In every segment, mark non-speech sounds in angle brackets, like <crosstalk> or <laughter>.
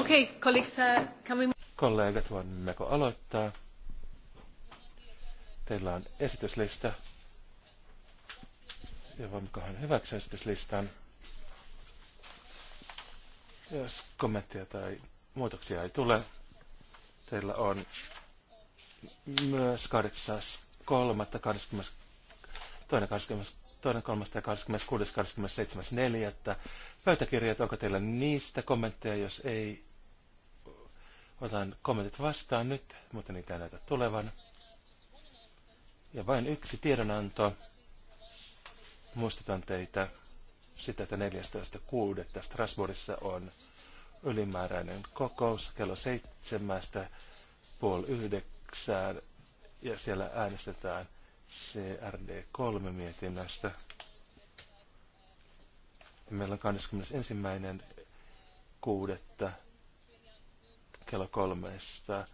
Okay, colleagues, uh, can we... Kollegat, voimmeko aloittaa? Teillä on esityslista. Ja voimmekohan hyväksyä esityslistan? Jos kommentteja tai muutoksia ei tule, teillä on myös 8.3.22.23 2.3. Pöytäkirjat, onko teillä niistä kommentteja? Jos ei, otan kommentit vastaan nyt, mutta niitä ei näytä tulevan. Ja vain yksi tiedonanto. Muistutan teitä sitä, että 14.6. Strasbourgissa on ylimääräinen kokous kello 7.30 yhdeksään ja siellä äänestetään CRD3 mietinnästä. Meillä on 21.6. kuudetta kello kolmesta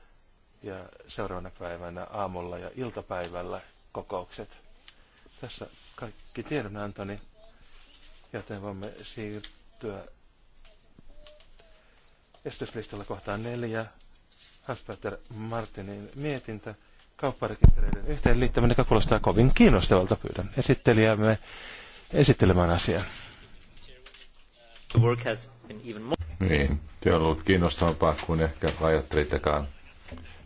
ja seuraavana päivänä aamulla ja iltapäivällä kokoukset. Tässä kaikki tiedonantoni, joten voimme siirtyä esityslistalla kohtaan neljä. Hans-Peter Martinin mietintä kaupparekistereiden yhteenliittäminen, joka kuulostaa kovin kiinnostavalta. Pyydän esittelijämme esittelemään asian. Work has been even more... Niin, työ on ollut kiinnostavampaa kuin ehkä ajattelittekaan.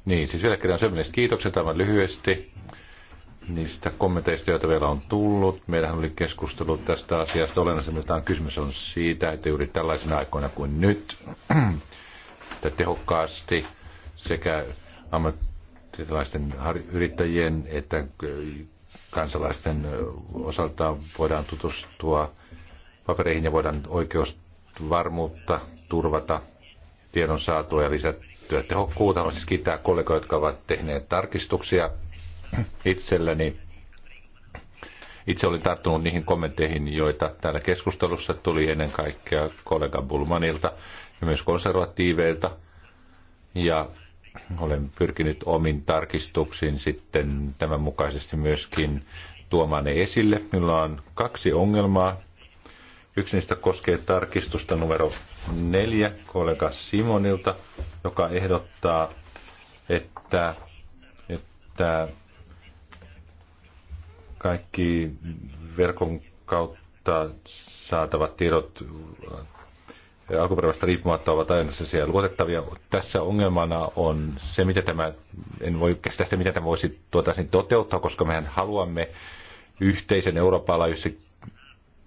Niin, siis vielä kerran syömilliset kiitokset aivan lyhyesti niistä kommenteista, joita vielä on tullut. Meillähän oli keskustelu tästä asiasta. Olennaisemmiltaan kysymys on siitä, että juuri tällaisina aikoina kuin nyt, <clears throat> että tehokkaasti sekä ammattilaiset erilaisten yrittäjien että kansalaisten osalta voidaan tutustua papereihin ja voidaan oikeusvarmuutta turvata tiedon saatua ja lisättyä tehokkuutta. Haluan siis kiittää kollegoita, jotka ovat tehneet tarkistuksia itselleni. Itse olin tarttunut niihin kommentteihin, joita täällä keskustelussa tuli ennen kaikkea kollega Bulmanilta ja myös konservatiiveilta. Ja olen pyrkinyt omin tarkistuksiin sitten tämän mukaisesti myöskin tuomaan ne esille. Minulla on kaksi ongelmaa. Yksi niistä koskee tarkistusta numero neljä kollega Simonilta, joka ehdottaa, että, että kaikki verkon kautta saatavat tiedot alkuperäistä riippumatta ovat aina sellaisia luotettavia. Tässä ongelmana on se, mitä tämä, en voi käsittää sitä, mitä tämä voisi tuota, toteuttaa, koska mehän haluamme yhteisen Euroopan laajuisesti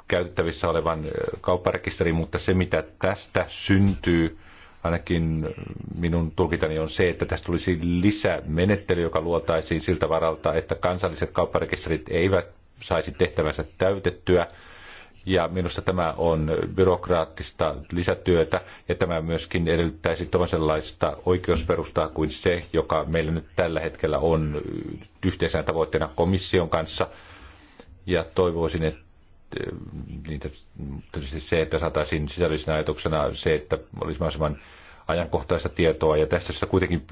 käytettävissä olevan kaupparekisteri, mutta se, mitä tästä syntyy, ainakin minun tulkitani on se, että tästä tulisi lisämenettely, joka luotaisiin siltä varalta, että kansalliset kaupparekisterit eivät saisi tehtävänsä täytettyä, ja minusta tämä on byrokraattista lisätyötä, ja tämä myöskin edellyttäisi toisenlaista oikeusperustaa kuin se, joka meillä nyt tällä hetkellä on yhteisenä tavoitteena komission kanssa, ja toivoisin, että eh, niitä, se, että saataisiin sisällisenä ajatuksena se, että olisi mahdollisimman ajankohtaista tietoa, ja tässä sitä kuitenkin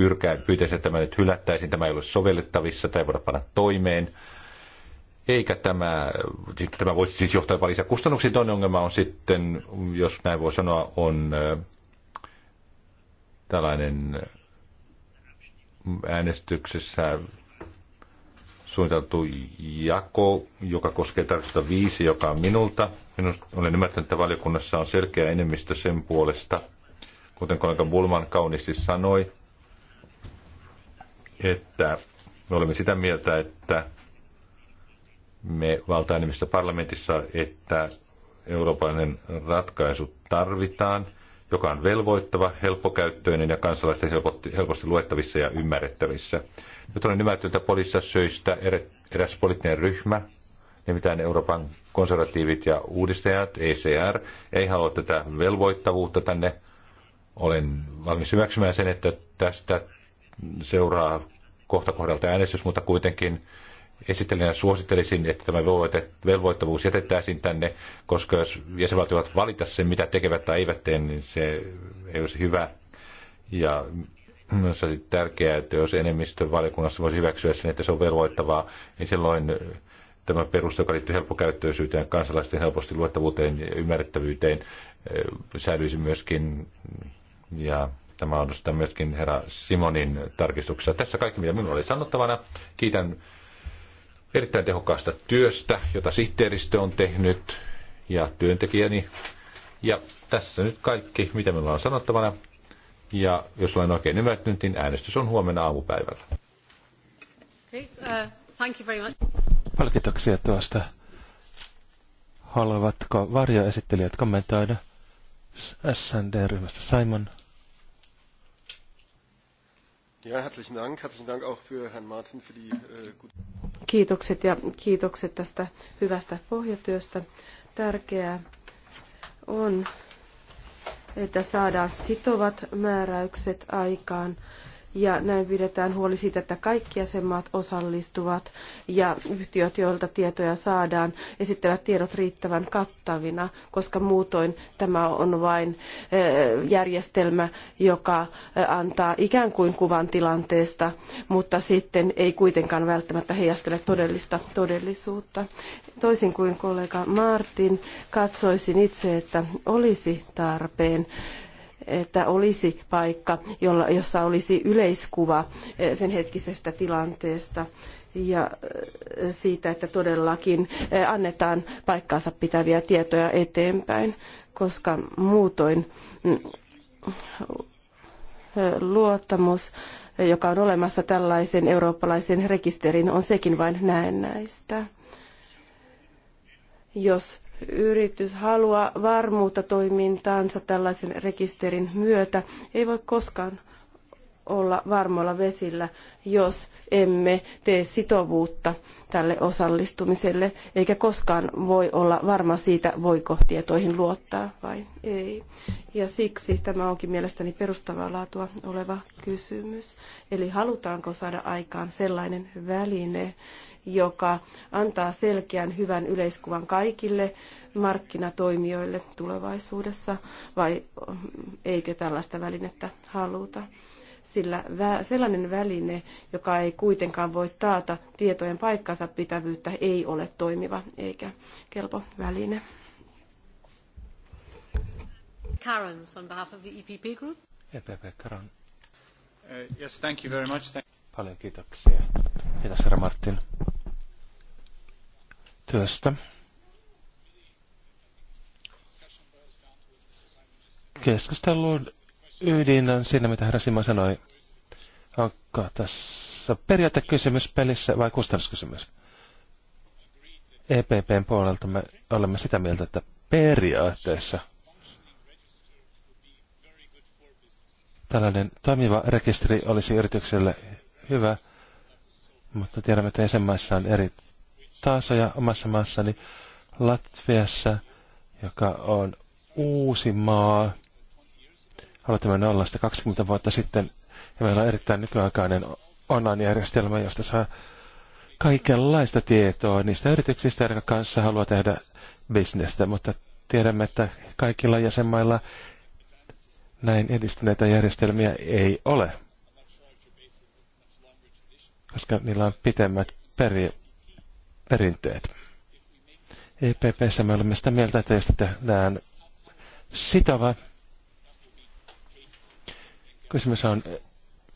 pyytäisin, että tämä nyt hylättäisiin, tämä ei ole sovellettavissa, tai ei voida panna toimeen, eikä tämä, tämä voisi siis johtaa jopa lisää kustannuksia. Toinen ongelma on sitten, jos näin voi sanoa, on tällainen äänestyksessä suunniteltu jako, joka koskee tarkistusta viisi, joka on minulta. Minusta olen ymmärtänyt, että valiokunnassa on selkeä enemmistö sen puolesta, kuten kollega Bulman kauniisti sanoi, että me olemme sitä mieltä, että me valtaenemmistö parlamentissa, että eurooppalainen ratkaisu tarvitaan, joka on velvoittava, helppokäyttöinen ja kansalaisten helposti luettavissa ja ymmärrettävissä. Nyt olen ymmärtänyt, että poliisissa syistä er, eräs poliittinen ryhmä, nimittäin Euroopan konservatiivit ja uudistajat, ECR, ei halua tätä velvoittavuutta tänne. Olen valmis hyväksymään sen, että tästä seuraa kohta kohdalta äänestys, mutta kuitenkin esittelijänä suosittelisin, että tämä velvoittavuus jätettäisiin tänne, koska jos jäsenvaltiot valita sen, mitä tekevät tai eivät tee, niin se ei olisi hyvä. Ja myös olisi tärkeää, että jos enemmistö valiokunnassa voisi hyväksyä sen, että se on velvoittavaa, niin silloin tämä peruste, joka liittyy helppokäyttöisyyteen, kansalaisten helposti luettavuuteen ja ymmärrettävyyteen, eh, säilyisi myöskin. Ja tämä on myöskin herra Simonin tarkistuksessa. Tässä kaikki, mitä minulla oli sanottavana. Kiitän erittäin tehokkaasta työstä, jota sihteeristö on tehnyt ja työntekijäni. Ja tässä nyt kaikki, mitä meillä on sanottavana. Ja jos olen oikein ymmärtänyt, niin äänestys on huomenna aamupäivällä. Okay, uh, thank you very much. Paljon kiitoksia tuosta. Haluavatko varjoesittelijät kommentoida SND-ryhmästä Simon? Ja, herzlichen Dank. Herzlichen Dank auch für Herrn Martin für die äh, gute... Kiitokset ja kiitokset tästä hyvästä pohjatyöstä. Tärkeää on, että saadaan sitovat määräykset aikaan ja näin pidetään huoli siitä, että kaikki jäsenmaat osallistuvat ja yhtiöt, joilta tietoja saadaan, esittävät tiedot riittävän kattavina, koska muutoin tämä on vain eh, järjestelmä, joka eh, antaa ikään kuin kuvan tilanteesta, mutta sitten ei kuitenkaan välttämättä heijastele todellista todellisuutta. Toisin kuin kollega Martin, katsoisin itse, että olisi tarpeen että olisi paikka, jolla, jossa olisi yleiskuva eh, sen hetkisestä tilanteesta ja eh, siitä, että todellakin eh, annetaan paikkaansa pitäviä tietoja eteenpäin, koska muutoin mm, luottamus, joka on olemassa tällaisen eurooppalaisen rekisterin, on sekin vain näennäistä. Jos yritys haluaa varmuutta toimintaansa tällaisen rekisterin myötä, ei voi koskaan olla varmoilla vesillä, jos emme tee sitovuutta tälle osallistumiselle, eikä koskaan voi olla varma siitä, voiko tietoihin luottaa vai ei. Ja siksi tämä onkin mielestäni perustavaa laatua oleva kysymys. Eli halutaanko saada aikaan sellainen väline, joka antaa selkeän hyvän yleiskuvan kaikille markkinatoimijoille tulevaisuudessa, vai eikö tällaista välinettä haluta? Sillä sellainen väline, joka ei kuitenkaan voi taata tietojen paikkansa pitävyyttä, ei ole toimiva eikä kelpo väline. Karens on behalf of the EPP Group. EPP Karan. Uh, yes, thank you very much. Thank Paljon kiitoksia. Kiitos herra Martin työstä. Keskustelun ydin on siinä, mitä herra Simo sanoi. Onko tässä periaatekysymys pelissä vai kustannuskysymys? EPPn puolelta me olemme sitä mieltä, että periaatteessa tällainen toimiva rekisteri olisi yritykselle hyvä, mutta tiedämme, että jäsenmaissa on eri ja omassa maassani Latviassa, joka on uusi maa. Aloitimme nollasta 20 vuotta sitten ja meillä on erittäin nykyaikainen online-järjestelmä, josta saa kaikenlaista tietoa niistä yrityksistä, joiden kanssa haluaa tehdä bisnestä, mutta tiedämme, että kaikilla jäsenmailla näin edistyneitä järjestelmiä ei ole, koska niillä on pitemmät peri- perinteet. EPPssä me olemme sitä mieltä, että jos tehdään sitova, kysymys on,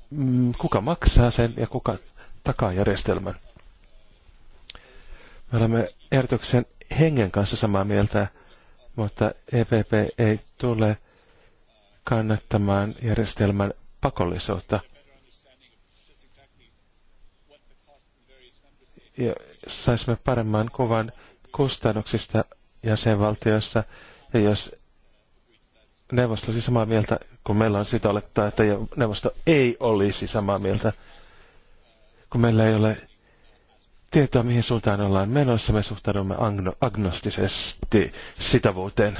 mm, kuka maksaa sen ja kuka takaa järjestelmän. Me olemme ehdotuksen hengen kanssa samaa mieltä, mutta EPP ei tule kannattamaan järjestelmän pakollisuutta. Ja saisimme paremman kuvan kustannuksista jäsenvaltioissa. Ja jos neuvosto olisi samaa mieltä, kun meillä on syytä olettaa, että neuvosto ei olisi samaa mieltä, kun meillä ei ole tietoa, mihin suuntaan ollaan menossa, me suhtaudumme agno- agnostisesti sitavuuteen.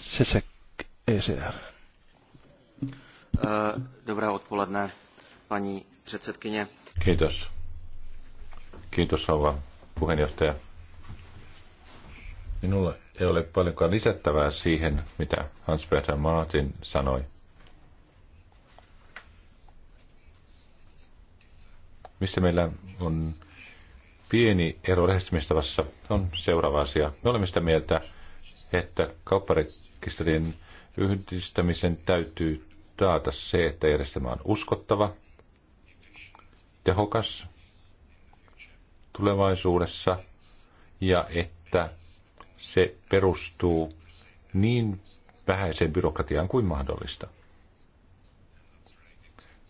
Šešek, ECR. Eh, dobré odpoledne, paní předsedkyně. Kiitos, Kiitos rouva puheenjohtaja. Minulla ei ole paljonkaan lisättävää siihen, mitä Hans-Peter Martin sanoi. Missä meillä on pieni ero lähestymistavassa on seuraava asia. Me olemme sitä mieltä, että kaupparekisterien yhdistämisen täytyy taata se, että järjestelmä on uskottava, tehokas tulevaisuudessa ja että se perustuu niin vähäiseen byrokratiaan kuin mahdollista.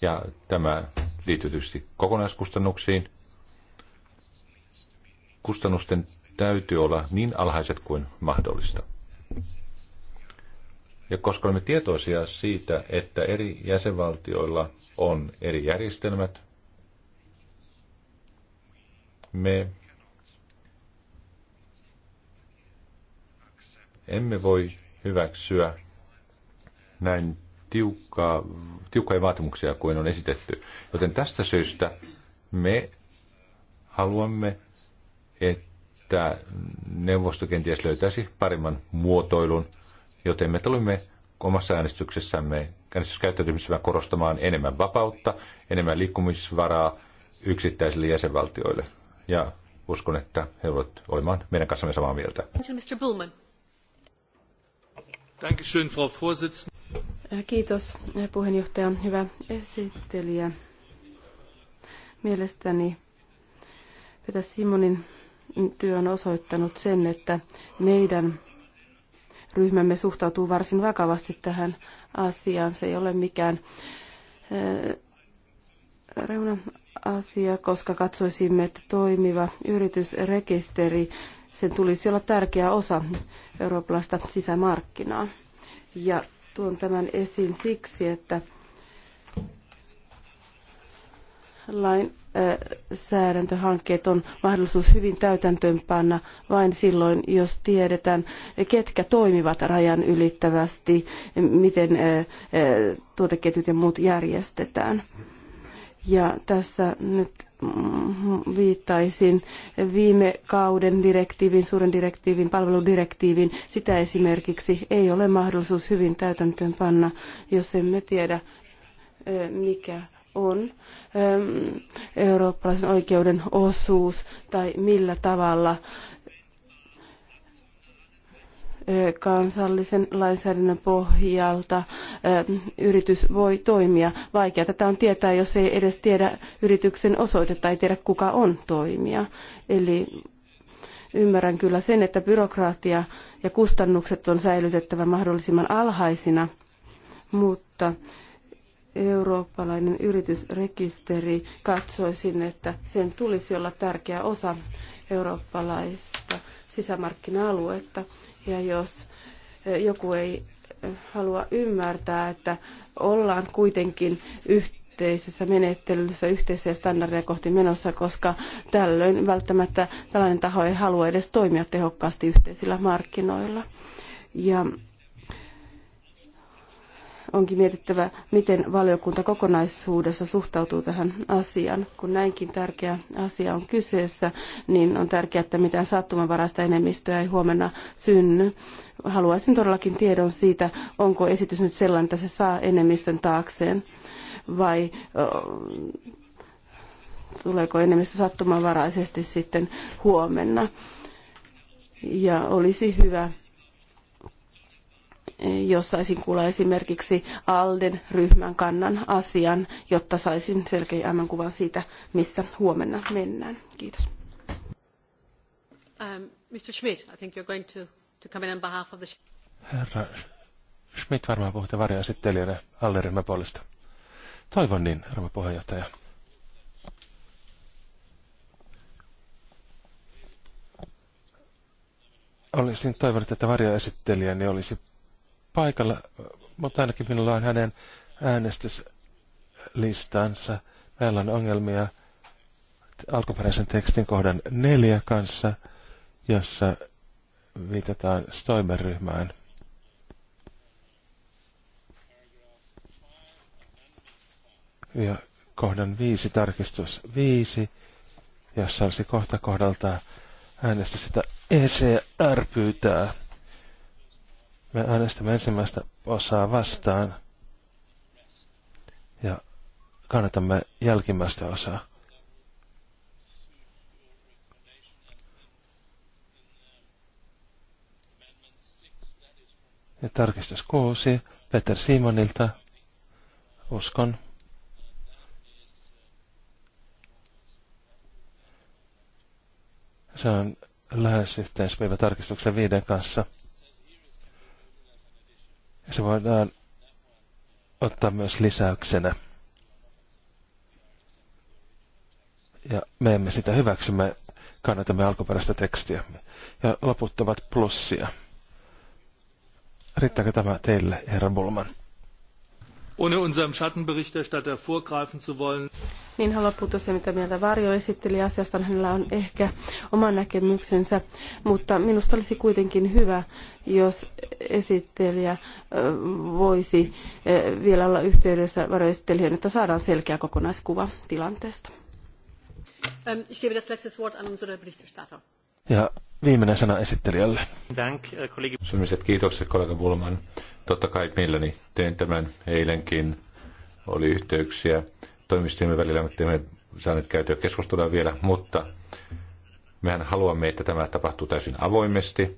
Ja tämä liittyy tietysti kokonaiskustannuksiin. Kustannusten täytyy olla niin alhaiset kuin mahdollista. Ja koska olemme tietoisia siitä, että eri jäsenvaltioilla on eri järjestelmät, me emme voi hyväksyä näin tiukkaa, tiukkoja vaatimuksia kuin on esitetty. Joten tästä syystä me haluamme, että neuvosto kenties löytäisi paremman muotoilun, joten me tulimme omassa äänestyksessämme äänestyskäyttäytymisessä korostamaan enemmän vapautta, enemmän liikkumisvaraa yksittäisille jäsenvaltioille ja uskon, että he ovat olemaan meidän kanssamme samaa mieltä. Mr. Bullman. Dankeschön, Frau Vorsitzende. Kiitos puheenjohtaja. Hyvä esittelijä. Mielestäni Peter Simonin työ on osoittanut sen, että meidän ryhmämme suhtautuu varsin vakavasti tähän asiaan. Se ei ole mikään eh, reuna asia, koska katsoisimme, että toimiva yritysrekisteri, sen tulisi olla tärkeä osa eurooppalaista sisämarkkinaa. Ja tuon tämän esiin siksi, että lainsäädäntöhankkeet äh, on mahdollisuus hyvin täytäntöönpanna vain silloin, jos tiedetään, ketkä toimivat rajan ylittävästi, miten äh, äh, tuoteketjut ja muut järjestetään. Ja tässä nyt mm, viittaisin viime kauden direktiivin, suuren direktiivin, palveludirektiivin. Sitä esimerkiksi ei ole mahdollisuus hyvin täytäntöön panna, jos emme tiedä, mikä on eurooppalaisen oikeuden osuus tai millä tavalla kansallisen lainsäädännön pohjalta yritys voi toimia. Vaikea tätä on tietää, jos ei edes tiedä yrityksen osoitetta, ei tiedä kuka on toimija. Eli ymmärrän kyllä sen, että byrokraatia ja kustannukset on säilytettävä mahdollisimman alhaisina, mutta eurooppalainen yritysrekisteri katsoisin, että sen tulisi olla tärkeä osa eurooppalaista sisämarkkina-aluetta ja jos e, joku ei e, halua ymmärtää, että ollaan kuitenkin yhteisessä menettelyssä, yhteisiä standardeja kohti menossa, koska tällöin välttämättä tällainen taho ei halua edes toimia tehokkaasti yhteisillä markkinoilla. Ja onkin mietittävä, miten valiokunta kokonaisuudessa suhtautuu tähän asiaan. Kun näinkin tärkeä asia on kyseessä, niin on tärkeää, että mitään sattumanvaraista enemmistöä ei huomenna synny. Haluaisin todellakin tiedon siitä, onko esitys nyt sellainen, että se saa enemmistön taakseen vai tuleeko enemmistö sattumanvaraisesti sitten huomenna. Ja olisi hyvä, jos saisin kuulla esimerkiksi Alden ryhmän kannan asian, jotta saisin selkeämmän kuvan siitä, missä huomenna mennään. Kiitos. Um, Mr. Schmidt, I think you're going to, to come in on behalf of the... Herra Schmidt varmaan puhutte varjoesittelijänä Alden puolesta. Toivon niin, arvo puheenjohtaja. Olisin toivonut, että varjoesittelijäni olisi paikalla, mutta ainakin minulla on hänen äänestyslistansa. Meillä on ongelmia alkuperäisen tekstin kohdan neljä kanssa, jossa viitataan Stoiber-ryhmään. Ja kohdan viisi tarkistus viisi, jossa olisi kohta kohdalta äänestä sitä ECR pyytää. Me äänestämme ensimmäistä osaa vastaan ja kannatamme jälkimmäistä osaa. Ja tarkistus kuusi Peter Simonilta. Uskon. Se on lähes yhteensopiva tarkistuksen viiden kanssa. Se voidaan ottaa myös lisäyksenä. Ja me emme sitä hyväksymme, kannatamme alkuperäistä tekstiä. Ja loputtavat plussia. Riittääkö tämä teille, herra Bulman? Ohne unserem Schattenberichterstatter vorgreifen zu wollen. Niin haluan puuttua se, mitä mieltä Varjo esitteli asiasta. Hänellä on ehkä oma näkemyksensä, mutta minusta olisi kuitenkin hyvä, jos esittelijä voisi vielä olla yhteydessä varjoesittelijän, että saadaan selkeä kokonaiskuva tilanteesta. Ähm, ich gebe das letzte Wort an unsere Berichterstatter. Ja viimeinen sana esittelijälle. Dank, äh, Kollege. Sellaiset kiitokset kollega Bulman. Totta kai mielelläni teen tämän eilenkin. Oli yhteyksiä toimistojemme välillä, mutta emme saaneet käytyä keskustelua vielä, mutta mehän haluamme, että tämä tapahtuu täysin avoimesti.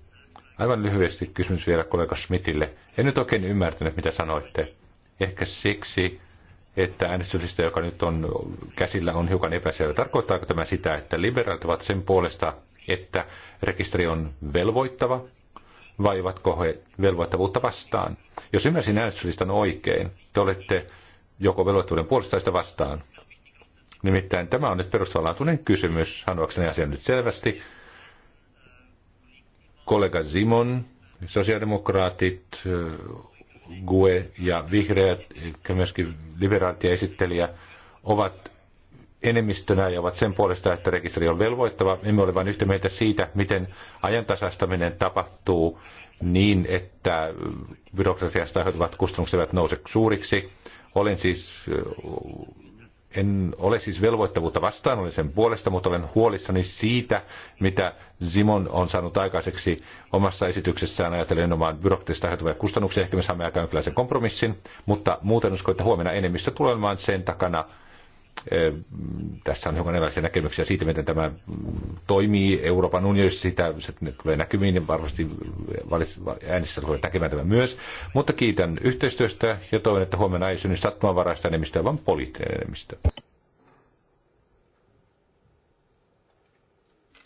Aivan lyhyesti kysymys vielä kollega Schmidtille. En nyt oikein ymmärtänyt, mitä sanoitte. Ehkä siksi, että äänestyslista, joka nyt on käsillä, on hiukan epäselvä. Tarkoittaako tämä sitä, että liberaalit ovat sen puolesta, että rekisteri on velvoittava Vaivatko he velvoittavuutta vastaan. Jos ymmärsin äänestyslistan oikein, te olette joko velvoittavuuden puolesta vastaan. Nimittäin tämä on nyt perustavanlaatuinen kysymys, haluakseni asian nyt selvästi. Kollega Simon, sosiaalidemokraatit, GUE ja vihreät, myöskin liberaatia esittelijä, ovat enemmistönä ja ovat sen puolesta, että rekisteri on velvoittava. Emme ole vain yhtä mieltä siitä, miten ajantasastaminen tapahtuu niin, että byrokratiasta aiheutuvat kustannukset eivät nouse suuriksi. Olen siis, en ole siis velvoittavuutta vastaan, olen sen puolesta, mutta olen huolissani siitä, mitä Simon on saanut aikaiseksi omassa esityksessään ajatellen omaan byrokratiasta aiheutuvia kustannuksia. Ehkä me saamme aikaan kompromissin, mutta muuten uskon, että huomenna enemmistö tulee olemaan sen takana, Eh, tässä on hiukan erilaisia näkemyksiä siitä, miten tämä toimii Euroopan unionissa. Sitä se tulee näkymiin ja varmasti äänissä tulee näkemään tämä myös. Mutta kiitän yhteistyöstä ja toivon, että huomenna ei synny sattumanvaraista enemmistöä, vaan poliittinen enemmistö.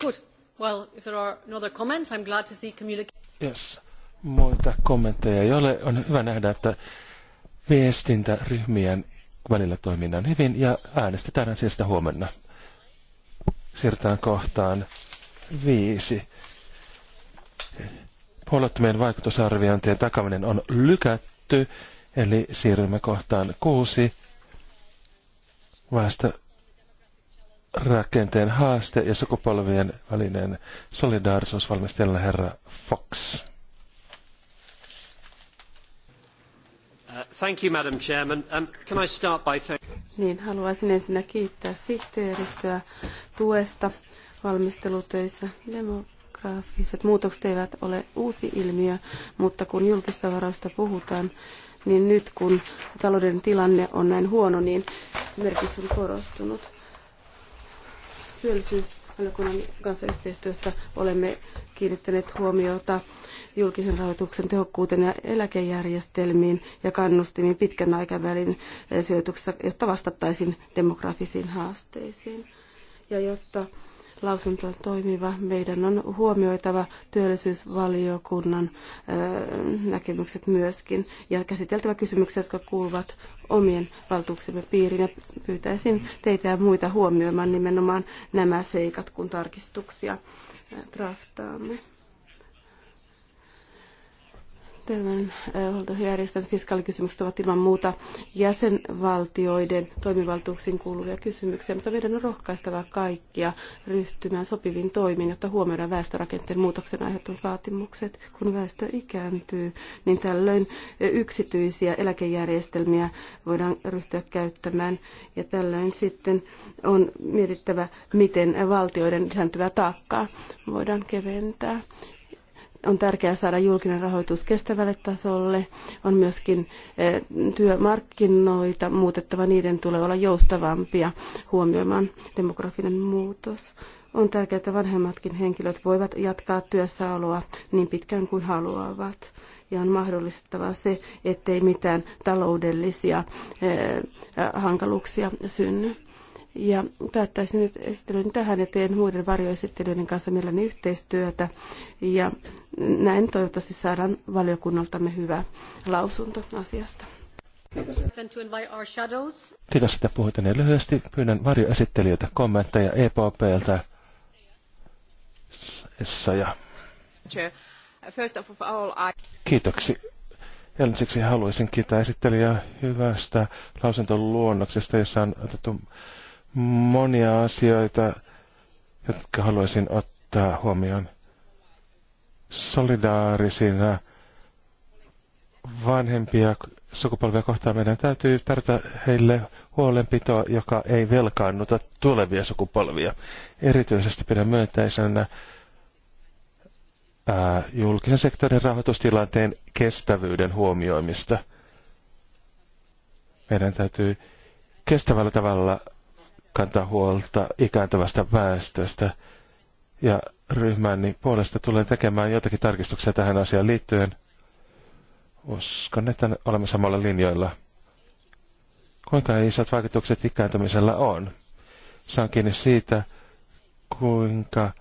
Good. Well, if there are no other comments, I'm glad to see communication. Yes. Muita kommentteja ei ole. On hyvä nähdä, että viestintäryhmien välillä toiminnan hyvin ja äänestetään asiasta huomenna. Siirrytään kohtaan viisi. Puolueettomien vaikutusarviointien takaminen on lykätty, eli siirrymme kohtaan kuusi. Vasta rakenteen haaste ja sukupolvien välinen solidaarisuus valmistella herra Fox. Uh, Madam Chairman. Um, can I start by thank... Niin, haluaisin ensinnä kiittää sihteeristöä tuesta valmistelutöissä. Demograafiset muutokset eivät ole uusi ilmiö, mutta kun julkista varoista puhutaan, niin nyt kun talouden tilanne on näin huono, niin merkitys on korostunut. Työllisyysvaliokunnan kanssa yhteistyössä olemme kiinnittäneet huomiota julkisen rahoituksen tehokkuuteen ja eläkejärjestelmiin ja kannustimiin pitkän aikavälin eh, sijoituksessa, jotta vastattaisiin demografisiin haasteisiin. Ja jotta lausunto on toimiva, meidän on huomioitava työllisyysvaliokunnan eh, näkemykset myöskin ja käsiteltävä kysymyksiä, jotka kuuluvat omien valtuuksemme piiriin. Ja pyytäisin teitä ja muita huomioimaan nimenomaan nämä seikat, kun tarkistuksia eh, draftaamme terveydenhuoltojärjestelmät, eh, fiskaalikysymykset ovat ilman muuta jäsenvaltioiden toimivaltuuksiin kuuluvia kysymyksiä, mutta meidän on rohkaistava kaikkia ryhtymään sopiviin toimiin, jotta huomioidaan väestörakenteen muutoksen aiheuttamat vaatimukset. Kun väestö ikääntyy, niin tällöin eh, yksityisiä eläkejärjestelmiä voidaan ryhtyä käyttämään ja tällöin sitten on mietittävä, miten valtioiden lisääntyvää taakkaa voidaan keventää on tärkeää saada julkinen rahoitus kestävälle tasolle. On myöskin eh, työmarkkinoita muutettava, niiden tulee olla joustavampia huomioimaan demografinen muutos. On tärkeää, että vanhemmatkin henkilöt voivat jatkaa työssäoloa niin pitkään kuin haluavat. Ja on mahdollistettava se, ettei mitään taloudellisia eh, hankaluuksia synny ja päättäisin nyt esittelyn tähän ja teen muiden varjoesittelyiden kanssa mielelläni yhteistyötä. Ja näin toivottavasti saadaan valiokunnaltamme hyvä lausunto asiasta. Kiitos. että puhuitte niin lyhyesti. Pyydän varjoesittelijöitä kommentteja EPPltä. Essaja. Kiitoksi. Ensiksi haluaisin kiittää esittelijää hyvästä lausuntoluonnoksesta, jossa on otettu monia asioita, jotka haluaisin ottaa huomioon. Solidaarisina vanhempia sukupolvia kohtaan meidän täytyy tarjota heille huolenpitoa, joka ei velkaannuta tulevia sukupolvia. Erityisesti pidän myönteisenä ää, julkisen sektorin rahoitustilanteen kestävyyden huomioimista. Meidän täytyy kestävällä tavalla kantaa huolta ikääntyvästä väestöstä. Ja ryhmäni puolesta tulee tekemään jotakin tarkistuksia tähän asiaan liittyen. Uskon, että olemme samalla linjoilla. Kuinka isot vaikutukset ikääntymisellä on? Saan kiinni siitä, kuinka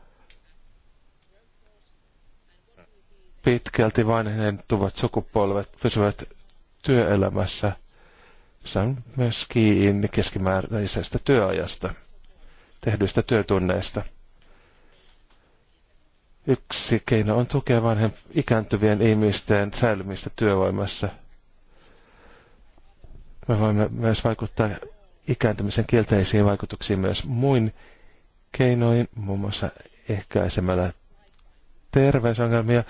pitkälti vanhentuvat sukupolvet pysyvät työelämässä – se on myös kiinni keskimääräisestä työajasta, tehdyistä työtunneista. Yksi keino on tukea vanhem ikääntyvien ihmisten säilymistä työvoimassa. Me voimme myös vaikuttaa ikääntymisen kielteisiin vaikutuksiin myös muin keinoin, muun muassa ehkäisemällä terveysongelmia.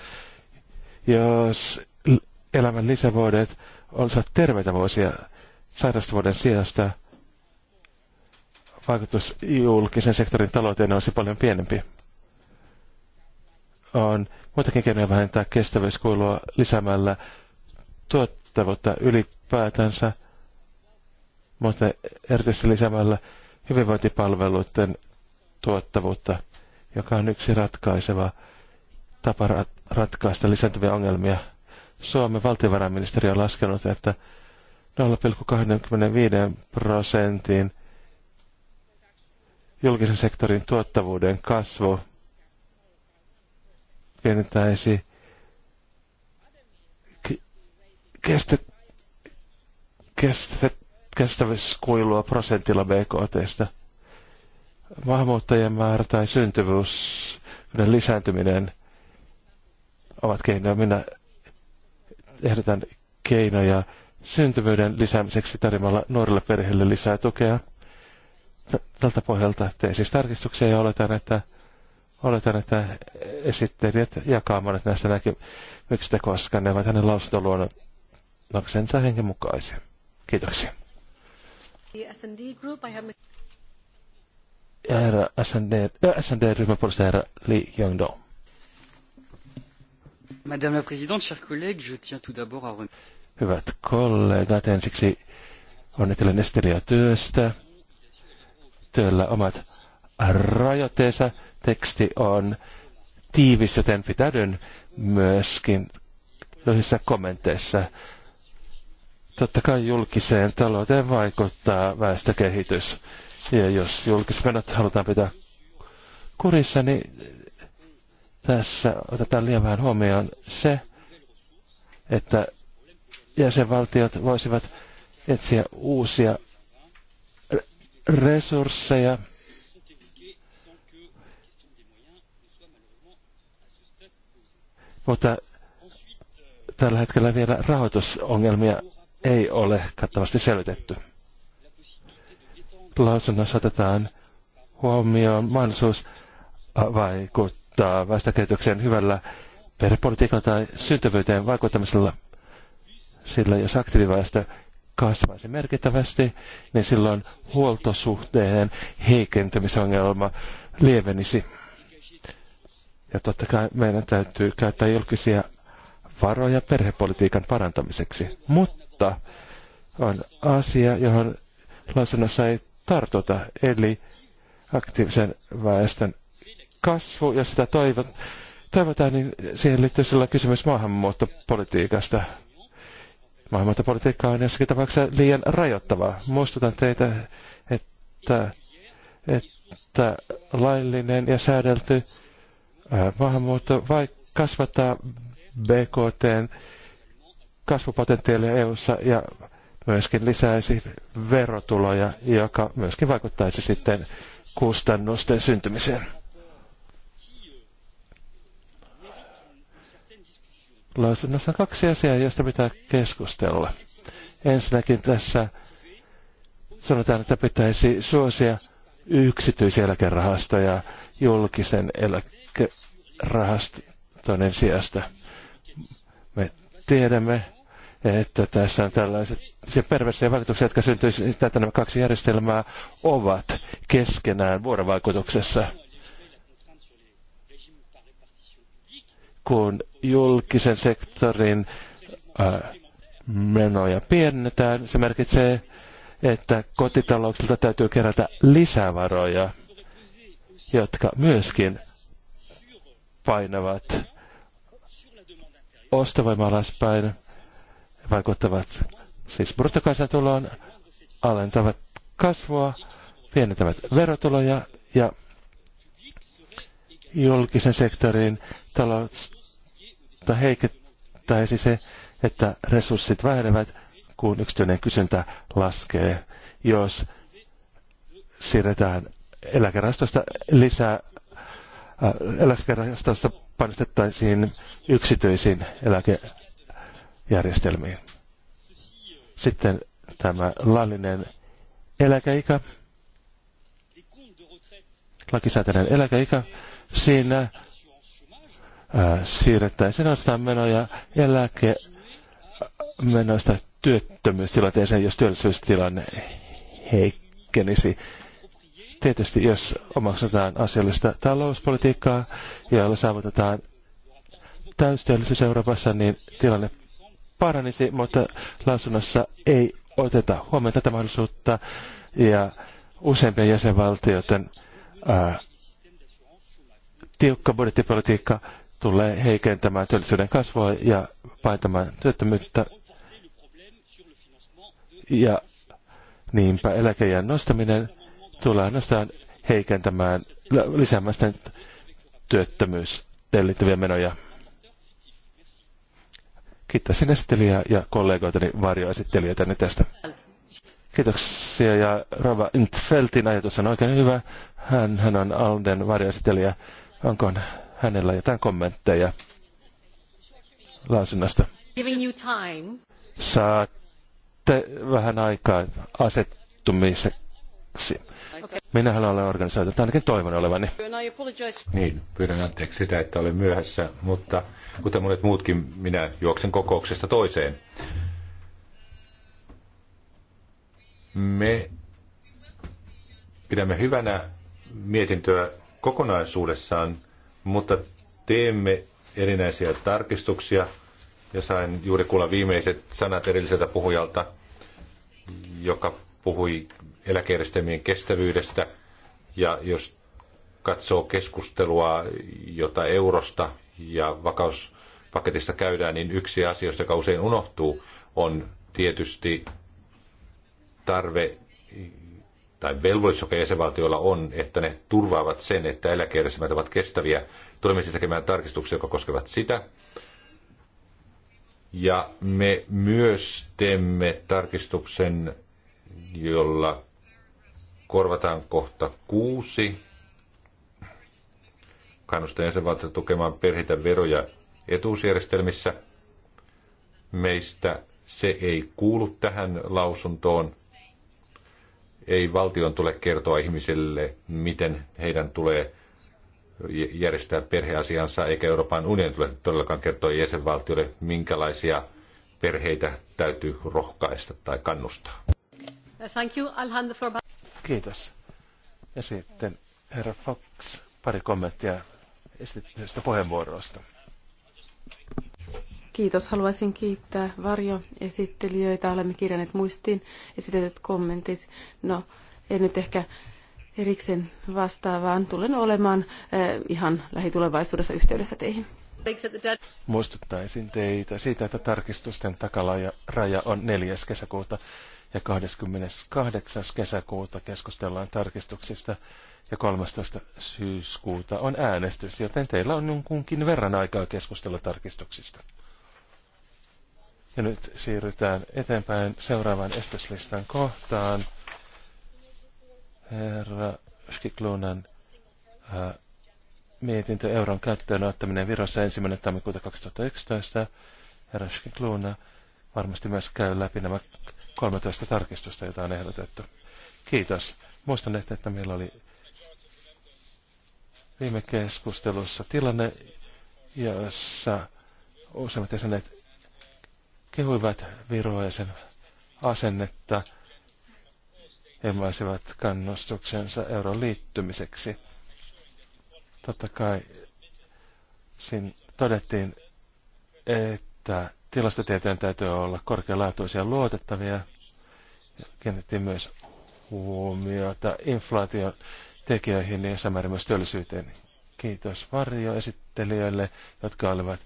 Jos elämän lisävuodet olisivat terveitä vuosia, sairastavuuden sijasta vaikutus julkisen sektorin talouteen olisi paljon pienempi. On muitakin keinoja vähentää kestävyyskuilua lisäämällä tuottavuutta ylipäätänsä, mutta erityisesti lisäämällä hyvinvointipalveluiden tuottavuutta, joka on yksi ratkaiseva tapa ratkaista lisääntyviä ongelmia. Suomen valtiovarainministeriö on laskenut, että 0,25 prosentin julkisen sektorin tuottavuuden kasvu pienentäisi kestä, kestä, kestävyyskuilua prosentilla BKTstä. Maahanmuuttajien määrä tai syntyvyys, lisääntyminen ovat keinoja. Minä ehdotan keinoja syntyvyyden lisäämiseksi tarjoamalla nuorille perheille lisää tukea. Tältä pohjalta tein siis tarkistuksia ja oletan, että, oletan, että esittelijät jakaa monet näistä näkemyksistä, koska ne ovat hänen lausuntoluonnoksensa hengen mukaisia. Kiitoksia. herra SND-ryhmän äh, puolesta herra Madame la Présidente, chers collègues, je tiens tout d'abord à remercier Hyvät kollegat, ensiksi onnittelen Estelia työstä. Työllä omat rajoitteensa. Teksti on tiivis, joten pitäydyn myöskin lyhyissä kommenteissa. Totta kai julkiseen talouteen vaikuttaa väestökehitys. Ja jos julkismenot halutaan pitää kurissa, niin tässä otetaan liian vähän huomioon se, että jäsenvaltiot voisivat etsiä uusia resursseja mutta tällä hetkellä vielä rahoitusongelmia ei ole kattavasti selvitetty. Lausunnossa otetaan huomioon mahdollisuus vaikuttaa väestökehitykseen hyvällä perhepolitiikalla tai syntyvyyteen vaikuttamisella – sillä jos aktiiviväestö kasvaisi merkittävästi, niin silloin huoltosuhteen heikentymisongelma lievenisi. Ja totta kai meidän täytyy käyttää julkisia varoja perhepolitiikan parantamiseksi. Mutta on asia, johon lausunnossa ei tartuta, eli aktiivisen väestön kasvu, ja sitä toivotaan, niin siihen liittyy sillä kysymys maahanmuuttopolitiikasta politiikka on jossakin tapauksessa liian rajoittavaa. Muistutan teitä, että, että laillinen ja säädelty maahanmuutto vai kasvattaa BKT kasvupotentiaalia EU:ssa ja myöskin lisäisi verotuloja, joka myöskin vaikuttaisi sitten kustannusten syntymiseen. lausunnossa on kaksi asiaa, joista pitää keskustella. Ensinnäkin tässä sanotaan, että pitäisi suosia eläkerahastoja julkisen eläkerahaston sijasta. Me tiedämme, että tässä on tällaiset se perversiä vaikutuksia, jotka syntyisivät, että nämä kaksi järjestelmää ovat keskenään vuorovaikutuksessa. Kun julkisen sektorin äh, menoja pienennetään, se merkitsee, että kotitalouksilta täytyy kerätä lisävaroja, jotka myöskin painavat ostovoima alaspäin, vaikuttavat siis bruttokansantuloon, alentavat kasvua, pienentävät verotuloja ja julkisen sektorin talous mutta heikettäisi se, että resurssit vähenevät, kun yksityinen kysyntä laskee, jos siirretään eläkerastosta lisää äh, eläkerastosta panostettaisiin yksityisiin eläkejärjestelmiin. Sitten tämä laillinen eläkeikä, lakisääteinen eläkeikä, siinä siirrettäisiin ainoastaan menoja eläkemenoista työttömyystilanteeseen, jos työllisyystilanne heikkenisi. Tietysti jos omaksutaan asiallista talouspolitiikkaa, jolla saavutetaan täystyöllisyys Euroopassa, niin tilanne paranisi, mutta lausunnossa ei oteta huomioon tätä mahdollisuutta ja useimpien jäsenvaltioiden ää, tiukka budjettipolitiikka tulee heikentämään työllisyyden kasvua ja paitamaan työttömyyttä. Ja niinpä eläkejän nostaminen tulee ainoastaan heikentämään, lisäämään työttömyys työttömyyteen liittyviä menoja. Kiittäisin esittelijää ja kollegoitani varjoesittelijöitäni tästä. Kiitoksia ja Rova Intfeltin ajatus on oikein hyvä. Hän, hän on Alden varjoesittelijä. Onkoon hänellä jotain kommentteja lausunnasta. Saatte vähän aikaa asettumiseksi. Okay. Minä haluan olla organisaatio, tai ainakin toivon olevani. Niin, pyydän anteeksi sitä, että olen myöhässä, mutta kuten monet muutkin, minä juoksen kokouksesta toiseen. Me pidämme hyvänä mietintöä kokonaisuudessaan – mutta teemme erinäisiä tarkistuksia ja sain juuri kuulla viimeiset sanat erilliseltä puhujalta, joka puhui eläkejärjestelmien kestävyydestä. Ja jos katsoo keskustelua, jota eurosta ja vakauspaketista käydään, niin yksi asia, joka usein unohtuu, on tietysti tarve tai velvollisuus, joka jäsenvaltioilla on, että ne turvaavat sen, että eläkejärjestelmät ovat kestäviä. Tulemme siis tekemään tarkistuksia, jotka koskevat sitä. Ja me myös teemme tarkistuksen, jolla korvataan kohta kuusi. Kannustan jäsenvaltioita tukemaan perheitä veroja etuusjärjestelmissä. Meistä se ei kuulu tähän lausuntoon. Ei valtion tule kertoa ihmisille, miten heidän tulee järjestää perheasiansa, eikä Euroopan unionin tule todellakaan kertoa jäsenvaltioille, minkälaisia perheitä täytyy rohkaista tai kannustaa. Thank you. I'll hand the floor back. Kiitos. Ja sitten herra Fox, pari kommenttia esitettyistä puheenvuoroista. Kiitos. Haluaisin kiittää varjoesittelijöitä. Olemme kirjanneet muistiin esitetyt kommentit. No, en nyt ehkä erikseen vastaa, vaan tulen olemaan äh, ihan lähitulevaisuudessa yhteydessä teihin. Muistuttaisin teitä siitä, että tarkistusten takaraja on 4. kesäkuuta ja 28. kesäkuuta keskustellaan tarkistuksista ja 13. syyskuuta on äänestys, joten teillä on jonkunkin verran aikaa keskustella tarkistuksista. Ja nyt siirrytään eteenpäin seuraavaan esityslistan kohtaan. Herra Skiklunan äh, mietintö euron käyttöön ottaminen Virossa 1. tammikuuta 2011. Herra Skikluna varmasti myös käy läpi nämä 13 tarkistusta, joita on ehdotettu. Kiitos. Muistan, että meillä oli viime keskustelussa tilanne, jossa useimmat jäsenet kehuivat Viroa ja sen asennetta, emaisivat kannustuksensa euron liittymiseksi. Totta kai siinä todettiin, että tilastotietojen täytyy olla korkealaatuisia luotettavia. Kiinnitettiin myös huomiota tekijöihin ja samarin myös työllisyyteen. Kiitos varjoesittelijöille, jotka olivat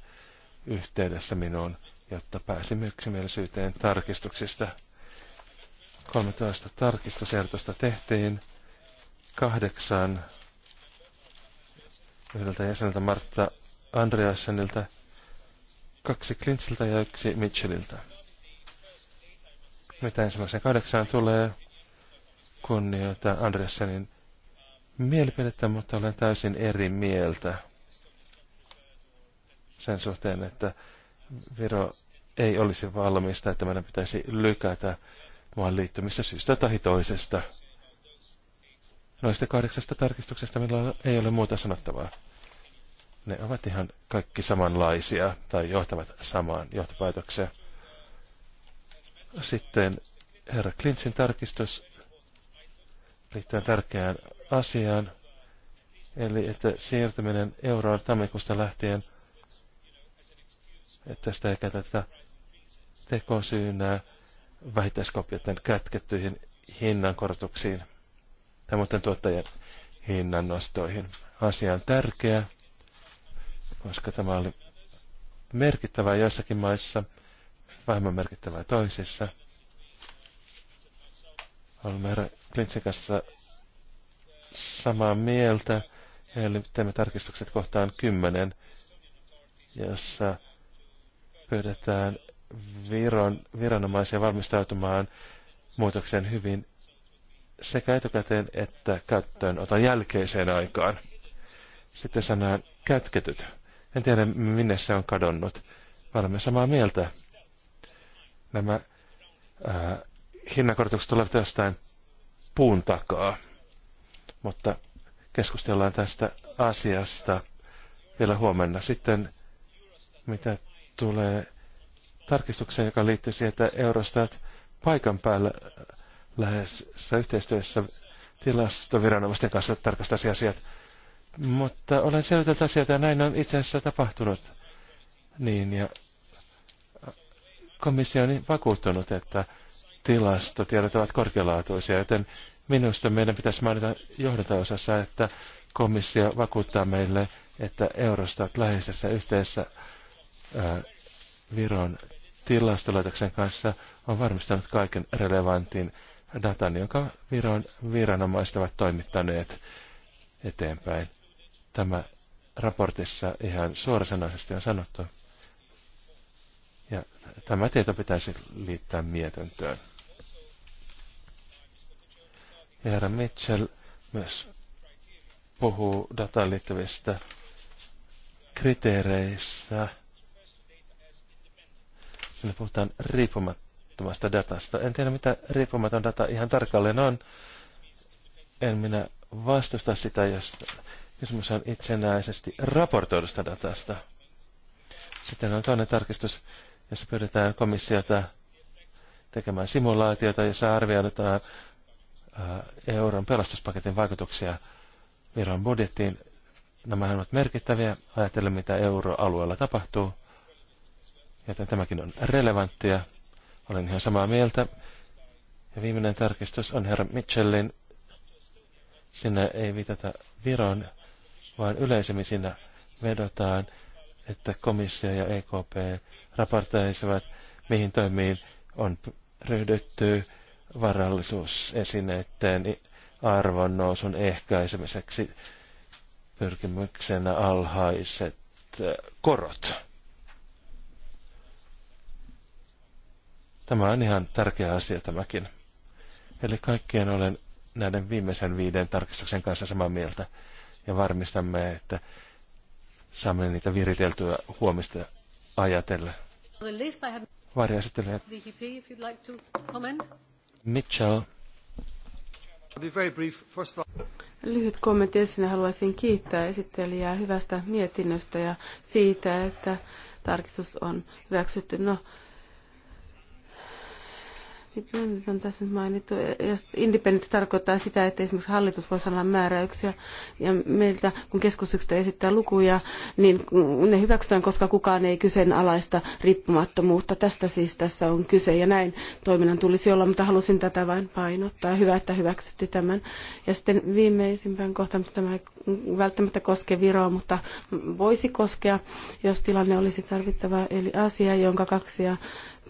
yhteydessä minuun jotta pääsimme yksimielisyyteen tarkistuksista. 13 tarkistusehdotusta tehtiin, kahdeksan yhdeltä jäseneltä Martta Andreasenilta, kaksi Klintsiltä ja yksi Mitchelliltä. Mitä ensimmäisen kahdeksaan tulee, kunnioita Andreasenin mielipidettä, mutta olen täysin eri mieltä sen suhteen, että Viro ei olisi valmista, että meidän pitäisi lykätä maan liittymistä syystä tai toisesta. Noista kahdeksasta tarkistuksesta meillä ei ole muuta sanottavaa. Ne ovat ihan kaikki samanlaisia tai johtavat samaan johtopäätökseen. Sitten herra Klintsin tarkistus liittyen tärkeään asiaan, eli että siirtyminen euroon tammikuusta lähtien – että sitä ei käytetä tekosyynä vähittäiskopioiden kätkettyihin hinnankorotuksiin tai muuten tuottajien hinnan nostoihin. Asia on tärkeä, koska tämä oli merkittävää joissakin maissa, vähemmän merkittävää toisissa. Olemme herra Klintsin kanssa samaa mieltä, eli teemme tarkistukset kohtaan kymmenen, jossa pyydetään viron, viranomaisia valmistautumaan muutokseen hyvin sekä etukäteen että käyttöön otan jälkeiseen aikaan. Sitten sanaan kätketyt. En tiedä, minne se on kadonnut. olemme samaa mieltä. Nämä ää, hinnakortukset tulevat jostain puun takaa, mutta keskustellaan tästä asiasta vielä huomenna. Sitten mitä tulee tarkistukseen, joka liittyy siihen, että Eurostat paikan päällä lähes yhteistyössä tilastoviranomaisten kanssa tarkastaisi asiat. Mutta olen selvitellyt asiat ja näin on itse asiassa tapahtunut. Niin, ja komissio on vakuuttunut, että tilastotiedot ovat korkealaatuisia, joten minusta meidän pitäisi mainita johdantaosassa, että komissio vakuuttaa meille, että Eurostat läheisessä yhteisessä Viron tilastolaitoksen kanssa on varmistanut kaiken relevantin datan, jonka Viron viranomaiset ovat toimittaneet eteenpäin. Tämä raportissa ihan suorasanaisesti on sanottu. Ja tämä tieto pitäisi liittää mietintöön. Ja herra Mitchell myös puhuu dataan liittyvistä kriteereistä. Siinä puhutaan riippumattomasta datasta. En tiedä, mitä riippumaton data ihan tarkalleen on. En minä vastusta sitä, jos kysymys on itsenäisesti raportoidusta datasta. Sitten on toinen tarkistus, jossa pyydetään komissiota tekemään simulaatiota, jossa arvioidaan äh, euron pelastuspaketin vaikutuksia Viron budjettiin. Nämä ovat merkittäviä. Ajatellen, mitä euroalueella tapahtuu joten tämäkin on relevanttia. Olen ihan samaa mieltä. Ja viimeinen tarkistus on herra Mitchellin. Sinne ei viitata Viron, vaan yleisemmin siinä vedotaan, että komissio ja EKP raportoisivat, mihin toimiin on ryhdytty varallisuusesineiden arvon nousun ehkäisemiseksi pyrkimyksenä alhaiset korot. Tämä on ihan tärkeä asia tämäkin. Eli kaikkien olen näiden viimeisen viiden tarkistuksen kanssa samaa mieltä ja varmistamme, että saamme niitä viriteltyä huomista ajatella. Varja esittelee. Mitchell. Lyhyt kommentti ensin haluaisin kiittää esittelijää hyvästä mietinnöstä ja siitä, että tarkistus on hyväksytty. No, Independent on tässä nyt mainittu. Jos independent tarkoittaa sitä, että esimerkiksi hallitus voi sanoa määräyksiä ja meiltä, kun keskusyksikö esittää lukuja, niin ne hyväksytään, koska kukaan ei kyseenalaista riippumattomuutta. Tästä siis tässä on kyse ja näin toiminnan tulisi olla, mutta halusin tätä vain painottaa. Hyvä, että hyväksytti tämän. Ja sitten viimeisimpään kohtaan, tämä ei välttämättä koske Viroa, mutta voisi koskea, jos tilanne olisi tarvittava, eli asia, jonka kaksi ja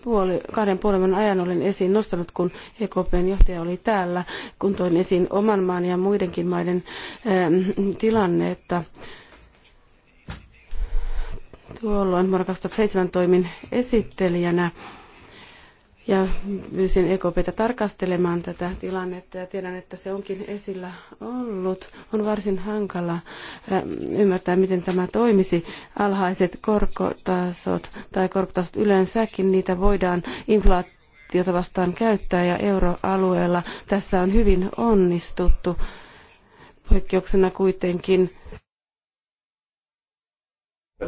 puoli, kahden puolen ajan olen esiin nostanut, kun EKPn johtaja oli täällä, kun toin esiin oman maan ja muidenkin maiden ähm, tilannetta. Tuolloin vuonna 2007 toimin esittelijänä ja pyysin EKPtä tarkastelemaan tätä tilannetta ja tiedän, että se onkin esillä ollut. On varsin hankala ymmärtää, miten tämä toimisi. Alhaiset korkotasot tai korkotasot yleensäkin, niitä voidaan inflaatiota vastaan käyttää ja euroalueella tässä on hyvin onnistuttu. Poikkeuksena kuitenkin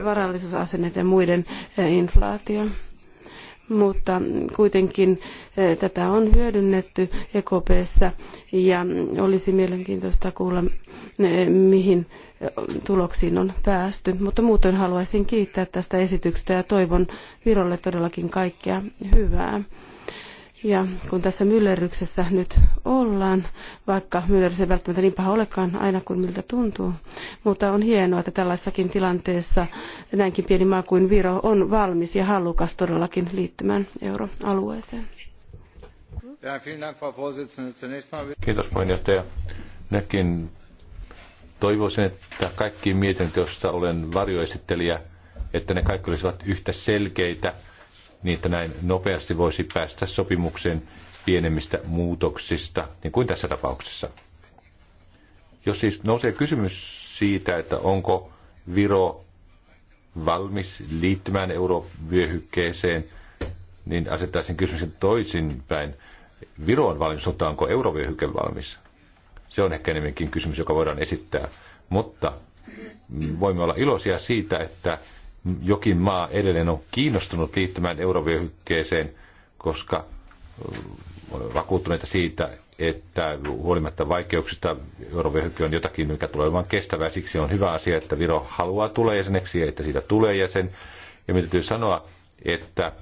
varallisuusasennet ja muiden inflaatio mutta kuitenkin eh, tätä on hyödynnetty EKPssä ja olisi mielenkiintoista kuulla, eh, mihin eh, tuloksiin on päästy. Mutta muuten haluaisin kiittää tästä esityksestä ja toivon Virolle todellakin kaikkea hyvää. Ja kun tässä myllerryksessä nyt ollaan, vaikka myllerrys ei välttämättä niin paha olekaan aina kuin miltä tuntuu, mutta on hienoa, että tällaisessakin tilanteessa näinkin pieni maa kuin Viro on valmis ja halukas todellakin liittymään euroalueeseen. Kiitos puheenjohtaja. Minäkin toivoisin, että kaikki mietintöistä olen varjoesittelijä, että ne kaikki olisivat yhtä selkeitä – niin että näin nopeasti voisi päästä sopimukseen pienemmistä muutoksista, niin kuin tässä tapauksessa. Jos siis nousee kysymys siitä, että onko Viro valmis liittymään eurovyöhykkeeseen, niin asettaisin kysymyksen toisinpäin. Viro on valmis, mutta onko eurovyöhyke valmis? Se on ehkä enemmänkin kysymys, joka voidaan esittää. Mutta voimme olla iloisia siitä, että jokin maa edelleen on kiinnostunut liittymään eurovyöhykkeeseen, koska olen vakuuttuneita siitä, että huolimatta vaikeuksista eurovyöhykke on jotakin, mikä tulee olemaan kestävää. Siksi on hyvä asia, että Viro haluaa tulla jäseneksi ja että siitä tulee jäsen. Ja mitä täytyy sanoa, että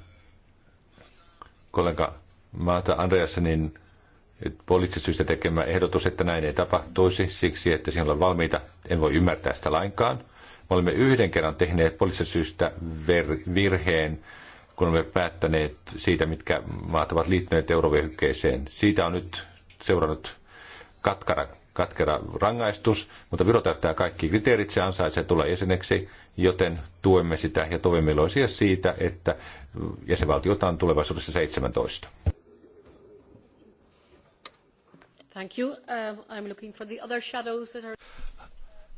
kollega Maata Andreasenin poliittisista tekemä ehdotus, että näin ei tapahtuisi siksi, että siinä ollaan valmiita, en voi ymmärtää sitä lainkaan. Me olemme yhden kerran tehneet poliittisesta syystä virheen, kun olemme päättäneet siitä, mitkä maat ovat liittyneet eurovyöhykkeeseen. Siitä on nyt seurannut katkara, katkera rangaistus, mutta Viro täyttää kaikki kriteerit, se ansaitsee tulla jäseneksi, joten tuemme sitä ja toivomme iloisia siitä, että jäsenvaltiota on tulevaisuudessa 17. Thank you. Uh, I'm looking for the other shadows that are...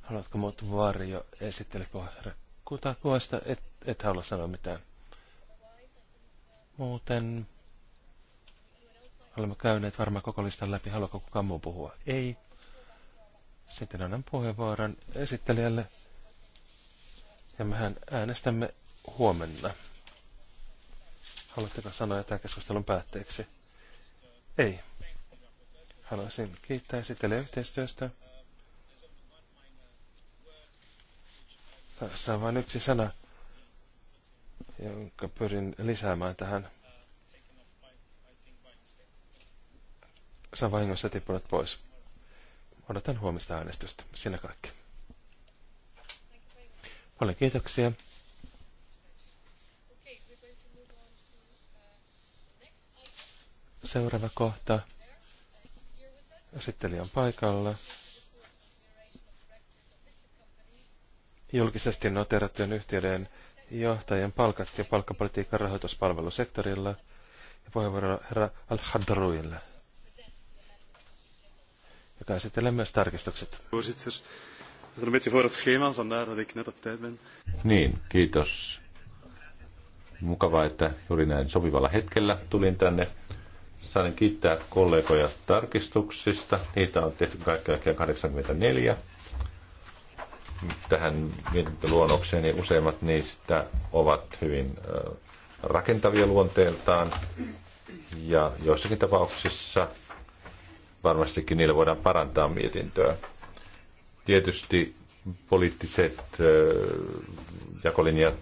Haluatko muut varjo esittele herra Kutakuosta? Et, et halua sanoa mitään. Muuten olemme käyneet varmaan koko listan läpi. Haluatko kukaan muu puhua? Ei. Sitten annan puheenvuoron esittelijälle. Ja mehän äänestämme huomenna. Haluatteko sanoa jotain keskustelun päätteeksi? Ei. Haluaisin kiittää esittelijä yhteistyöstä. Tässä on vain yksi sana, jonka pyrin lisäämään tähän. Saan vahingossa tippunut pois. Odotan huomista äänestystä. Sinä kaikki. Paljon kiitoksia. Seuraava kohta. Esittelijä on paikalla. julkisesti noterattujen yhtiöiden johtajien palkat ja palkkapolitiikan rahoituspalvelusektorilla ja puheenvuoro herra Al-Hadruille, joka esittelee myös tarkistukset. Niin, kiitos. Mukavaa, että juuri näin sopivalla hetkellä tulin tänne. Saan kiittää kollegoja tarkistuksista. Niitä on tehty kaikkiaan 84 tähän mietintöluonnokseen, niin useimmat niistä ovat hyvin rakentavia luonteeltaan. Ja joissakin tapauksissa varmastikin niillä voidaan parantaa mietintöä. Tietysti poliittiset jakolinjat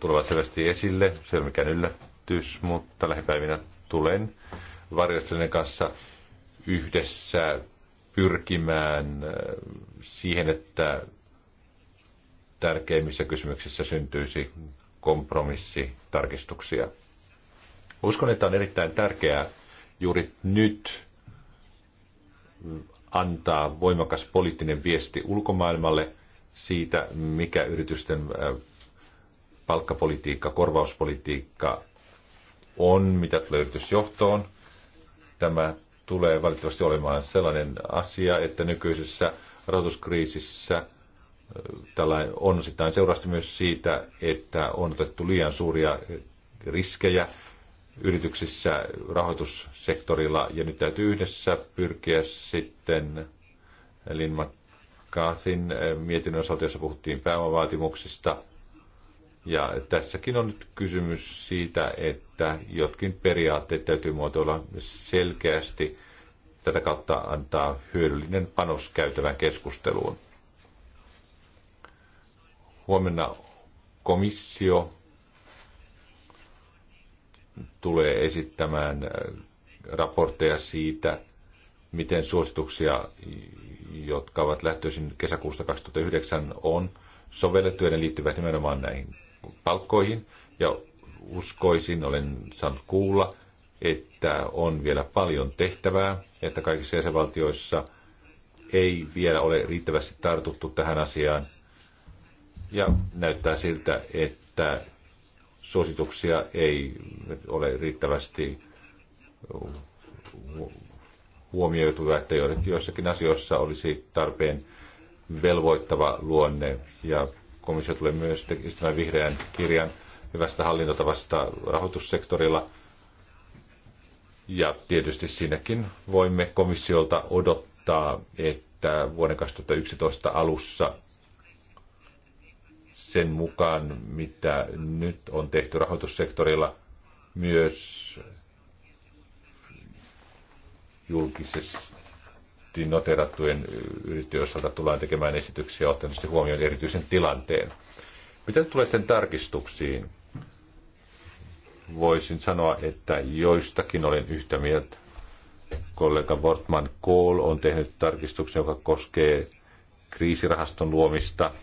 tulevat selvästi esille, se ei ole mikään yllätys, mutta lähipäivinä tulen varjostelijan kanssa yhdessä pyrkimään siihen, että tärkeimmissä kysymyksissä syntyisi kompromissitarkistuksia. Uskon, että on erittäin tärkeää juuri nyt antaa voimakas poliittinen viesti ulkomaailmalle siitä, mikä yritysten palkkapolitiikka, korvauspolitiikka on, mitä tulee yritysjohtoon. Tämä tulee valitettavasti olemaan sellainen asia, että nykyisessä rahoituskriisissä – tällä on sitten seurasti myös siitä, että on otettu liian suuria riskejä yrityksissä rahoitussektorilla, ja nyt täytyy yhdessä pyrkiä sitten Linmakaasin eh, mietinnön osalta, jossa puhuttiin pääomavaatimuksista, ja tässäkin on nyt kysymys siitä, että jotkin periaatteet täytyy muotoilla selkeästi tätä kautta antaa hyödyllinen panos käytävän keskusteluun. Huomenna komissio tulee esittämään äh, raportteja siitä, miten suosituksia, jotka ovat lähtöisin kesäkuusta 2009, on sovellettu ja ne liittyvät nimenomaan näihin palkkoihin. Ja uskoisin, olen saanut kuulla, että on vielä paljon tehtävää, että kaikissa jäsenvaltioissa ei vielä ole riittävästi tartuttu tähän asiaan – ja näyttää siltä, että suosituksia ei ole riittävästi huomioitu, että joissakin asioissa olisi tarpeen velvoittava luonne. Ja komissio tulee myös tekemään vihreän kirjan hyvästä hallintotavasta rahoitussektorilla. Ja tietysti siinäkin voimme komissiolta odottaa, että vuoden 2011 alussa sen mukaan, mitä nyt on tehty rahoitussektorilla, myös julkisesti noterattujen yritysten osalta tullaan tekemään esityksiä ottaen huomioon erityisen tilanteen. Mitä tulee sen tarkistuksiin? Voisin sanoa, että joistakin olen yhtä mieltä. Kollega Wortman Kohl on tehnyt tarkistuksen, joka koskee kriisirahaston luomista –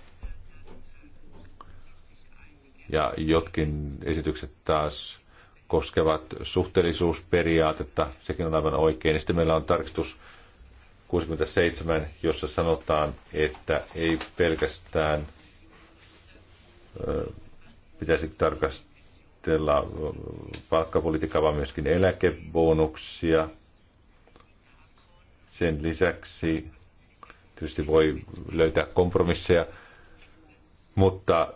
ja jotkin esitykset taas koskevat suhteellisuusperiaatetta, sekin on aivan oikein. Ja sitten meillä on tarkistus 67, jossa sanotaan, että ei pelkästään pitäisi tarkastella palkkapolitiikkaa, vaan myöskin eläkebonuksia. Sen lisäksi tietysti voi löytää kompromisseja, mutta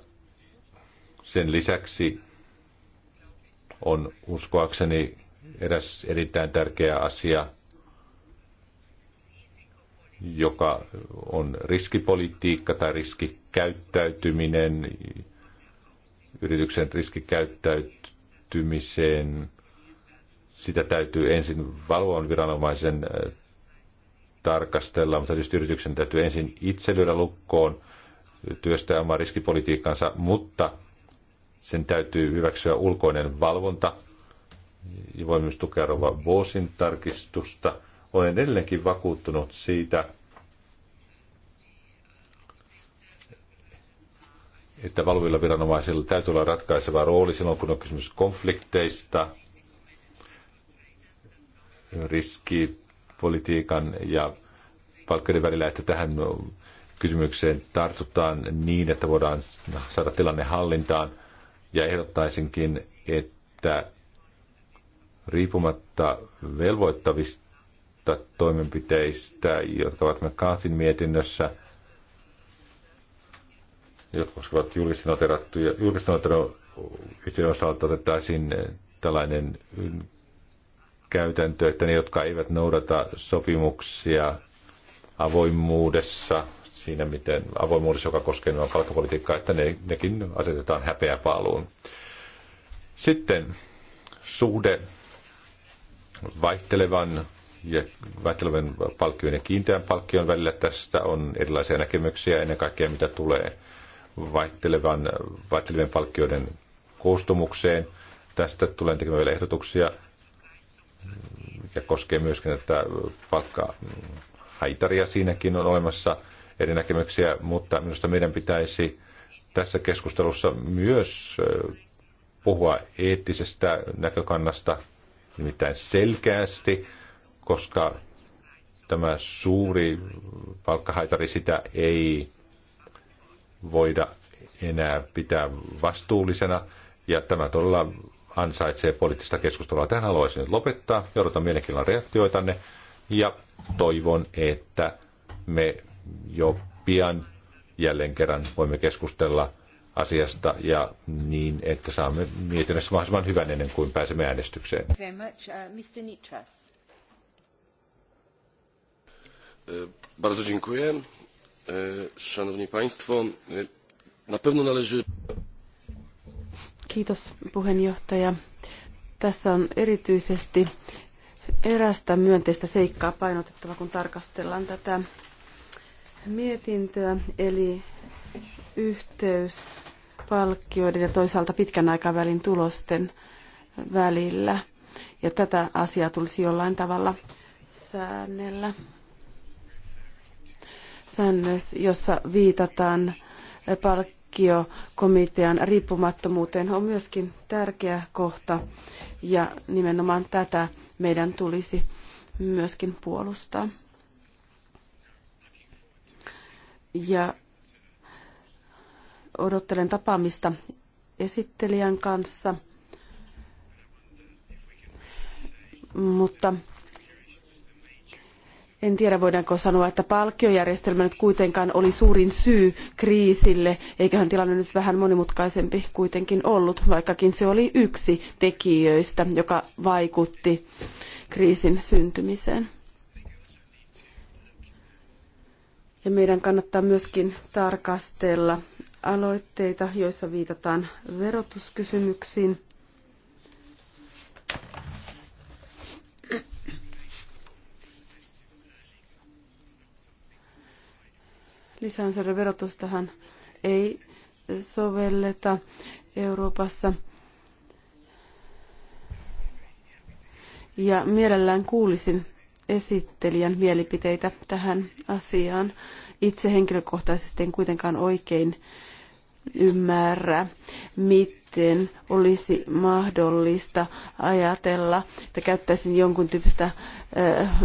sen lisäksi on uskoakseni eräs erittäin tärkeä asia, joka on riskipolitiikka tai riskikäyttäytyminen, yrityksen riskikäyttäytymiseen. Sitä täytyy ensin valvovan viranomaisen äh, tarkastella, mutta tietysti yrityksen täytyy ensin itse lyödä lukkoon, työstää oma riskipolitiikkansa, mutta sen täytyy hyväksyä ulkoinen valvonta. Ja voi myös tukea Rova vuosin tarkistusta. Olen edelleenkin vakuuttunut siitä, että valvoilla viranomaisilla täytyy olla ratkaiseva rooli silloin, kun on kysymys konflikteista, riskipolitiikan ja palkkojen välillä, että tähän kysymykseen tartutaan niin, että voidaan saada tilanne hallintaan. Ja ehdottaisinkin, että riippumatta velvoittavista toimenpiteistä, jotka ovat McCarthyn mietinnössä, jotka koskevat julkisten julkisnoterattujen osalta otettaisiin tällainen käytäntö, että ne, jotka eivät noudata sopimuksia avoimuudessa – siinä, miten avoimuudessa, joka koskee nämä palkkapolitiikkaa, että ne, nekin asetetaan häpeäpaaluun. Sitten suhde vaihtelevan ja vaihtelevan palkkion ja kiinteän palkkion välillä. Tästä on erilaisia näkemyksiä ennen kaikkea, mitä tulee vaihtelevan, vaihtelevien palkkioiden koostumukseen. Tästä tulee tekemään vielä ehdotuksia, mikä koskee myöskin että palkka haitaria Siinäkin on olemassa eri näkemyksiä, mutta minusta meidän pitäisi tässä keskustelussa myös puhua eettisestä näkökannasta nimittäin selkeästi, koska tämä suuri palkkahaitari sitä ei voida enää pitää vastuullisena. Ja tämä todella ansaitsee poliittista keskustelua. Tähän haluaisin nyt lopettaa. Joudutan mielenkiinnolla reaktioitanne ja toivon, että me jo pian jälleen kerran voimme keskustella asiasta ja niin, että saamme mietinnössä mahdollisimman hyvän ennen kuin pääsemme äänestykseen. Uh, e, bardzo dziękuję. E, szanowni Państwo, e, na pewno należy... Kiitos puheenjohtaja. Tässä on erityisesti erästä myönteistä seikkaa painotettava, kun tarkastellaan tätä mietintöä, eli yhteys palkkioiden ja toisaalta pitkän aikavälin tulosten välillä. Ja tätä asiaa tulisi jollain tavalla säännellä. Säännös, jossa viitataan palkkiokomitean riippumattomuuteen, on myöskin tärkeä kohta. Ja nimenomaan tätä meidän tulisi myöskin puolustaa. Ja odottelen tapaamista esittelijän kanssa. Mutta en tiedä, voidaanko sanoa, että palkkiojärjestelmä nyt kuitenkaan oli suurin syy kriisille, eiköhän tilanne nyt vähän monimutkaisempi kuitenkin ollut, vaikkakin se oli yksi tekijöistä, joka vaikutti kriisin syntymiseen. Ja meidän kannattaa myöskin tarkastella aloitteita, joissa viitataan verotuskysymyksiin. Lisäansaiden verotustahan ei sovelleta Euroopassa. Ja mielellään kuulisin esittelijän mielipiteitä tähän asiaan. Itse henkilökohtaisesti en kuitenkaan oikein ymmärrä, miten olisi mahdollista ajatella, että käyttäisin jonkun tyyppistä äh,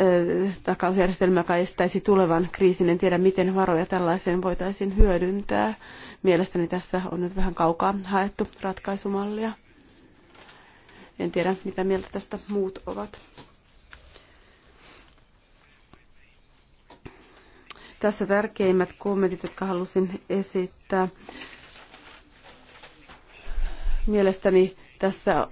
äh, takausjärjestelmä, joka estäisi tulevan kriisin. En tiedä, miten varoja tällaiseen voitaisiin hyödyntää. Mielestäni tässä on nyt vähän kaukaa haettu ratkaisumallia. En tiedä, mitä mieltä tästä muut ovat. Tässä tärkeimmät kommentit, jotka halusin esittää. Mielestäni tässä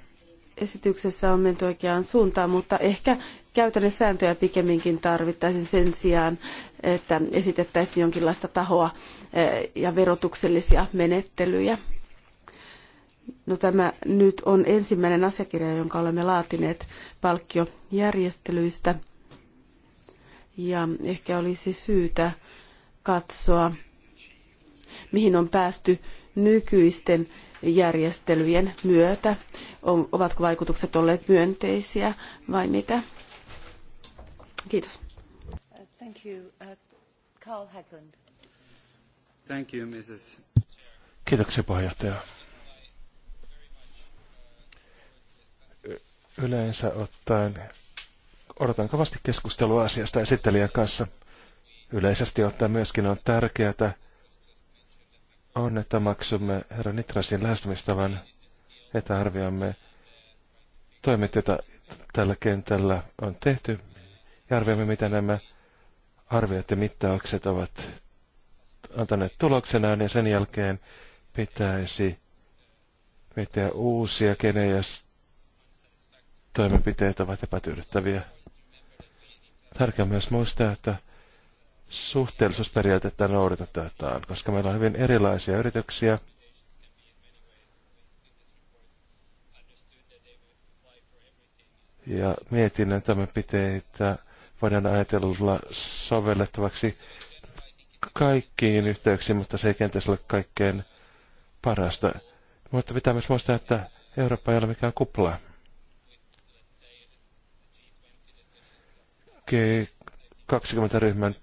esityksessä on menty oikeaan suuntaan, mutta ehkä käytännön sääntöjä pikemminkin tarvittaisiin sen sijaan, että esitettäisiin jonkinlaista tahoa eh, ja verotuksellisia menettelyjä. No tämä nyt on ensimmäinen asiakirja, jonka olemme laatineet palkkiojärjestelyistä. Ja ehkä olisi syytä katsoa, mihin on päästy nykyisten järjestelyjen myötä. Ovatko vaikutukset olleet myönteisiä vai mitä? Kiitos. Thank you. Uh, Carl Haglund. Thank you, Mrs. Kiitoksia puheenjohtaja. Yleensä ottaen odotan kovasti keskustelua asiasta esittelijän kanssa. Yleisesti ottaen myöskin on tärkeää, on, että maksumme herra Nitrasin lähestymistavan, että arvioimme toimet, joita tällä kentällä on tehty, ja arvioimme, mitä nämä arviot ja mittaukset ovat antaneet tuloksenaan, ja sen jälkeen pitäisi miettiä uusia kenejä toimenpiteet ovat epätyydyttäviä. Tärkeää myös muistaa, että suhteellisuusperiaatetta noudatetaan, koska meillä on hyvin erilaisia yrityksiä. Ja mietinnön toimenpiteitä voidaan ajatella sovellettavaksi kaikkiin yhteyksiin, mutta se ei kenties ole kaikkein parasta. Mutta pitää myös muistaa, että Eurooppa ei ole mikään kupla. G20-ryhmän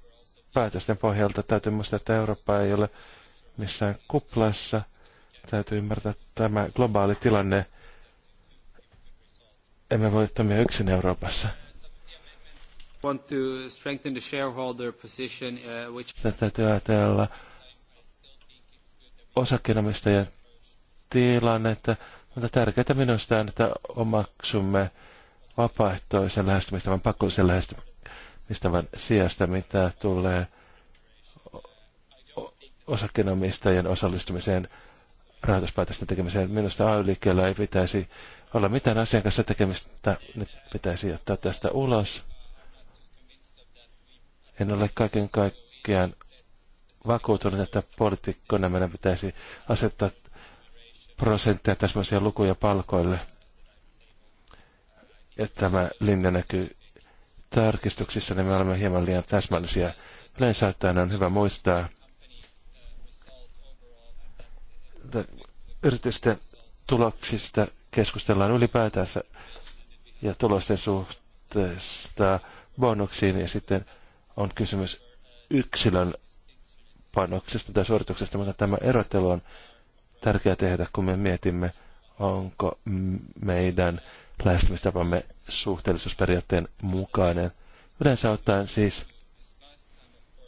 päätösten pohjalta täytyy muistaa, että Eurooppa ei ole missään kuplassa. Täytyy ymmärtää tämä globaali tilanne. Emme voi toimia yksin Euroopassa. Want to strengthen the shareholder position, uh, which... Tätä täytyy ajatella osakkeenomistajan tilannetta, mutta tärkeää minusta on, että omaksumme vapaaehtoisen lähestymistavan pakollisen lähestymistavan mistä vain sijasta, mitä tulee osakkeenomistajien osallistumiseen rahoituspäätösten tekemiseen. Minusta AY-liikkeellä ei pitäisi olla mitään asian kanssa tekemistä. Nyt pitäisi ottaa tästä ulos. En ole kaiken kaikkiaan vakuutunut, että poliitikkona meidän pitäisi asettaa prosentteja tämmöisiä lukuja palkoille. Ja tämä linja näkyy tarkistuksissa niin me olemme hieman liian täsmällisiä. Yleensä ottaen on hyvä muistaa, että yritysten tuloksista keskustellaan ylipäätänsä ja tulosten suhteesta bonuksiin ja sitten on kysymys yksilön panoksesta tai suorituksesta, mutta tämä erottelu on tärkeää tehdä, kun me mietimme, onko meidän lähestymistapamme suhteellisuusperiaatteen mukainen. Yleensä ottaen siis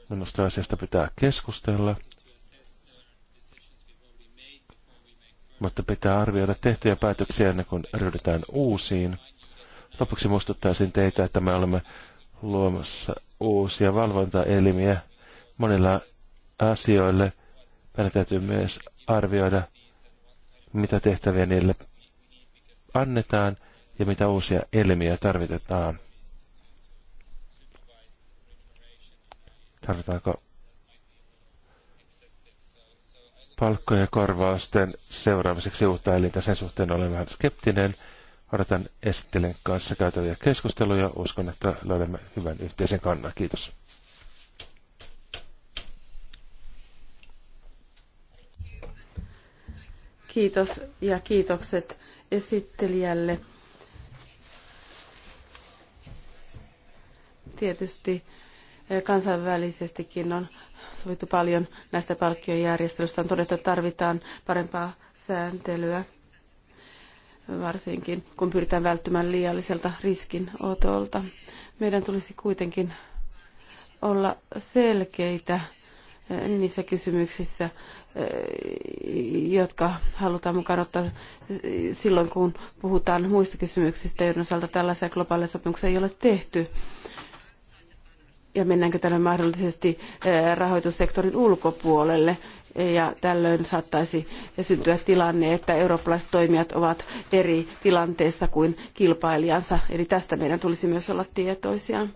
minusta asiasta pitää keskustella, mutta pitää arvioida tehtyjä päätöksiä ennen kuin ryhdytään uusiin. Lopuksi muistuttaisin teitä, että me olemme luomassa uusia valvontaelimiä monilla asioille. Meidän täytyy myös arvioida, mitä tehtäviä niille annetaan ja mitä uusia elimiä tarvitetaan. Tarvitaanko palkkojen korvausten seuraamiseksi uutta elintä? Sen suhteen olen vähän skeptinen. Odotan esittelen kanssa käytäviä keskusteluja. Uskon, että löydämme hyvän yhteisen kannan. Kiitos. Kiitos ja kiitokset esittelijälle. Tietysti eh, kansainvälisestikin on sovittu paljon näistä palkkiojärjestelyistä. On todettu, että tarvitaan parempaa sääntelyä, varsinkin kun pyritään välttymään liialliselta riskinotolta. Meidän tulisi kuitenkin olla selkeitä eh, niissä kysymyksissä, eh, jotka halutaan mukaan ottaa silloin, kun puhutaan muista kysymyksistä, joiden osalta tällaisia globaaleja sopimuksia ei ole tehty ja mennäänkö tällöin mahdollisesti eh, rahoitussektorin ulkopuolelle. Ja tällöin saattaisi syntyä tilanne, että eurooppalaiset toimijat ovat eri tilanteessa kuin kilpailijansa. Eli tästä meidän tulisi myös olla tietoisia.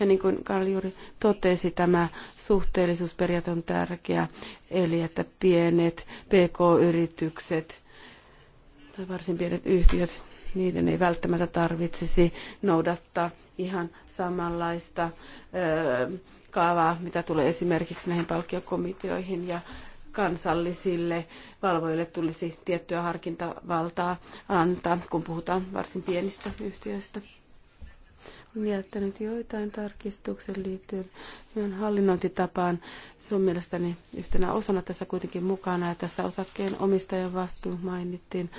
Ja niin kuin Karl juuri totesi, tämä suhteellisuusperiaate on tärkeä, eli että pienet pk-yritykset tai varsin pienet yhtiöt niiden ei välttämättä tarvitsisi noudattaa ihan samanlaista kaavaa, mitä tulee esimerkiksi näihin palkkiokomiteoihin ja kansallisille valvojille tulisi tiettyä harkintavaltaa antaa, kun puhutaan varsin pienistä yhtiöistä. Olen jättänyt joitain tarkistuksen liittyen meidän hallinnointitapaan. Se on mielestäni yhtenä osana tässä kuitenkin mukana ja tässä osakkeen omistajan vastuu mainittiin.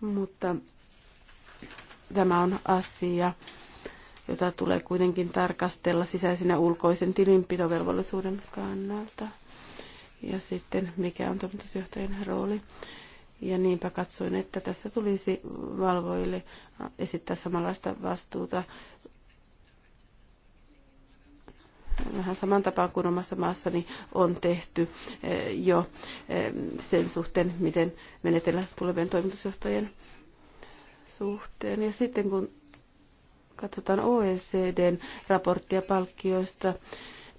Mutta Tämä on asia, jota tulee kuitenkin tarkastella sisäisen ja ulkoisen tilinpitovelvollisuuden kannalta. Ja sitten mikä on toimitusjohtajan rooli. Ja niinpä katsoin, että tässä tulisi valvoille esittää samanlaista vastuuta vähän saman tapaan kuin omassa maassani on tehty eh, jo eh, sen suhteen, miten menetellä tulevien toimitusjohtajien suhteen. Ja sitten kun katsotaan OECDn raporttia palkkioista,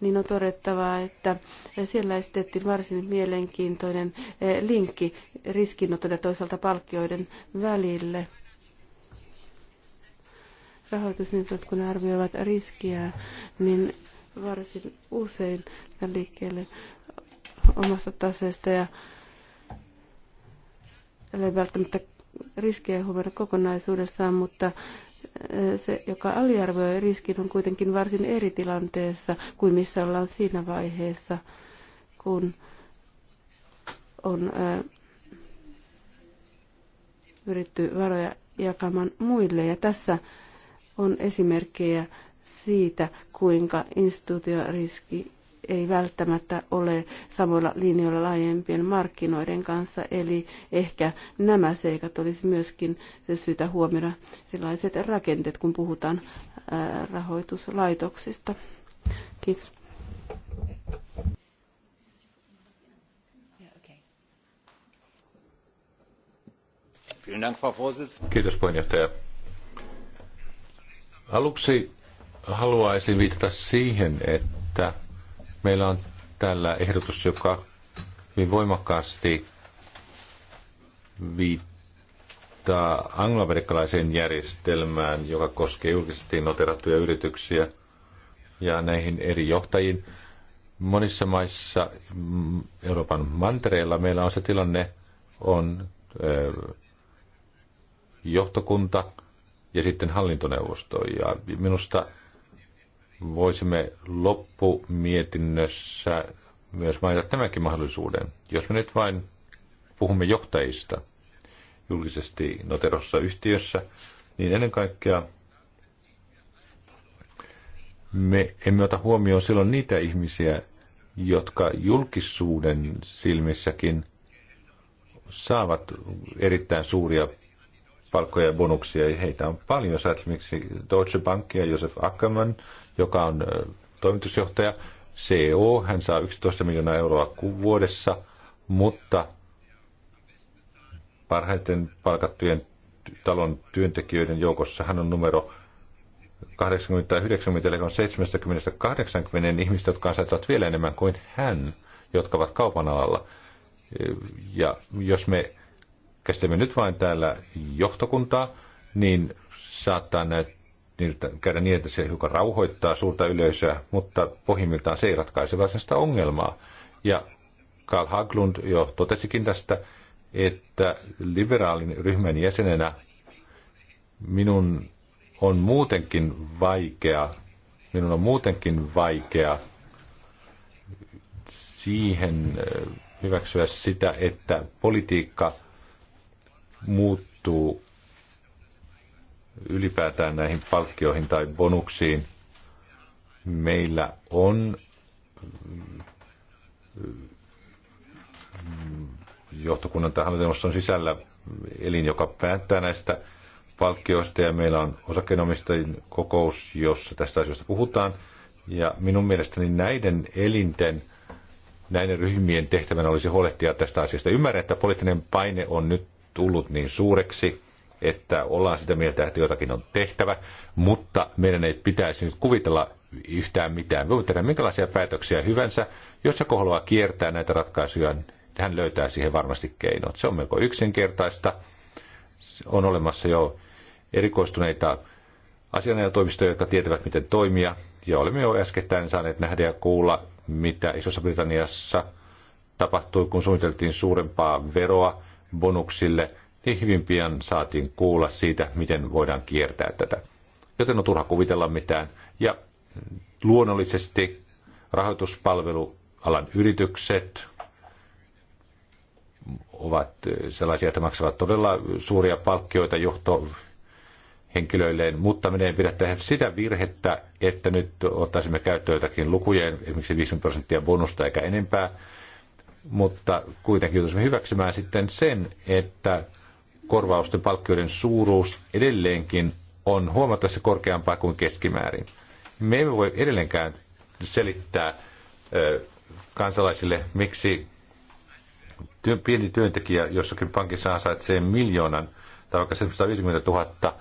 niin on todettava, että siellä esitettiin varsin mielenkiintoinen eh, linkki riskinoton ja toisaalta palkkioiden välille. Rahoitusnitot, kun arvioivat riskiä, niin varsin usein liikkeelle omasta taseesta ja ei välttämättä riskejä huomioida kokonaisuudessaan, mutta eh, se, joka aliarvioi riskin, on kuitenkin varsin eri tilanteessa kuin missä ollaan siinä vaiheessa, kun on pyritty eh, varoja jakamaan muille. Ja tässä on esimerkkejä siitä, kuinka instituutioriski ei välttämättä ole samoilla linjoilla laajempien markkinoiden kanssa, eli ehkä nämä seikat olisi myöskin syytä huomioida sellaiset rakenteet, kun puhutaan rahoituslaitoksista. Kiitos. Kiitos puheenjohtaja. Aluksi haluaisin viitata siihen, että Meillä on tällä ehdotus, joka hyvin voimakkaasti viittaa angloamerikkalaiseen järjestelmään, joka koskee julkisesti noterattuja yrityksiä ja näihin eri johtajiin. Monissa maissa mm, Euroopan mantereilla meillä on se tilanne, on johtokunta ja sitten hallintoneuvosto. Ja minusta voisimme loppumietinnössä myös mainita tämänkin mahdollisuuden. Jos me nyt vain puhumme johtajista julkisesti noterossa yhtiössä, niin ennen kaikkea me emme ota huomioon silloin niitä ihmisiä, jotka julkisuuden silmissäkin saavat erittäin suuria palkkoja ja bonuksia, ja heitä on paljon. Jos esimerkiksi Deutsche Bankia, Josef Ackermann, joka on toimitusjohtaja, CEO, hän saa 11 miljoonaa euroa vuodessa, mutta parhaiten palkattujen talon työntekijöiden joukossa hän on numero 80 90, eli on 70-80 ihmistä, jotka ansaitsevat vielä enemmän kuin hän, jotka ovat kaupan alalla. Ja jos me kestämme nyt vain täällä johtokuntaa, niin saattaa näyttää niiltä, käydä niin, että se hiukan rauhoittaa suurta yleisöä, mutta pohjimmiltaan se ei ratkaise varsinaista ongelmaa. Ja Karl Haglund jo totesikin tästä, että liberaalin ryhmän jäsenenä minun on muutenkin vaikea, minun on muutenkin vaikea siihen eh, hyväksyä sitä, että politiikka muuttuu ylipäätään näihin palkkioihin tai bonuksiin. Meillä on mm, johtokunnan tai hallintoneuvoston sisällä elin, joka päättää näistä palkkioista ja meillä on osakkeenomistajien kokous, jossa tästä asiasta puhutaan. Ja minun mielestäni näiden elinten, näiden ryhmien tehtävänä olisi huolehtia tästä asiasta. Ymmärrän, että poliittinen paine on nyt tullut niin suureksi, että ollaan sitä mieltä, että jotakin on tehtävä, mutta meidän ei pitäisi nyt kuvitella yhtään mitään. Me voimme tehdä minkälaisia päätöksiä hyvänsä. Jos se haluaa kiertää näitä ratkaisuja, niin hän löytää siihen varmasti keinot. Se on melko yksinkertaista. On olemassa jo erikoistuneita asianajotoimistoja, jotka tietävät, miten toimia. Ja olemme jo äskettäin saaneet nähdä ja kuulla, mitä Isossa-Britanniassa tapahtui, kun suunniteltiin suurempaa veroa bonuksille – niin hyvin pian saatiin kuulla siitä, miten voidaan kiertää tätä. Joten on turha kuvitella mitään. Ja luonnollisesti rahoituspalvelualan yritykset ovat eh, sellaisia, että maksavat todella suuria palkkioita johto henkilöilleen, mutta meidän pidä tehdä sitä virhettä, että nyt ottaisimme käyttöön jotakin lukujen, esimerkiksi 50 prosenttia bonusta eikä enempää, mutta kuitenkin joutuisimme hyväksymään sitten sen, että korvausten palkkioiden suuruus edelleenkin on huomattavasti korkeampaa kuin keskimäärin. Me emme voi edelleenkään selittää kansalaisille, miksi työ, pieni työntekijä jossakin pankissa ansaitsee miljoonan tai vaikka 750 000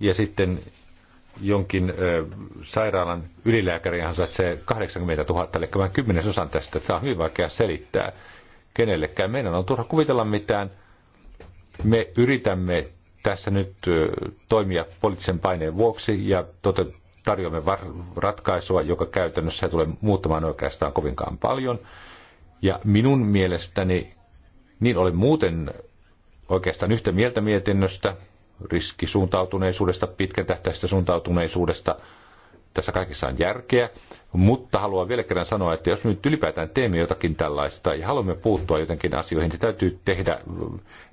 ja sitten jonkin ö, sairaalan ylilääkäri ansaitsee 80 000, eli vain kymmenesosan tästä. Tämä on hyvin vaikea selittää kenellekään. Meidän on turha kuvitella mitään me yritämme tässä nyt toimia poliittisen paineen vuoksi ja tota, tarjoamme ratkaisua, joka käytännössä tulee muuttamaan oikeastaan kovinkaan paljon. Ja minun mielestäni, niin olen muuten oikeastaan yhtä mieltä mietinnöstä, riskisuuntautuneisuudesta, pitkän tähtäistä suuntautuneisuudesta – tässä kaikessa on järkeä, mutta haluan vielä kerran sanoa, että jos me nyt ylipäätään teemme jotakin tällaista ja haluamme puuttua jotenkin asioihin, se täytyy tehdä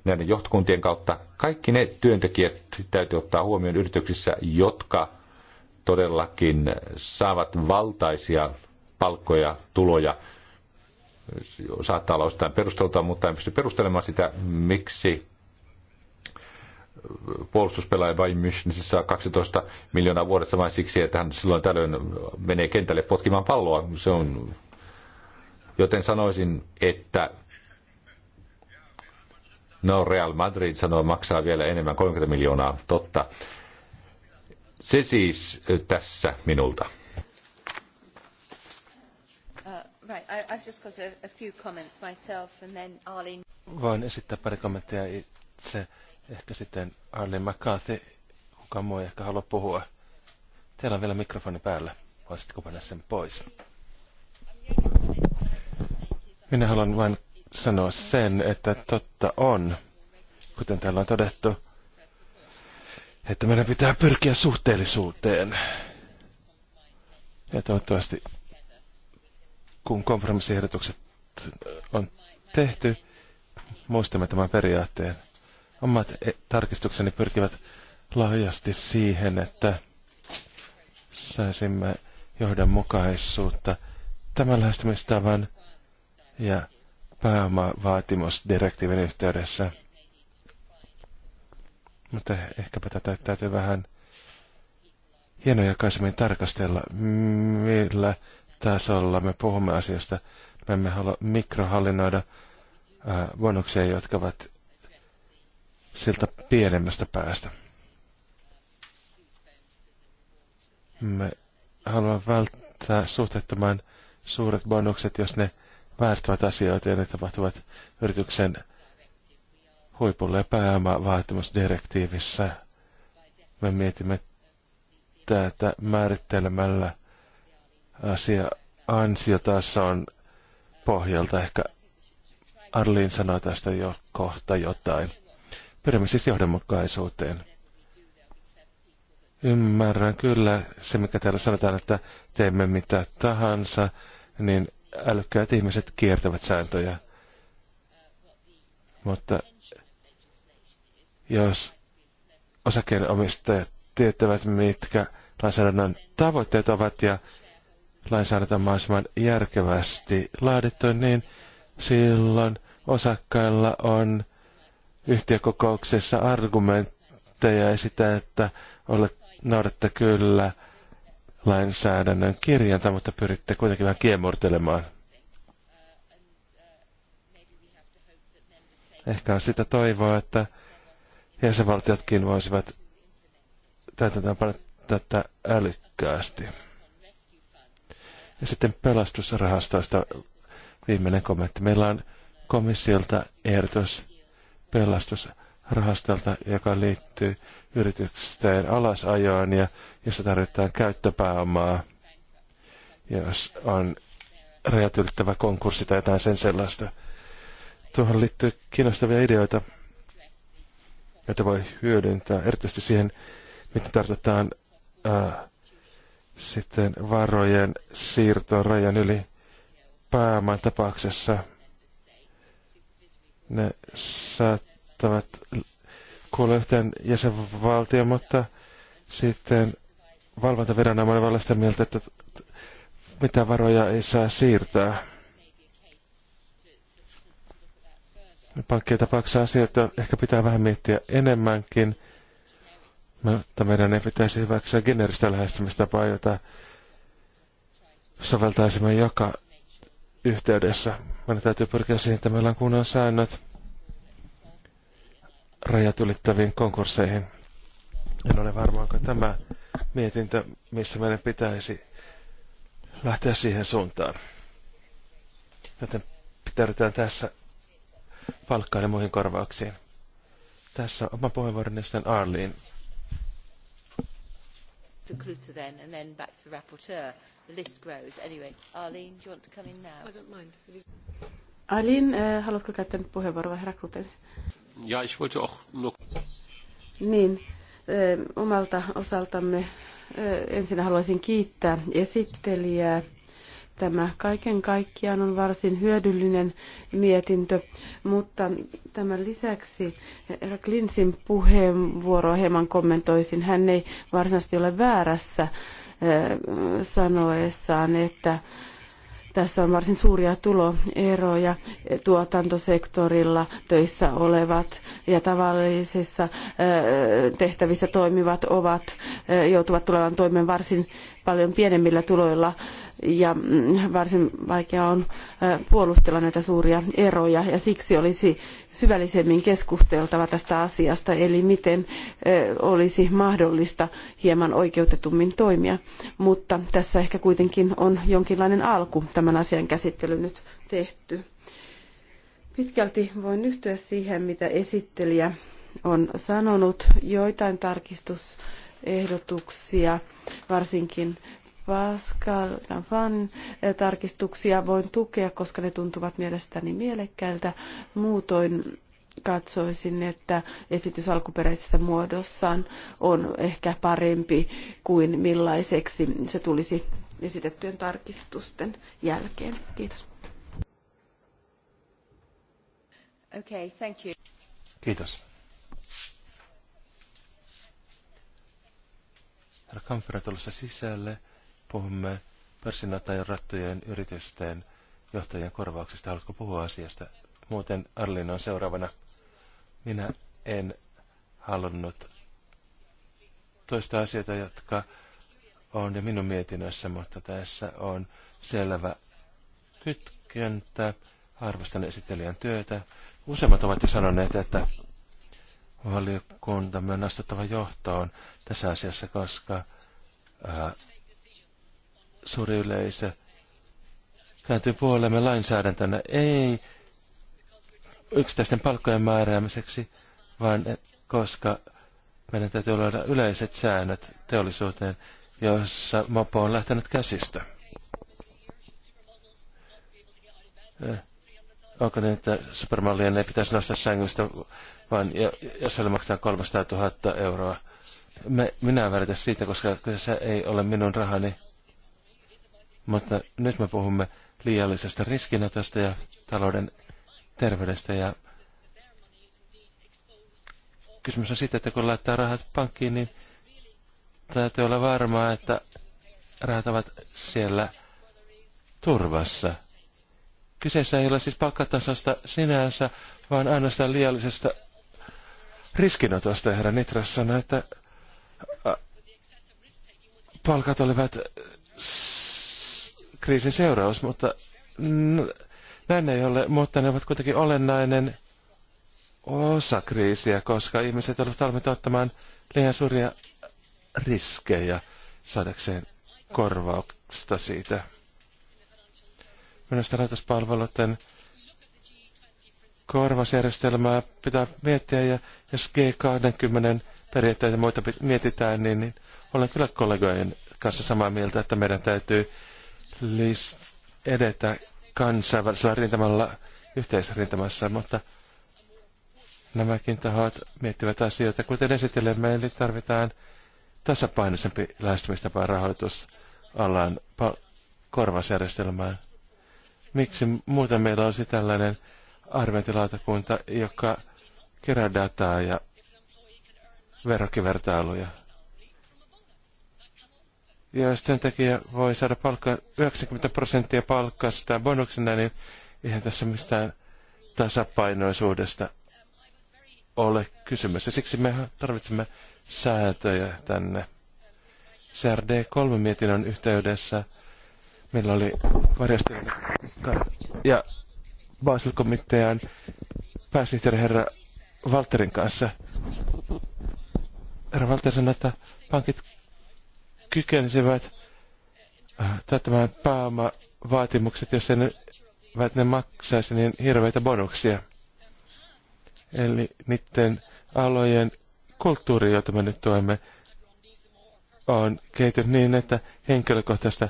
näiden johtokuntien kautta. Kaikki ne työntekijät täytyy ottaa huomioon yrityksissä, jotka todellakin saavat valtaisia palkkoja, tuloja. Saattaa olla osittain perusteltua, mutta en pysty perustelemaan sitä, miksi puolustuspelaaja vai Münchenissä saa 12 miljoonaa vuodessa vain siksi, että hän silloin tällöin menee kentälle potkimaan palloa. Se on, joten sanoisin, että no Real Madrid sanoo maksaa vielä enemmän 30 miljoonaa, totta. Se siis tässä minulta. Uh, Voin esittää pari kommenttia itse. Ehkä sitten Arlene McCarthy, kuka muu ei ehkä halua puhua. Teillä on vielä mikrofoni päällä. Voisitko panna sen pois? Minä haluan vain sanoa sen, että totta on, kuten täällä on todettu, että meidän pitää pyrkiä suhteellisuuteen. Ja toivottavasti, kun kompromissiehdotukset on tehty, muistamme tämän periaatteen. Omat eh, tarkistukseni pyrkivät laajasti siihen, että saisimme johdonmukaisuutta tämän lähestymistavan ja pääomavaatimusdirektiivin yhteydessä. Mutta ehkäpä tätä täytyy vähän hienojakaisemmin tarkastella, millä tasolla me puhumme asiasta. Me emme halua mikrohallinnoida bonuksia, jotka ovat siltä pienemmästä päästä. Me haluamme välttää suhteettoman suuret bonukset, jos ne väärtävät asioita ja ne tapahtuvat yrityksen huipulle ja pääomavaatimusdirektiivissä. Me mietimme tätä määrittelemällä asia ansiotason pohjalta. Ehkä Arlin sanoo tästä jo kohta jotain. Pyrimme siis johdonmukaisuuteen. Ymmärrän kyllä se, mikä täällä sanotaan, että teemme mitä tahansa, niin älykkäät ihmiset kiertävät sääntöjä. Mutta jos osakkeenomistajat tietävät, mitkä lainsäädännön tavoitteet ovat ja lainsäädäntö on mahdollisimman järkevästi laadittu, niin silloin osakkailla on yhtiökokouksessa argumentteja ja sitä, että olet, noudatte kyllä lainsäädännön kirjanta, mutta pyritte kuitenkin vähän kiemurtelemaan. Ehkä on sitä toivoa, että jäsenvaltiotkin voisivat täytäntöönpanna tätä älykkäästi. Ja sitten pelastusrahastoista viimeinen kommentti. Meillä on komissiolta ehdotus pelastusrahastolta, joka liittyy yritysten alasajoon ja jossa tarvitaan käyttöpääomaa, jos on rajat ylittävä konkurssi tai jotain sen sellaista. Tuohon liittyy kiinnostavia ideoita, joita voi hyödyntää, erityisesti siihen, miten tartutaan äh, sitten varojen siirtoon rajan yli pääoman tapauksessa – ne saattavat kuulla yhteen jäsenvaltion, mutta sitten valvontaviranomainen voi olla sitä mieltä, että mitä varoja ei saa siirtää. Pankkien tapauksessa asioita ehkä pitää vähän miettiä enemmänkin, mutta meidän ei pitäisi hyväksyä generistä lähestymistapaa, jota soveltaisimme joka yhteydessä. Meidän täytyy pyrkiä siihen, että meillä on kunnon säännöt rajat ylittäviin konkursseihin. En ole varma, onko tämä mietintö, missä meidän pitäisi lähteä siihen suuntaan. Joten pitäydytään tässä palkkaan ja muihin korvauksiin. Tässä oma puheenvuoroni sitten Arliin. To the list grows. Anyway, Arlene, do you want to come in now? I don't mind. Arlene, äh, haluatko käyttää nyt puheenvuoroa herra Klutens? Ja, ich wollte auch nur... Niin, äh, omalta osaltamme äh, ensin haluaisin kiittää esittelijää. Tämä kaiken kaikkiaan on varsin hyödyllinen mietintö, mutta tämän lisäksi herra Klinsin puheenvuoroa hieman kommentoisin. Hän ei varsinaisesti ole väärässä, äh, sanoessaan, että tässä on varsin suuria tuloeroja tuotantosektorilla töissä olevat ja tavallisissa tehtävissä toimivat ovat, joutuvat tulevan toimeen varsin paljon pienemmillä tuloilla ja mm, varsin vaikea on puolustella näitä suuria eroja ja siksi olisi syvällisemmin keskusteltava tästä asiasta, eli miten olisi mahdollista hieman oikeutetummin toimia. Mutta tässä ehkä kuitenkin on jonkinlainen alku tämän asian käsittely nyt tehty. Pitkälti voin yhtyä siihen, mitä esittelijä on sanonut. Joitain tarkistusehdotuksia varsinkin Pascal Canfan eh, tarkistuksia voin tukea, koska ne tuntuvat mielestäni mielekkäiltä. Muutoin katsoisin, että esitys alkuperäisessä muodossaan on ehkä parempi kuin millaiseksi se tulisi esitettyjen tarkistusten jälkeen. Kiitos. Okay, thank you. Kiitos. Herra Kamfer tulossa sisälle puhumme pörssinottajan rattojen yritysten johtajien korvauksista. Haluatko puhua asiasta? Muuten Arlin on seuraavana. Minä en halunnut toista asioita, jotka on jo minun mietinnössä, mutta tässä on selvä kytkentä. Arvostan esittelijän työtä. Useimmat ovat jo sanoneet, että valiokuntamme on astuttava johtoon tässä asiassa, koska ää, suuri yleisö kääntyy puolemme lainsäädäntönä, ei yksittäisten palkkojen määräämiseksi, vaan koska meidän täytyy luoda yleiset säännöt teollisuuteen, jossa mopo on lähtenyt käsistä. Eh, onko niin, että supermallien ei pitäisi nostaa sängystä, vaan jos sille maksetaan 300 000 euroa? Me, minä en välitä siitä, koska se ei ole minun rahani. Mutta nyt me puhumme liiallisesta riskinotosta ja talouden terveydestä ja kysymys on siitä, että kun laittaa rahat pankkiin, niin täytyy olla varmaa, että rahat ovat siellä turvassa. Kyseessä ei ole siis palkkatasosta sinänsä, vaan ainoastaan liiallisesta riskinotosta. Herra Nitras sanoi, että palkat olivat kriisin seuraus, mutta näin ei ole, mutta ne ovat kuitenkin olennainen osa kriisiä, koska ihmiset ovat valmiita ottamaan liian suuria riskejä saadakseen korvauksesta siitä. Minusta rahoituspalveluiden korvausjärjestelmää pitää miettiä, ja jos G20 periaatteita ja muita mietitään, niin, niin olen kyllä kollegojen kanssa samaa mieltä, että meidän täytyy list edetä kansainvälisellä rintamalla yhteisrintamassa, mutta nämäkin tahot miettivät asioita. Kuten esittelemme, eli tarvitaan tasapainoisempi lähestymistapa rahoitusalan korvausjärjestelmään. Miksi muuten meillä olisi tällainen arviointilautakunta, joka kerää dataa ja verrokkivertailuja? Ja jos työntekijä voi saada palkka 90 prosenttia palkkasta bonuksena, niin eihän tässä mistään tasapainoisuudesta ole kysymys. Ja siksi me tarvitsemme säätöjä tänne. CRD3 mietinnön yhteydessä meillä oli varjastelun ja Basel-komitean pääsihteeri herra Walterin kanssa. Herra Walter sanoi, että pankit kykensivät äh, täyttämään pääomavaatimukset, jos ne, ne maksaisi niin hirveitä bonuksia. Eli niiden alojen kulttuuri, jota me nyt tuemme, on kehittynyt niin, että henkilökohtaista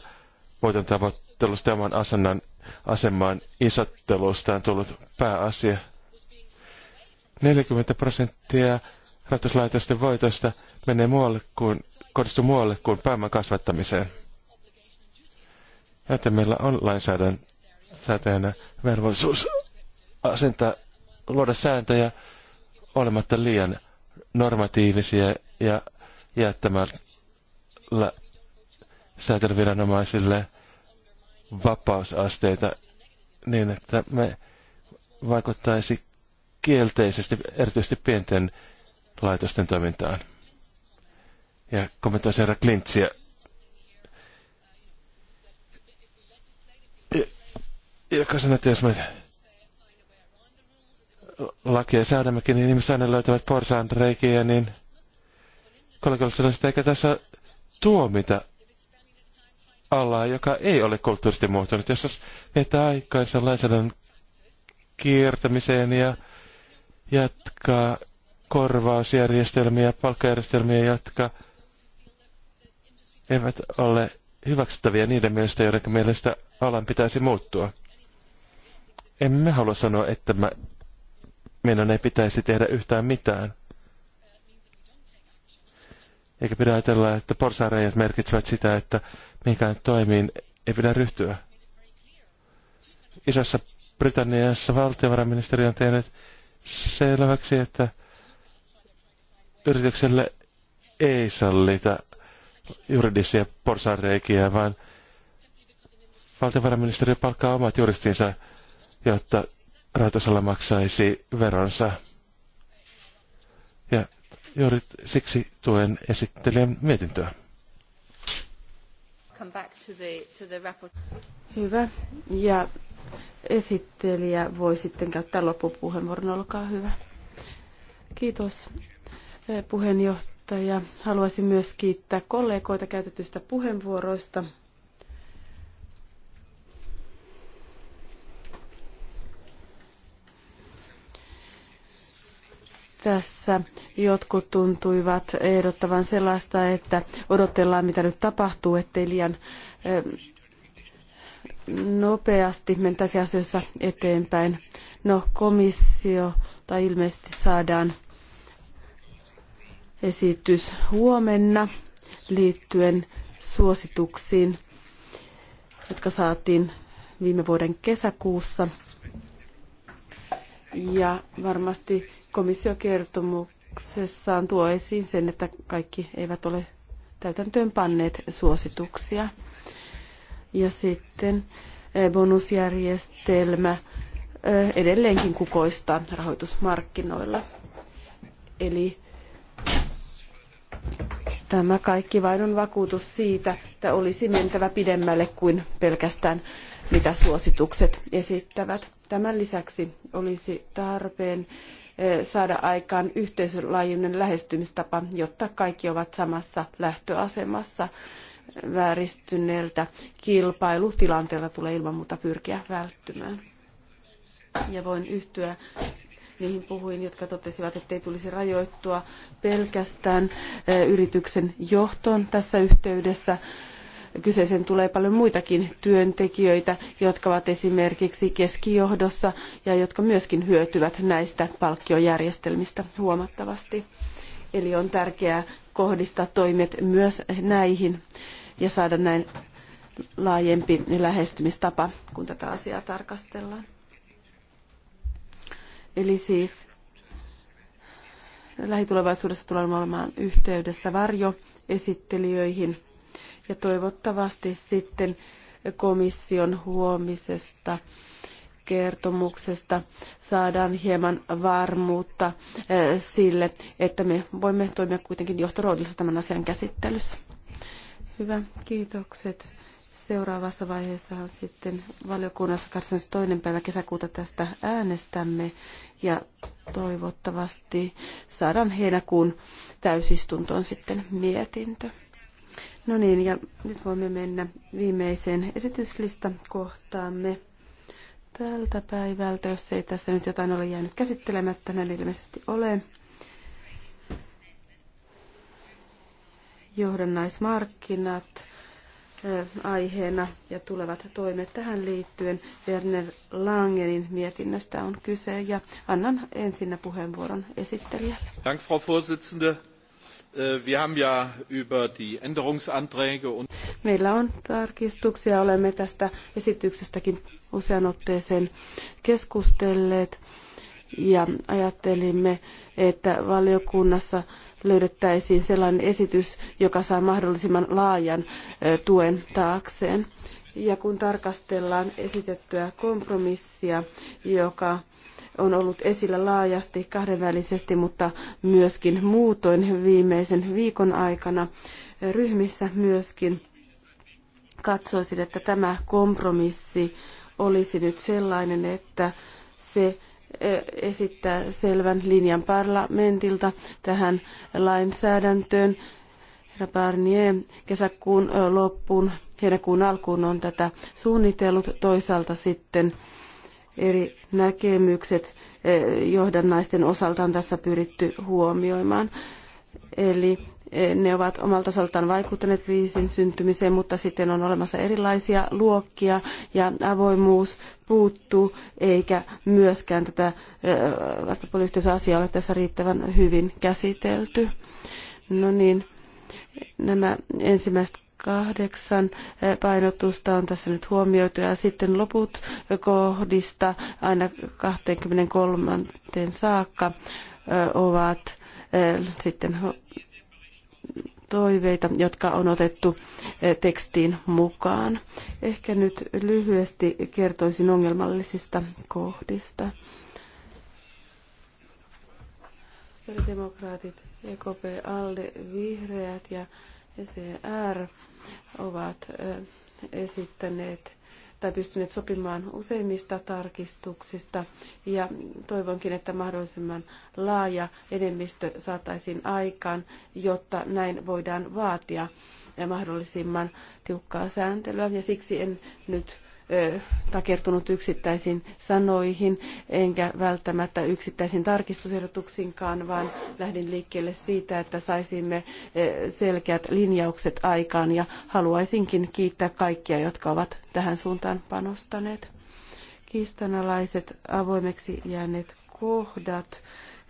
voiton tavoittelusta ja oman asennan asemaan isottelusta on tullut pääasia. 40 prosenttia ratuslaitosten voitosta menee muualle kuin, kohdistuu muualle kuin pääoman kasvattamiseen. Joten meillä on lainsäädäntöä velvollisuus asentaa, luoda sääntöjä olematta liian normatiivisia ja jättämällä säätelyviranomaisille vapausasteita niin, että me vaikuttaisi kielteisesti erityisesti pienten laitosten toimintaan ja kommentoisin herra Klintsiä. Joka sanoi, että jos me lakia säädämmekin, niin ihmiset aina löytävät porsaan reikiä, niin kollegalla sanoi, että eikä tässä tuomita alaa, joka ei ole kulttuurisesti muuttunut. Jos että aikaisen lainsäädännön kiertämiseen ja jatkaa korvausjärjestelmiä, palkkajärjestelmiä, jatkaa eivät ole hyväksyttäviä niiden mielestä, joiden mielestä alan pitäisi muuttua. Emme halua sanoa, että mä, meidän ei pitäisi tehdä yhtään mitään. Eikä pidä ajatella, että porsareijat merkitsevät sitä, että mikään toimiin ei pidä ryhtyä. Isossa Britanniassa valtiovarainministeri on tehnyt selväksi, että yritykselle ei sallita juridisia porsanreikiä, vaan valtiovarainministeriö palkkaa omat juristinsa, jotta rahoitusala maksaisi veronsa. Ja juuri siksi tuen esittelijän mietintöä. Hyvä. Ja esittelijä voi sitten käyttää loppupuheenvuoron. Olkaa hyvä. Kiitos eh, puheenjohtaja puheenjohtaja. Haluaisin myös kiittää kollegoita käytetyistä puheenvuoroista. tässä jotkut tuntuivat ehdottavan sellaista, että odotellaan mitä nyt tapahtuu, ettei liian eh, nopeasti mentäisi asioissa eteenpäin. No komissio tai ilmeisesti saadaan esitys huomenna liittyen suosituksiin, jotka saatiin viime vuoden kesäkuussa. Ja varmasti komissiokertomuksessaan tuo esiin sen, että kaikki eivät ole täytäntöön panneet suosituksia. Ja sitten eh, bonusjärjestelmä eh, edelleenkin kukoistaa rahoitusmarkkinoilla. Eli Tämä kaikki vain on vakuutus siitä, että olisi mentävä pidemmälle kuin pelkästään mitä suositukset esittävät. Tämän lisäksi olisi tarpeen eh, saada aikaan yhteisölaajuinen lähestymistapa, jotta kaikki ovat samassa lähtöasemassa. Vääristyneeltä kilpailutilanteelta tulee ilman muuta pyrkiä välttymään. Ja voin yhtyä niihin puhuin, jotka totesivat, että ei tulisi rajoittua pelkästään yrityksen johtoon tässä yhteydessä. Kyseisen tulee paljon muitakin työntekijöitä, jotka ovat esimerkiksi keskijohdossa ja jotka myöskin hyötyvät näistä palkkiojärjestelmistä huomattavasti. Eli on tärkeää kohdistaa toimet myös näihin ja saada näin laajempi lähestymistapa, kun tätä asiaa tarkastellaan. Eli siis lähitulevaisuudessa tulemme olemaan yhteydessä varjoesittelijöihin ja toivottavasti sitten komission huomisesta kertomuksesta saadaan hieman varmuutta eh, sille, että me voimme toimia kuitenkin johtoroolissa tämän asian käsittelyssä. Hyvä, kiitokset seuraavassa vaiheessahan sitten valiokunnassa 22. päivä kesäkuuta tästä äänestämme ja toivottavasti saadaan heinäkuun täysistuntoon sitten mietintö. No niin, ja nyt voimme mennä viimeiseen kohtaamme tältä päivältä, jos ei tässä nyt jotain ole jäänyt käsittelemättä, näin ilmeisesti ole. Johdannaismarkkinat aiheena ja tulevat toimet tähän liittyen. Werner Langenin mietinnöstä on kyse ja annan ensinnä puheenvuoron esittelijälle. Dank, Frau Vorsitzende. Wir haben ja über die Änderungsanträge und Meillä on tarkistuksia, olemme tästä esityksestäkin usean otteeseen keskustelleet ja ajattelimme, että valiokunnassa löydettäisiin sellainen esitys, joka saa mahdollisimman laajan tuen taakseen. Ja kun tarkastellaan esitettyä kompromissia, joka on ollut esillä laajasti kahdenvälisesti, mutta myöskin muutoin viimeisen viikon aikana ryhmissä myöskin, katsoisin, että tämä kompromissi olisi nyt sellainen, että se esittää selvän linjan parlamentilta tähän lainsäädäntöön. Herra Barnier kesäkuun loppuun, heinäkuun alkuun on tätä suunnitellut. Toisaalta sitten eri näkemykset johdannaisten osalta on tässä pyritty huomioimaan. Eli E, ne ovat omalta osaltaan vaikuttaneet kriisin syntymiseen, mutta sitten on olemassa erilaisia luokkia ja avoimuus puuttuu, eikä myöskään tätä e, vastapuoliyhteisöasiaa ole tässä riittävän hyvin käsitelty. No niin, nämä ensimmäiset kahdeksan e, painotusta on tässä nyt huomioitu ja sitten loput kohdista aina 23 saakka ovat sitten toiveita, jotka on otettu eh, tekstiin mukaan. Ehkä nyt lyhyesti kertoisin ongelmallisista kohdista. Sosiaalidemokraatit, EKP, ALDE, Vihreät ja ECR ovat eh, esittäneet tai pystyneet sopimaan useimmista tarkistuksista ja toivonkin, että mahdollisimman laaja enemmistö saataisiin aikaan, jotta näin voidaan vaatia mahdollisimman tiukkaa sääntelyä ja siksi en nyt takertunut yksittäisiin sanoihin, enkä välttämättä yksittäisiin tarkistusehdotuksiinkaan, vaan lähdin liikkeelle siitä, että saisimme selkeät linjaukset aikaan ja haluaisinkin kiittää kaikkia, jotka ovat tähän suuntaan panostaneet. Kiistanalaiset avoimeksi jääneet kohdat.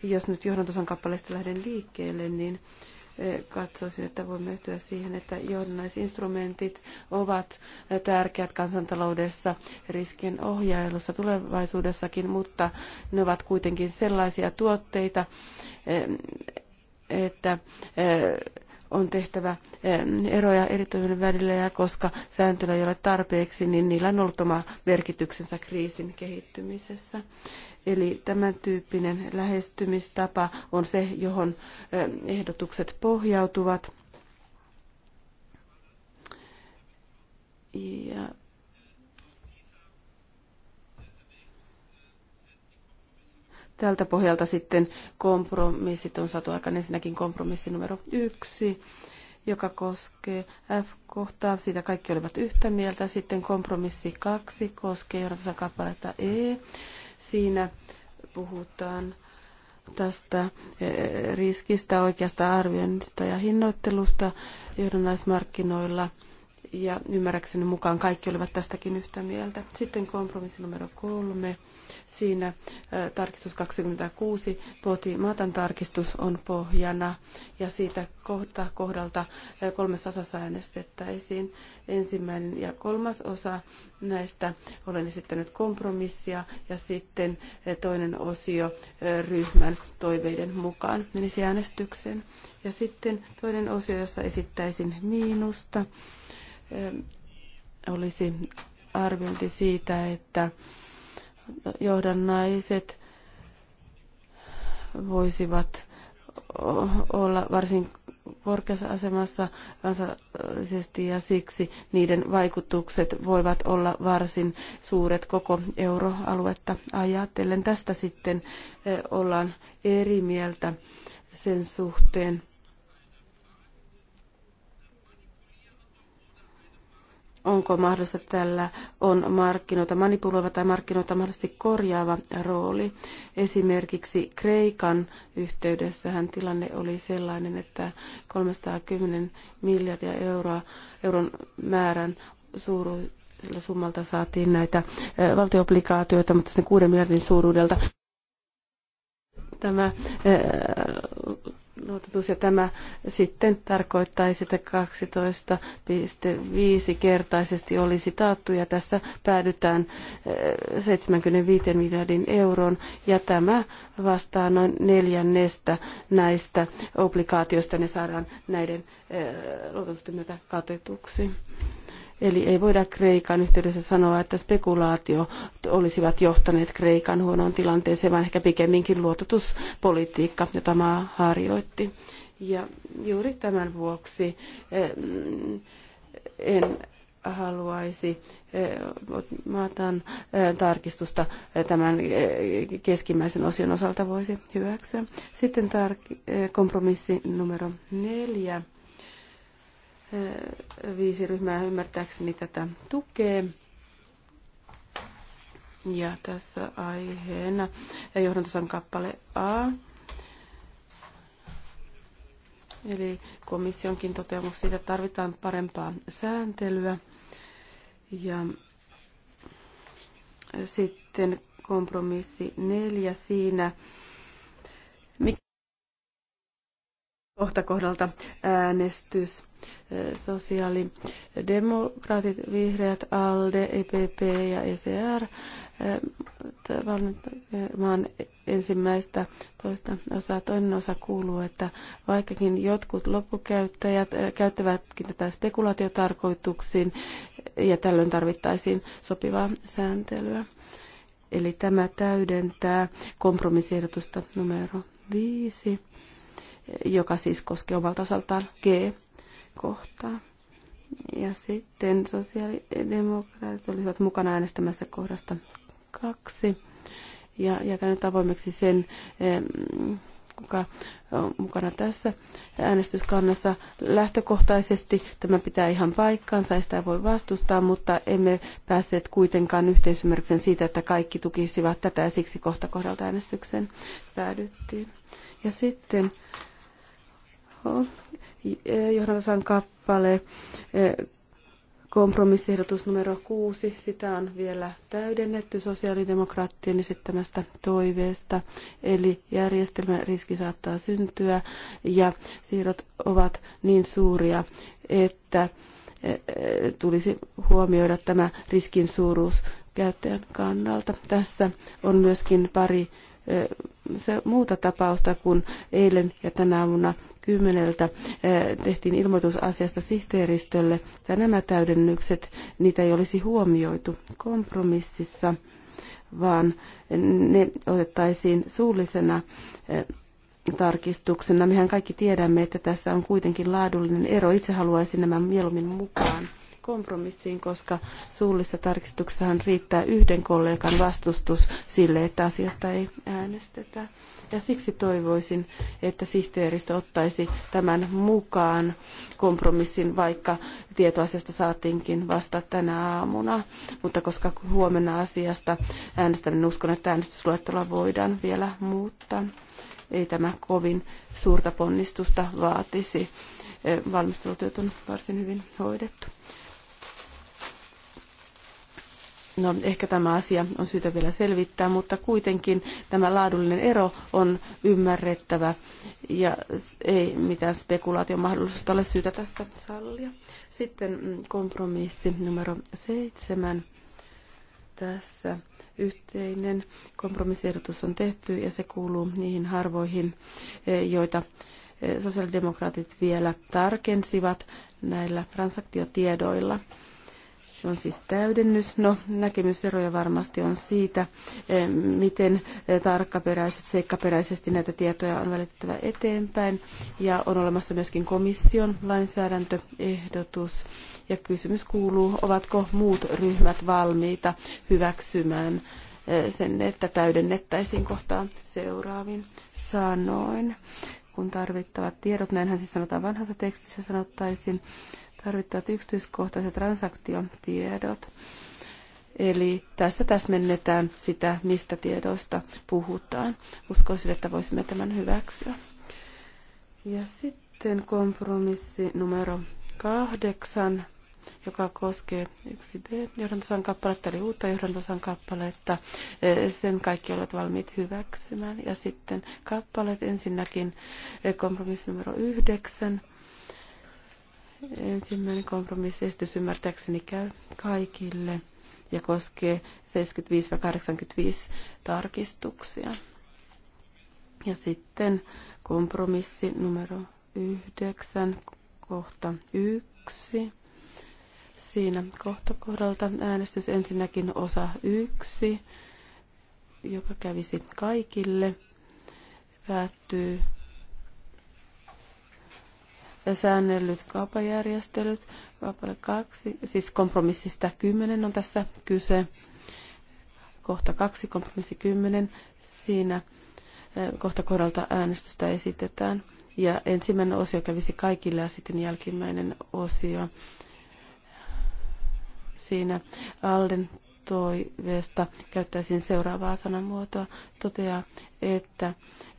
Jos nyt johdantosan kappaleesta lähden liikkeelle, niin katsoisin, että voimme yhtyä siihen, että johdannaisinstrumentit ovat tärkeät kansantaloudessa riskien ohjailussa tulevaisuudessakin, mutta ne ovat kuitenkin sellaisia tuotteita, eh, että eh, on tehtävä eh, eroja eri toimijoiden välillä ja koska sääntelyä ei ole tarpeeksi, niin niillä on ollut oma merkityksensä kriisin kehittymisessä. Eli tämän tyyppinen lähestymistapa on se, johon eh, ehdotukset pohjautuvat. Ja tältä pohjalta sitten kompromissit on saatu aikaan ensinnäkin kompromissi numero yksi, joka koskee F-kohtaa. Siitä kaikki olivat yhtä mieltä. Sitten kompromissi kaksi koskee johdatosan kappaletta E. Siinä puhutaan tästä eh, riskistä, oikeasta arvioinnista ja hinnoittelusta johdannaismarkkinoilla. Ja ymmärräkseni mukaan kaikki olivat tästäkin yhtä mieltä. Sitten kompromissi numero kolme Siinä tarkistus 26, Poti Matan tarkistus on pohjana ja siitä kohta, kohdalta kolmessa osassa äänestettäisiin ensimmäinen ja kolmas osa näistä. Olen esittänyt kompromissia ja sitten toinen osio ryhmän toiveiden mukaan menisi äänestykseen. Ja sitten toinen osio, jossa esittäisin miinusta, olisi arviointi siitä, että johdannaiset voisivat olla varsin korkeassa asemassa kansallisesti ja siksi niiden vaikutukset voivat olla varsin suuret koko euroaluetta ajatellen. Tästä sitten eh, ollaan eri mieltä sen suhteen, onko mahdollista, että tällä on markkinoita manipuloiva tai markkinoita mahdollisesti korjaava rooli. Esimerkiksi Kreikan yhteydessähän tilanne oli sellainen, että 310 miljardia euroa, euron määrän suuruudella summalta saatiin näitä valtioplikaatioita, mutta sen 6 miljardin suuruudelta tämä noudatus ja tämä sitten tarkoittaisi, että 12,5 kertaisesti olisi taattu ja tässä päädytään 75 eh, miljardin euron ja tämä vastaa noin neljännestä näistä obligaatioista ne saadaan näiden eh, luototusten myötä katetuksi. Eli ei voida Kreikan yhteydessä sanoa, että spekulaatio olisivat johtaneet Kreikan huonoon tilanteeseen, vaan ehkä pikemminkin luototuspolitiikka, jota maa harjoitti. Ja juuri tämän vuoksi eh, en haluaisi eh, maatan eh, tarkistusta tämän keskimmäisen osion osalta voisi hyväksyä. Sitten tar- kompromissi numero neljä Viisi ryhmää ymmärtääkseni tätä tukee. Ja tässä aiheena johdantosan kappale A. Eli komissionkin toteamus siitä, että tarvitaan parempaa sääntelyä. Ja sitten kompromissi neljä siinä kohta kohdalta äänestys. Sosiaalidemokraatit, vihreät, ALDE, EPP ja ECR maan ensimmäistä toista osaa. Toinen osa kuuluu, että vaikkakin jotkut loppukäyttäjät käyttävätkin tätä spekulaatiotarkoituksiin ja tällöin tarvittaisiin sopivaa sääntelyä. Eli tämä täydentää kompromissiehdotusta numero viisi joka siis koskee omalta osaltaan G-kohtaa. Ja sitten sosiaalidemokraatit olivat mukana äänestämässä kohdasta kaksi ja nyt avoimeksi sen, kuka on mukana tässä äänestyskannassa. Lähtökohtaisesti tämä pitää ihan paikkaansa, ja sitä voi vastustaa, mutta emme päässeet kuitenkaan yhteisymmärryksen siitä, että kaikki tukisivat tätä, ja siksi kohta kohdalta äänestykseen päädyttiin. Ja sitten johdantasan kappale, eh, kompromissiehdotus numero kuusi, sitä on vielä täydennetty sosiaalidemokraattien esittämästä toiveesta, eli järjestelmän riski saattaa syntyä ja siirrot ovat niin suuria, että eh, eh, tulisi huomioida tämä riskin suuruus käyttäjän kannalta. Tässä on myöskin pari se muuta tapausta, kun eilen ja tänä aamuna kymmeneltä tehtiin ilmoitus asiasta sihteeristölle, ja nämä täydennykset, niitä ei olisi huomioitu kompromississa, vaan ne otettaisiin suullisena tarkistuksena. Mehän kaikki tiedämme, että tässä on kuitenkin laadullinen ero. Itse haluaisin nämä mieluummin mukaan kompromissiin, koska suullisessa tarkistuksessahan riittää yhden kollegan vastustus sille, että asiasta ei äänestetä. Ja siksi toivoisin, että sihteeristö ottaisi tämän mukaan kompromissin, vaikka tietoasiasta saatiinkin vasta tänä aamuna. Mutta koska huomenna asiasta äänestän, niin uskon, että äänestysluettelua voidaan vielä muuttaa. Ei tämä kovin suurta ponnistusta vaatisi valmistelutyöt on varsin hyvin hoidettu. No ehkä tämä asia on syytä vielä selvittää, mutta kuitenkin tämä laadullinen ero on ymmärrettävä ja ei mitään spekulaation mahdollisuutta ole syytä tässä sallia. Sitten mm, kompromissi numero seitsemän. Tässä yhteinen kompromissiehdotus on tehty ja se kuuluu niihin harvoihin, e, joita e, sosiaalidemokraatit vielä tarkensivat näillä transaktiotiedoilla. Se on siis täydennys. No, näkemyseroja varmasti on siitä, eh, miten eh, tarkkaperäisesti, seikkaperäisesti näitä tietoja on välitettävä eteenpäin. Ja on olemassa myöskin komission lainsäädäntöehdotus. Ja kysymys kuuluu, ovatko muut ryhmät valmiita hyväksymään eh, sen, että täydennettäisiin kohtaa seuraavin sanoin kun tarvittavat tiedot, näinhän siis sanotaan vanhassa tekstissä sanottaisin, tarvittavat yksityiskohtaiset transaktiotiedot. Eli tässä täsmennetään sitä, mistä tiedoista puhutaan. Uskoisin, että voisimme tämän hyväksyä. Ja sitten kompromissi numero kahdeksan, joka koskee 1b johdantosan kappaletta, eli uutta johdantosan kappaletta. E, sen kaikki olet valmiit hyväksymään. Ja sitten kappalet ensinnäkin e, kompromissi numero yhdeksän Ensimmäinen kompromissiesitys ymmärtääkseni käy kaikille ja koskee 75-85 tarkistuksia. Ja sitten kompromissi numero 9, kohta 1. Siinä kohta kohdalta äänestys ensinnäkin osa 1, joka kävisi kaikille, päättyy säännellyt kaupajärjestelyt, kappale kaksi siis kompromissista 10 on tässä kyse, kohta kaksi kompromissi 10, siinä eh, kohta kohdalta äänestystä esitetään. Ja ensimmäinen osio kävisi kaikille ja sitten jälkimmäinen osio siinä Alden toiveesta käyttäisin seuraavaa sanamuotoa. Toteaa, että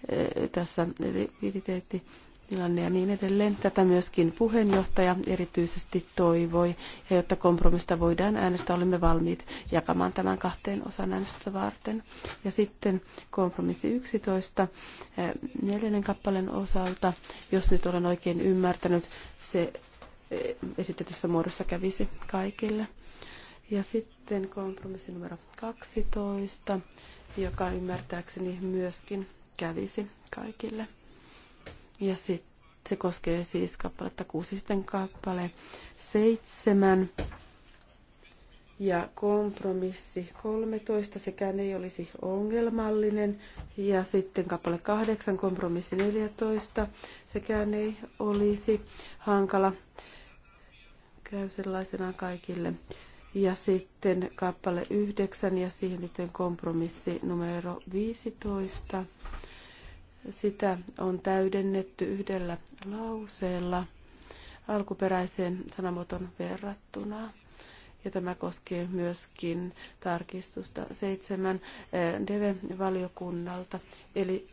eh, tässä likviditeetti tilanne ja niin edelleen. Tätä myöskin puheenjohtaja erityisesti toivoi, ja jotta kompromista voidaan äänestää, olemme valmiit jakamaan tämän kahteen osan äänestystä varten. Ja sitten kompromissi 11 eh, neljännen kappaleen osalta, jos nyt olen oikein ymmärtänyt, se eh, esitetyssä muodossa kävisi kaikille. Ja sitten kompromissi numero 12, joka ymmärtääkseni myöskin kävisi kaikille. Ja sit, se koskee siis kappaletta kuusi, sitten kappale seitsemän. Ja kompromissi 13, sekään ei olisi ongelmallinen. Ja sitten kappale 8, kompromissi 14, sekään ei olisi hankala. Käy sellaisena kaikille. Ja sitten kappale 9 ja siihen liittyen kompromissi numero 15. Sitä on täydennetty yhdellä lauseella alkuperäiseen sanamuoton verrattuna. Ja tämä koskee myöskin tarkistusta seitsemän eh, DEVE-valiokunnalta. Eli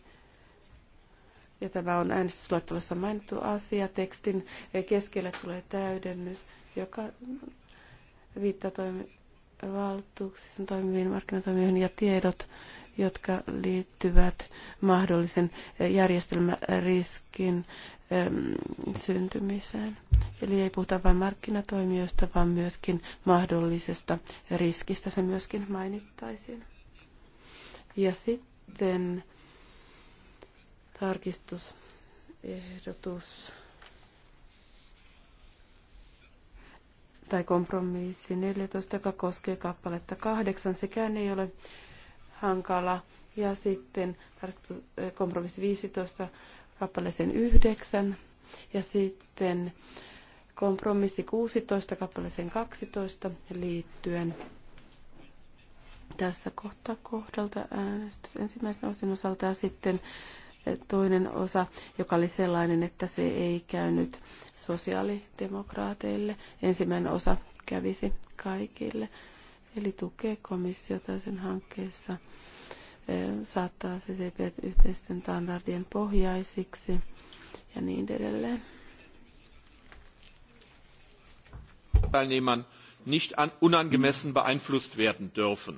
ja tämä on äänestysluettelossa mainittu asia. Tekstin eh, keskelle tulee täydennys, joka viittaa toimivaltuuksiin, toimiviin markkinatoimijoihin ja tiedot jotka liittyvät mahdollisen eh, järjestelmäriskin syntymiseen. Eli ei puhuta vain markkinatoimijoista, vaan myöskin mahdollisesta riskistä se myöskin mainittaisiin. Ja sitten tarkistusehdotus tai kompromissi 14, joka koskee kappaletta 8. Sekään ei ole hankala. Ja sitten eh, kompromissi 15 kappaleeseen 9 ja sitten kompromissi 16 kappaleeseen 12 liittyen tässä kohta kohdalta äänestys ensimmäisen osin osalta ja sitten eh, toinen osa, joka oli sellainen, että se ei käynyt sosiaalidemokraateille. Ensimmäinen osa kävisi kaikille eli tukee komissiota sen hankkeessa, saattaa CCP yhteisten standardien pohjaisiksi ja niin edelleen. Teilnehmern nicht unangemessen beeinflusst werden dürfen.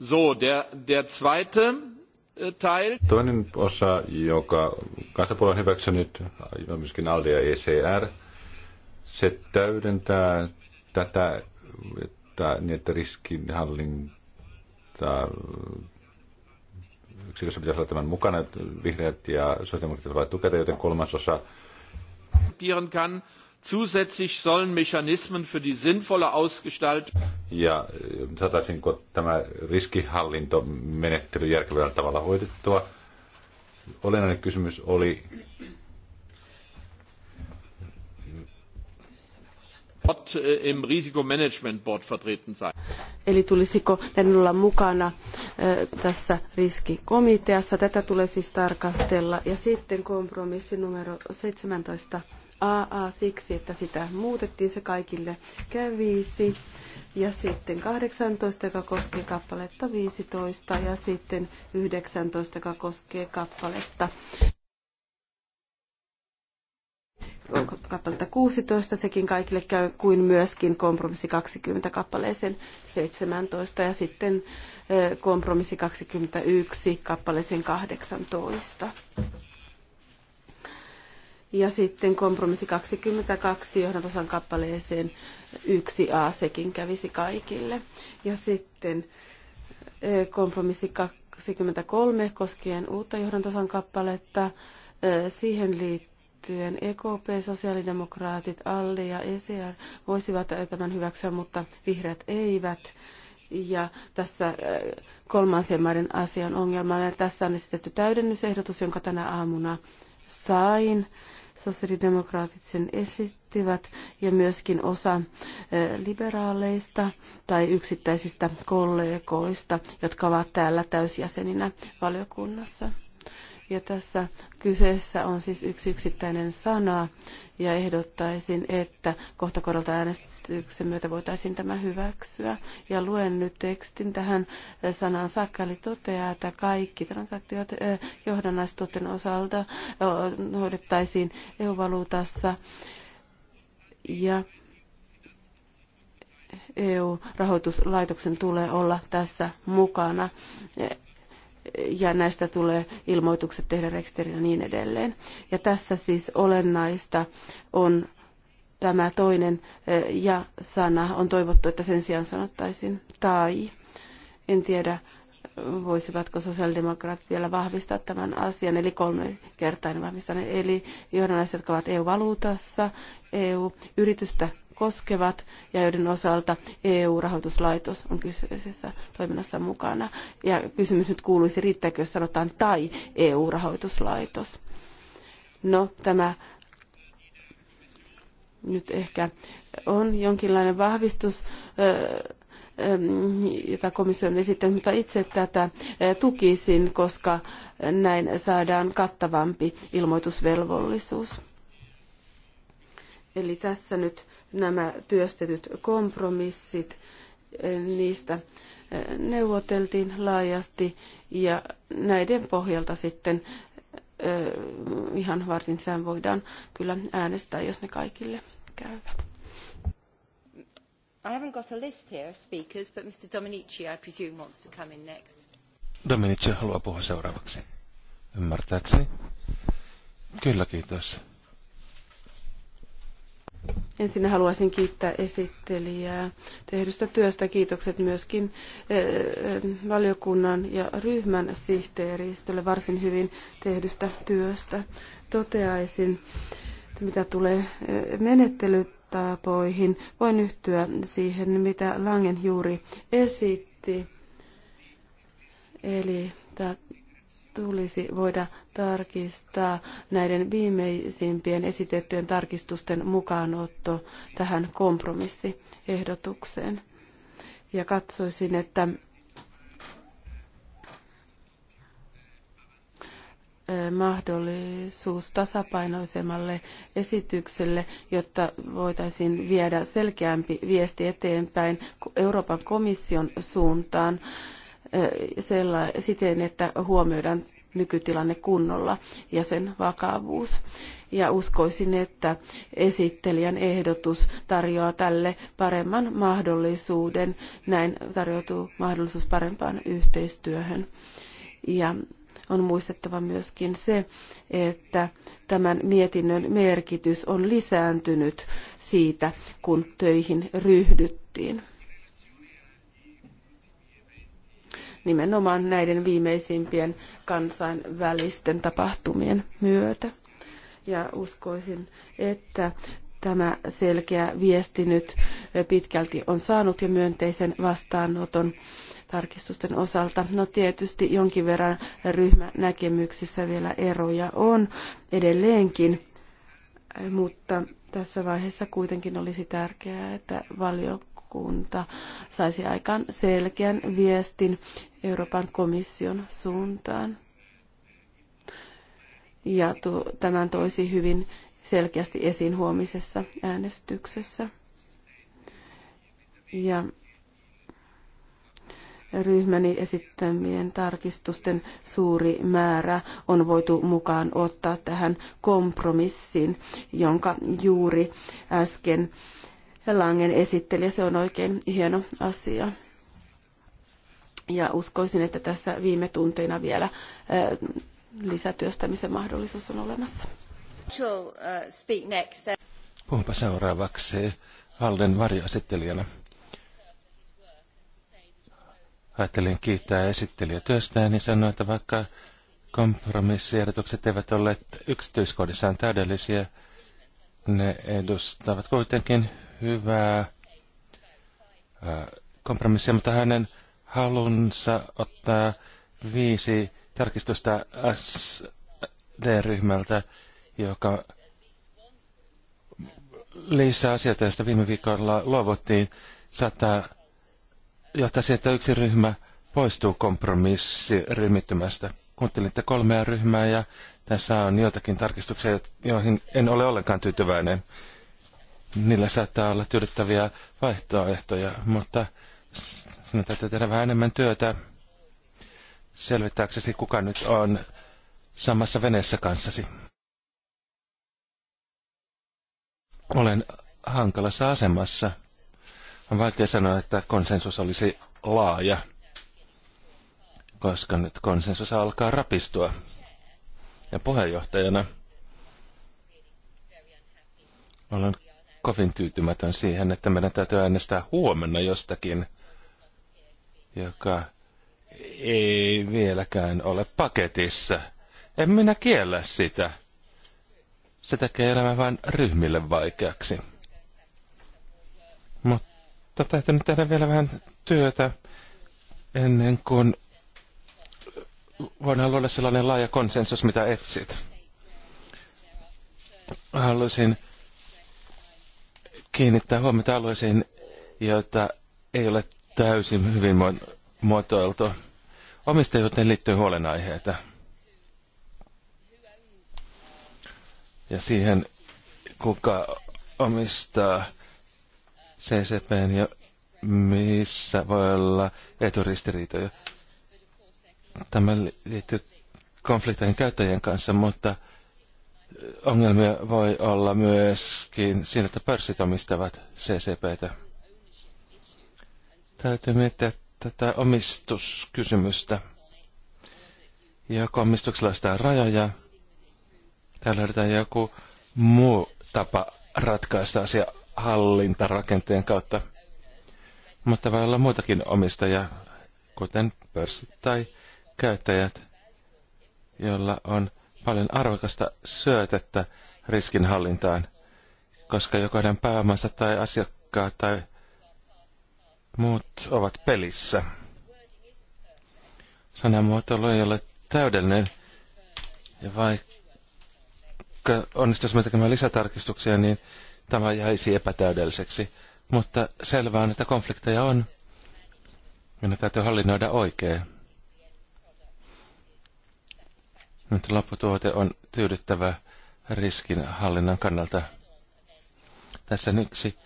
So, der, der zweite äh, Teil. Toinen osa, joka kansanpuolue on hyväksynyt, on myöskin ALDE ja ECR, se täydentää tätä että, niin, että riskinhallinta yksikössä pitäisi olla tämän mukana, että vihreät ja sosiaalidemokraatit ovat tukea, joten kolmasosa kann. Zusätzlich sollen Mechanismen für die sinnvolle ausgestalt. Ja äh, saataisinko tämä riskihallintomenettely järkevällä tavalla hoidettua? Olennainen kysymys oli, Äh, Eli tulisiko näiden olla mukana äh, tässä riskikomiteassa? Tätä tulee siis tarkastella. Ja sitten kompromissi numero 17 AA siksi, että sitä muutettiin, se kaikille kävisi. Ja sitten 18, joka koskee kappaletta 15 ja sitten 19, joka koskee kappaletta kappaletta 16, sekin kaikille käy, kuin myöskin kompromissi 20 kappaleeseen 17 ja sitten kompromissi 21 kappaleeseen 18. Ja sitten kompromissi 22 johdantosan kappaleeseen 1a, sekin kävisi kaikille. Ja sitten kompromissi 23 koskien uutta johdantosan kappaletta, siihen liittyy liittyen EKP, sosiaalidemokraatit, Alli ja ECR voisivat äh, tämän hyväksyä, mutta vihreät eivät. Ja tässä äh, kolmansien maiden asian ongelmana. Tässä on esitetty täydennysehdotus, jonka tänä aamuna sain. Sosiaalidemokraatit sen esittivät ja myöskin osa äh, liberaaleista tai yksittäisistä kollegoista, jotka ovat täällä täysjäseninä valiokunnassa. Ja tässä kyseessä on siis yksi yksittäinen sana, ja ehdottaisin, että kohta korolta äänestyksen myötä voitaisiin tämä hyväksyä. Ja luen nyt tekstin tähän sanaan. Sakkali toteaa, että kaikki transaktiot johdannaistuotteen osalta hoidettaisiin EU-valuutassa. Ja EU-rahoituslaitoksen tulee olla tässä mukana ja näistä tulee ilmoitukset tehdä rekisteriin ja niin edelleen. Ja tässä siis olennaista on tämä toinen e, ja sana on toivottu, että sen sijaan sanottaisiin tai. En tiedä, voisivatko sosiaalidemokraatit vielä vahvistaa tämän asian, eli kolme kertaa vahvistan. Eli johdannaiset, jotka ovat EU-valuutassa, EU-yritystä koskevat ja joiden osalta EU-rahoituslaitos on kyseisessä toiminnassa mukana. Ja kysymys nyt kuuluisi, riittääkö jos sanotaan tai EU-rahoituslaitos. No, tämä nyt ehkä on jonkinlainen vahvistus jota komissio on esittänyt, mutta itse tätä tukisin, koska näin saadaan kattavampi ilmoitusvelvollisuus. Eli tässä nyt nämä työstetyt kompromissit, eh, niistä eh, neuvoteltiin laajasti ja näiden pohjalta sitten eh, ihan vartinsään voidaan kyllä äänestää, jos ne kaikille käyvät. I haven't got a list here of speakers, but Mr. Dominici, I presume, wants to come in next. Dominici haluaa puhua seuraavaksi. Ymmärtääkseni? Kyllä, kiitos. Ensin haluaisin kiittää esittelijää tehdystä työstä. Kiitokset myöskin eh, eh, valiokunnan ja ryhmän sihteeristölle varsin hyvin tehdystä työstä. Toteaisin, että mitä tulee eh, menettelytapoihin, voin yhtyä siihen, mitä Langen juuri esitti. Eli tulisi voida tarkistaa näiden viimeisimpien esitettyjen tarkistusten mukaanotto tähän kompromissiehdotukseen. Ja katsoisin, että mahdollisuus tasapainoisemmalle esitykselle, jotta voitaisiin viedä selkeämpi viesti eteenpäin Euroopan komission suuntaan sella, siten, että huomioidaan nykytilanne kunnolla ja sen vakavuus. Ja uskoisin, että esittelijän ehdotus tarjoaa tälle paremman mahdollisuuden. Näin tarjoutuu mahdollisuus parempaan yhteistyöhön. Ja on muistettava myöskin se, että tämän mietinnön merkitys on lisääntynyt siitä, kun töihin ryhdyttiin. nimenomaan näiden viimeisimpien kansainvälisten tapahtumien myötä. Ja uskoisin, että tämä selkeä viesti nyt pitkälti on saanut ja myönteisen vastaanoton tarkistusten osalta. No tietysti jonkin verran ryhmänäkemyksissä vielä eroja on edelleenkin, mutta tässä vaiheessa kuitenkin olisi tärkeää, että valiokunta valiokunta saisi aikaan selkeän viestin Euroopan komission suuntaan. Ja tämän toisi hyvin selkeästi esiin huomisessa äänestyksessä. Ja ryhmäni esittämien tarkistusten suuri määrä on voitu mukaan ottaa tähän kompromissiin, jonka juuri äsken Langen esitteli. Se on oikein hieno asia. Ja uskoisin, että tässä viime tunteina vielä lisätyöstämisen mahdollisuus on olemassa. Puhunpa seuraavaksi Alden varjoesittelijänä. Ajattelin kiittää esittelijä työstään niin sanoin, että vaikka kompromissiehdotukset eivät olleet yksityiskohdissaan täydellisiä, ne edustavat kuitenkin hyvää kompromissia, mutta hänen halunsa ottaa viisi tarkistusta SD-ryhmältä, joka lisää asioita, joista viime viikolla luovuttiin, saattaa johtaa siihen, että yksi ryhmä poistuu kompromissiryhmittymästä. Kuuntelitte kolmea ryhmää ja tässä on joitakin tarkistuksia, joihin en ole ollenkaan tyytyväinen niillä saattaa olla tyydyttäviä vaihtoehtoja, mutta sinun täytyy tehdä vähän enemmän työtä selvittääksesi, kuka nyt on samassa veneessä kanssasi. Olen hankalassa asemassa. On vaikea sanoa, että konsensus olisi laaja, koska nyt konsensus alkaa rapistua. Ja puheenjohtajana olen kovin tyytymätön siihen, että meidän täytyy äänestää huomenna jostakin, joka ei vieläkään ole paketissa. En minä kiellä sitä. Se tekee elämän vain ryhmille vaikeaksi. Mutta täytyy nyt tehdä vielä vähän työtä ennen kuin voidaan luoda sellainen laaja konsensus, mitä etsit. Haluaisin kiinnittää huomiota alueisiin, joita ei ole täysin hyvin muotoiltu. Omistajuuteen liittyy huolenaiheita. Ja siihen, kuka omistaa CCPn ja missä voi olla eturistiriitoja. Tämä liittyy konflikteihin käyttäjien kanssa, mutta – ongelmia voi olla myöskin siinä, että pörssit omistavat CCPtä. Täytyy miettiä tätä omistuskysymystä. Joko omistuksella sitä rajoja, tai löydetään joku muu tapa ratkaista asia hallintarakenteen kautta. Mutta voi olla muitakin omistajia, kuten pörssit tai käyttäjät, joilla on paljon arvokasta syötettä riskinhallintaan, koska jokainen pääomansa tai asiakkaat tai muut ovat pelissä. Sanamuotoilu ei ole täydellinen, ja vaikka onnistuisimme tekemään lisätarkistuksia, niin tämä jäisi epätäydelliseksi. Mutta selvää on, että konflikteja on. Minä täytyy hallinnoida oikein. Nyt lopputuote on tyydyttävä riskinhallinnan kannalta. Tässä on yksi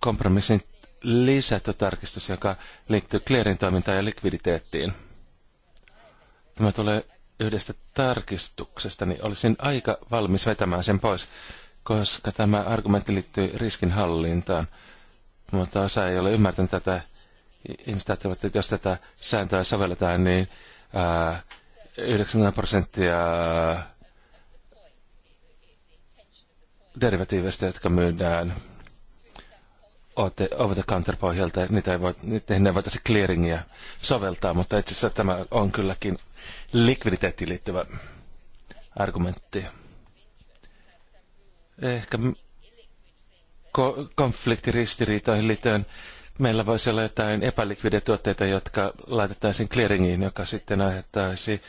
kompromissin lisätty tarkistus, joka liittyy clearin toimintaan ja likviditeettiin. Tämä tulee yhdestä tarkistuksesta, niin olisin aika valmis vetämään sen pois, koska tämä argumentti liittyy riskinhallintaan. Mutta osa ei ole ymmärtänyt tätä. Ihmiset ajattelevat, että jos tätä sääntöä sovelletaan, niin ää, 90 prosenttia derivatiiveista, jotka myydään over the counter pohjalta, niitä ei voi, niitä ei voitaisi clearingia soveltaa, mutta itse asiassa tämä on kylläkin likviditeettiin liittyvä argumentti. Ehkä konfliktiristiriitoihin liittyen meillä voisi olla jotain tuotteita, jotka laitettaisiin clearingiin, joka sitten aiheuttaisi,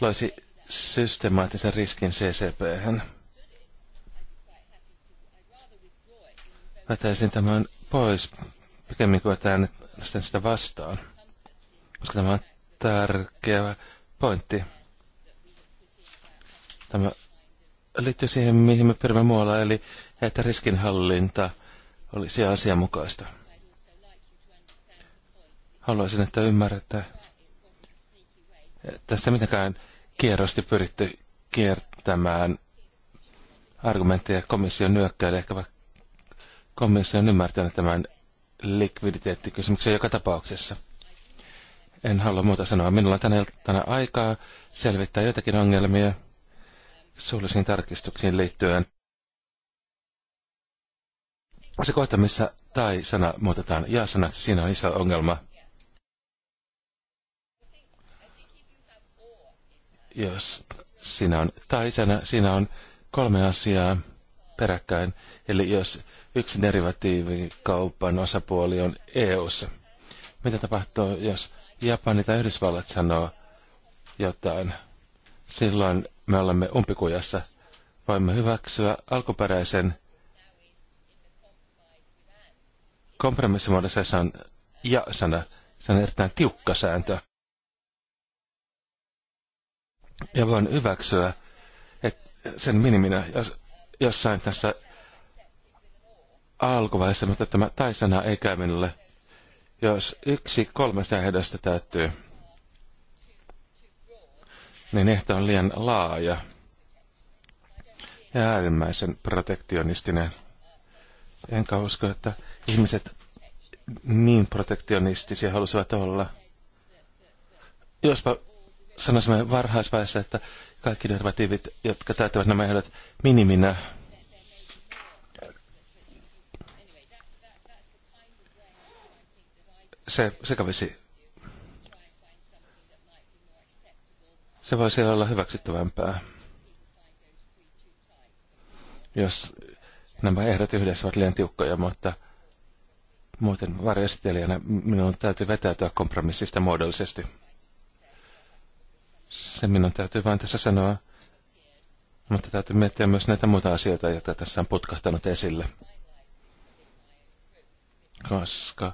loisi systemaattisen riskin ccp Laitaisin tämän pois pikemmin kuin tämän sitä vastaan, koska tämä on tärkeä pointti. Tämä liittyy siihen, mihin me pyrimme muualla, eli että riskinhallinta olisi asianmukaista. Haluaisin, että ymmärrätte, tässä mitenkään kierrosti pyritty kiertämään argumentteja komission nyökkäille. Ehkä komissio on ymmärtänyt tämän likviditeettikysymyksen joka tapauksessa. En halua muuta sanoa. Minulla on tänä iltana aikaa selvittää jotakin ongelmia suullisiin tarkistuksiin liittyen. Se kohta, missä tai-sana muutetaan ja-sanaksi, siinä on iso ongelma. jos sinä on tai isänä, siinä on kolme asiaa peräkkäin. Eli jos yksi derivatiivikaupan osapuoli on EU:ssa, mitä tapahtuu, jos Japani tai Yhdysvallat sanoo jotain? Silloin me olemme umpikujassa. Voimme hyväksyä alkuperäisen kompromissimuodossa on ja-sana. Se on erittäin tiukka sääntö. Ja voin hyväksyä että sen miniminä jos, jossain tässä alkuvaiheessa, mutta tämä tai-sana ei käy minulle. Jos yksi kolmesta ehdosta täyttyy, niin ehto on liian laaja ja äärimmäisen protektionistinen. Enkä usko, että ihmiset niin protektionistisia halusivat olla. Jospa sanoisimme varhaisvaiheessa, että kaikki derivatiivit, jotka täyttävät nämä ehdot miniminä, se sekavesi, se voisi olla hyväksyttävämpää, jos nämä ehdot yhdessä ovat liian tiukkoja, mutta muuten varjostelijana minun täytyy vetäytyä kompromissista muodollisesti. Se minun täytyy vain tässä sanoa, mutta täytyy miettiä myös näitä muita asioita, joita tässä on putkahtanut esille. Koska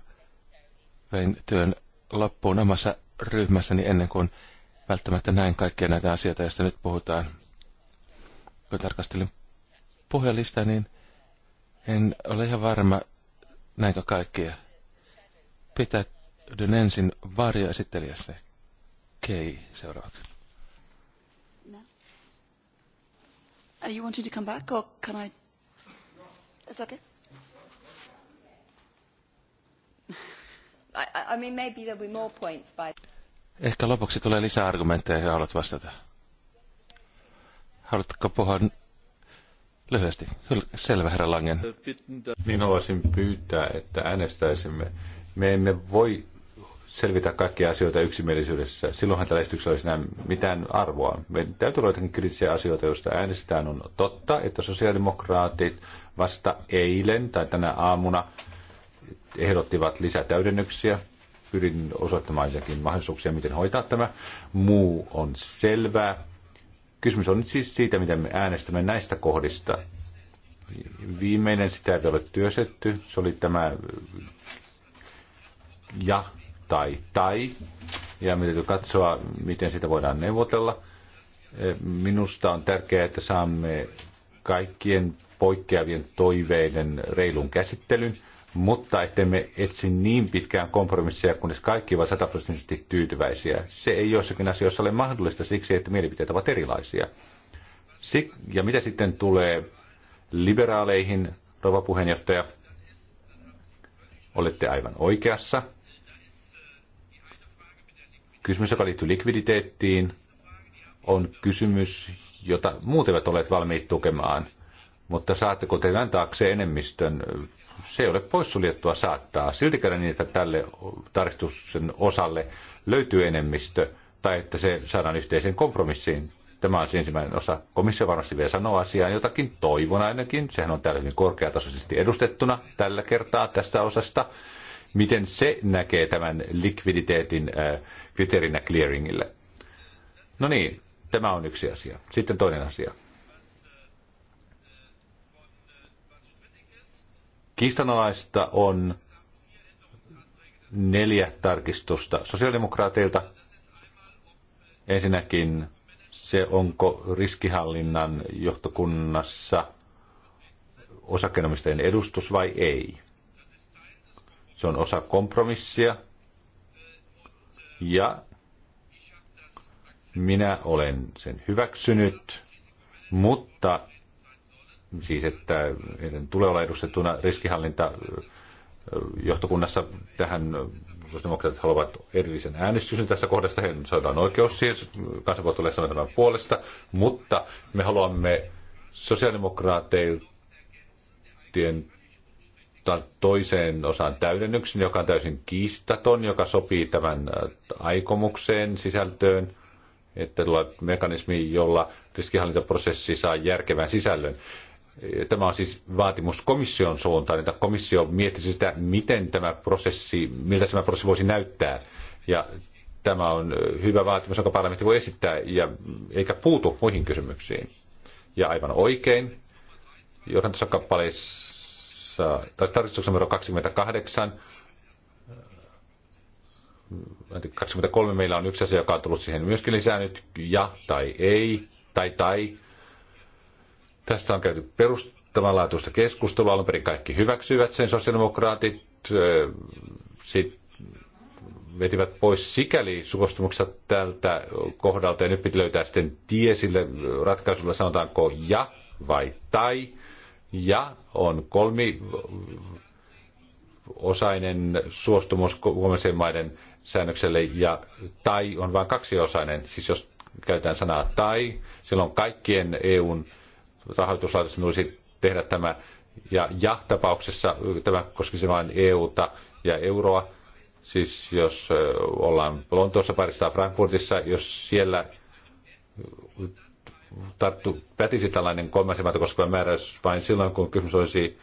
vein työn loppuun omassa ryhmässäni ennen kuin välttämättä näin kaikkia näitä asioita, joista nyt puhutaan. Kun tarkastelin puhelista, niin en ole ihan varma, näinkö kaikkia. Pitäydyn ensin varjoesittelijässä. Kei seuraavaksi. Are uh, you wanting to come back or can I? It's okay. I, I mean, maybe there'll be more points by... Ehkä lopuksi tulee lisää argumentteja, joihin haluat vastata. Haluatko puhua lyhyesti? Selvä, herra Langen. Minä voisin pyytää, että äänestäisimme. Me emme voi selvitä kaikkia asioita yksimielisyydessä. Silloinhan tällä esityksellä olisi enää mitään arvoa. Me täytyy olla jotakin kriittisiä asioita, joista äänestetään. On totta, että sosiaalidemokraatit vasta eilen tai tänä aamuna ehdottivat lisätäydennyksiä. Pyrin osoittamaan jotakin mahdollisuuksia, miten hoitaa tämä. Muu on selvää. Kysymys on nyt siis siitä, miten me äänestämme näistä kohdista. Viimeinen sitä ei ole työsetty. Se oli tämä ja tai tai, ja me täytyy katsoa, miten sitä voidaan neuvotella. Eh, minusta on tärkeää, että saamme kaikkien poikkeavien toiveiden reilun käsittelyn, mutta ettemme etsi niin pitkään kompromisseja, kunnes kaikki ovat sataprosenttisesti tyytyväisiä. Se ei jossakin asioissa ole mahdollista siksi, että mielipiteet ovat erilaisia. Sik- ja mitä sitten tulee liberaaleihin, rouva puheenjohtaja, olette aivan oikeassa – Kysymys, joka liittyy likviditeettiin, on kysymys, jota muut eivät ole valmiit tukemaan. Mutta saatteko te tämän taakse enemmistön? Se ei ole poissuljettua saattaa. Silti käydä niin, että tälle tarkistuksen osalle löytyy enemmistö tai että se saadaan yhteiseen kompromissiin. Tämä on se ensimmäinen osa. Komissio varmasti vielä sanoo asiaan jotakin, toivon ainakin. Sehän on täällä hyvin korkeatasoisesti edustettuna tällä kertaa tästä osasta miten se näkee tämän likviditeetin äh, kriteerinä clearingille. No niin, tämä on yksi asia. Sitten toinen asia. Kiistanalaista on neljä tarkistusta sosiaalidemokraateilta. Ensinnäkin se, onko riskihallinnan johtokunnassa osakkeenomistajien edustus vai ei. Se on osa kompromissia. Ja minä olen sen hyväksynyt, mutta siis että tulee olla edustettuna riskihallinta johtokunnassa tähän demokraatit haluavat erillisen äänestyksen tässä kohdasta, he saadaan oikeus siihen, kansa voi tulla tämän puolesta, mutta me haluamme sosiaalidemokraateiden ottaa toiseen osaan täydennyksen, joka on täysin kiistaton, joka sopii tämän äh, aikomukseen sisältöön, että tulee mekanismi, jolla riskihallintaprosessi saa järkevän sisällön. Äh, tämä on siis vaatimus komission suuntaan, että komissio miettisi sitä, miten tämä prosessi, miltä tämä prosessi voisi näyttää. Ja tämä on äh, hyvä vaatimus, jonka parlamentti voi esittää, ja, mm, eikä puutu muihin kysymyksiin. Ja aivan oikein, johdantossa kappaleissa kohdassa, tarkistuksessa numero 28, 23 meillä on yksi asia, joka on tullut siihen myöskin lisää nyt, ja tai ei, tai tai. Tästä on käyty perustavanlaatuista keskustelua, alun perin kaikki hyväksyivät sen, sosiaalidemokraatit sitten vetivät pois sikäli suostumuksessa tältä kohdalta, ja nyt piti löytää sitten tie sille ratkaisulla, sanotaanko ja vai tai ja on kolmi osainen suostumus kolmansien maiden säännökselle ja tai on vain kaksiosainen. Siis jos käytetään sanaa tai, silloin kaikkien EUn rahoituslaitosten tulisi tehdä tämä ja, ja tapauksessa tämä koskisi vain EUta ja euroa. Siis jos ollaan Lontoossa, Parissa tai Frankfurtissa, jos siellä tarttu, pätisi tällainen kolmasen koskeva määräys vain silloin, kun kysymys olisi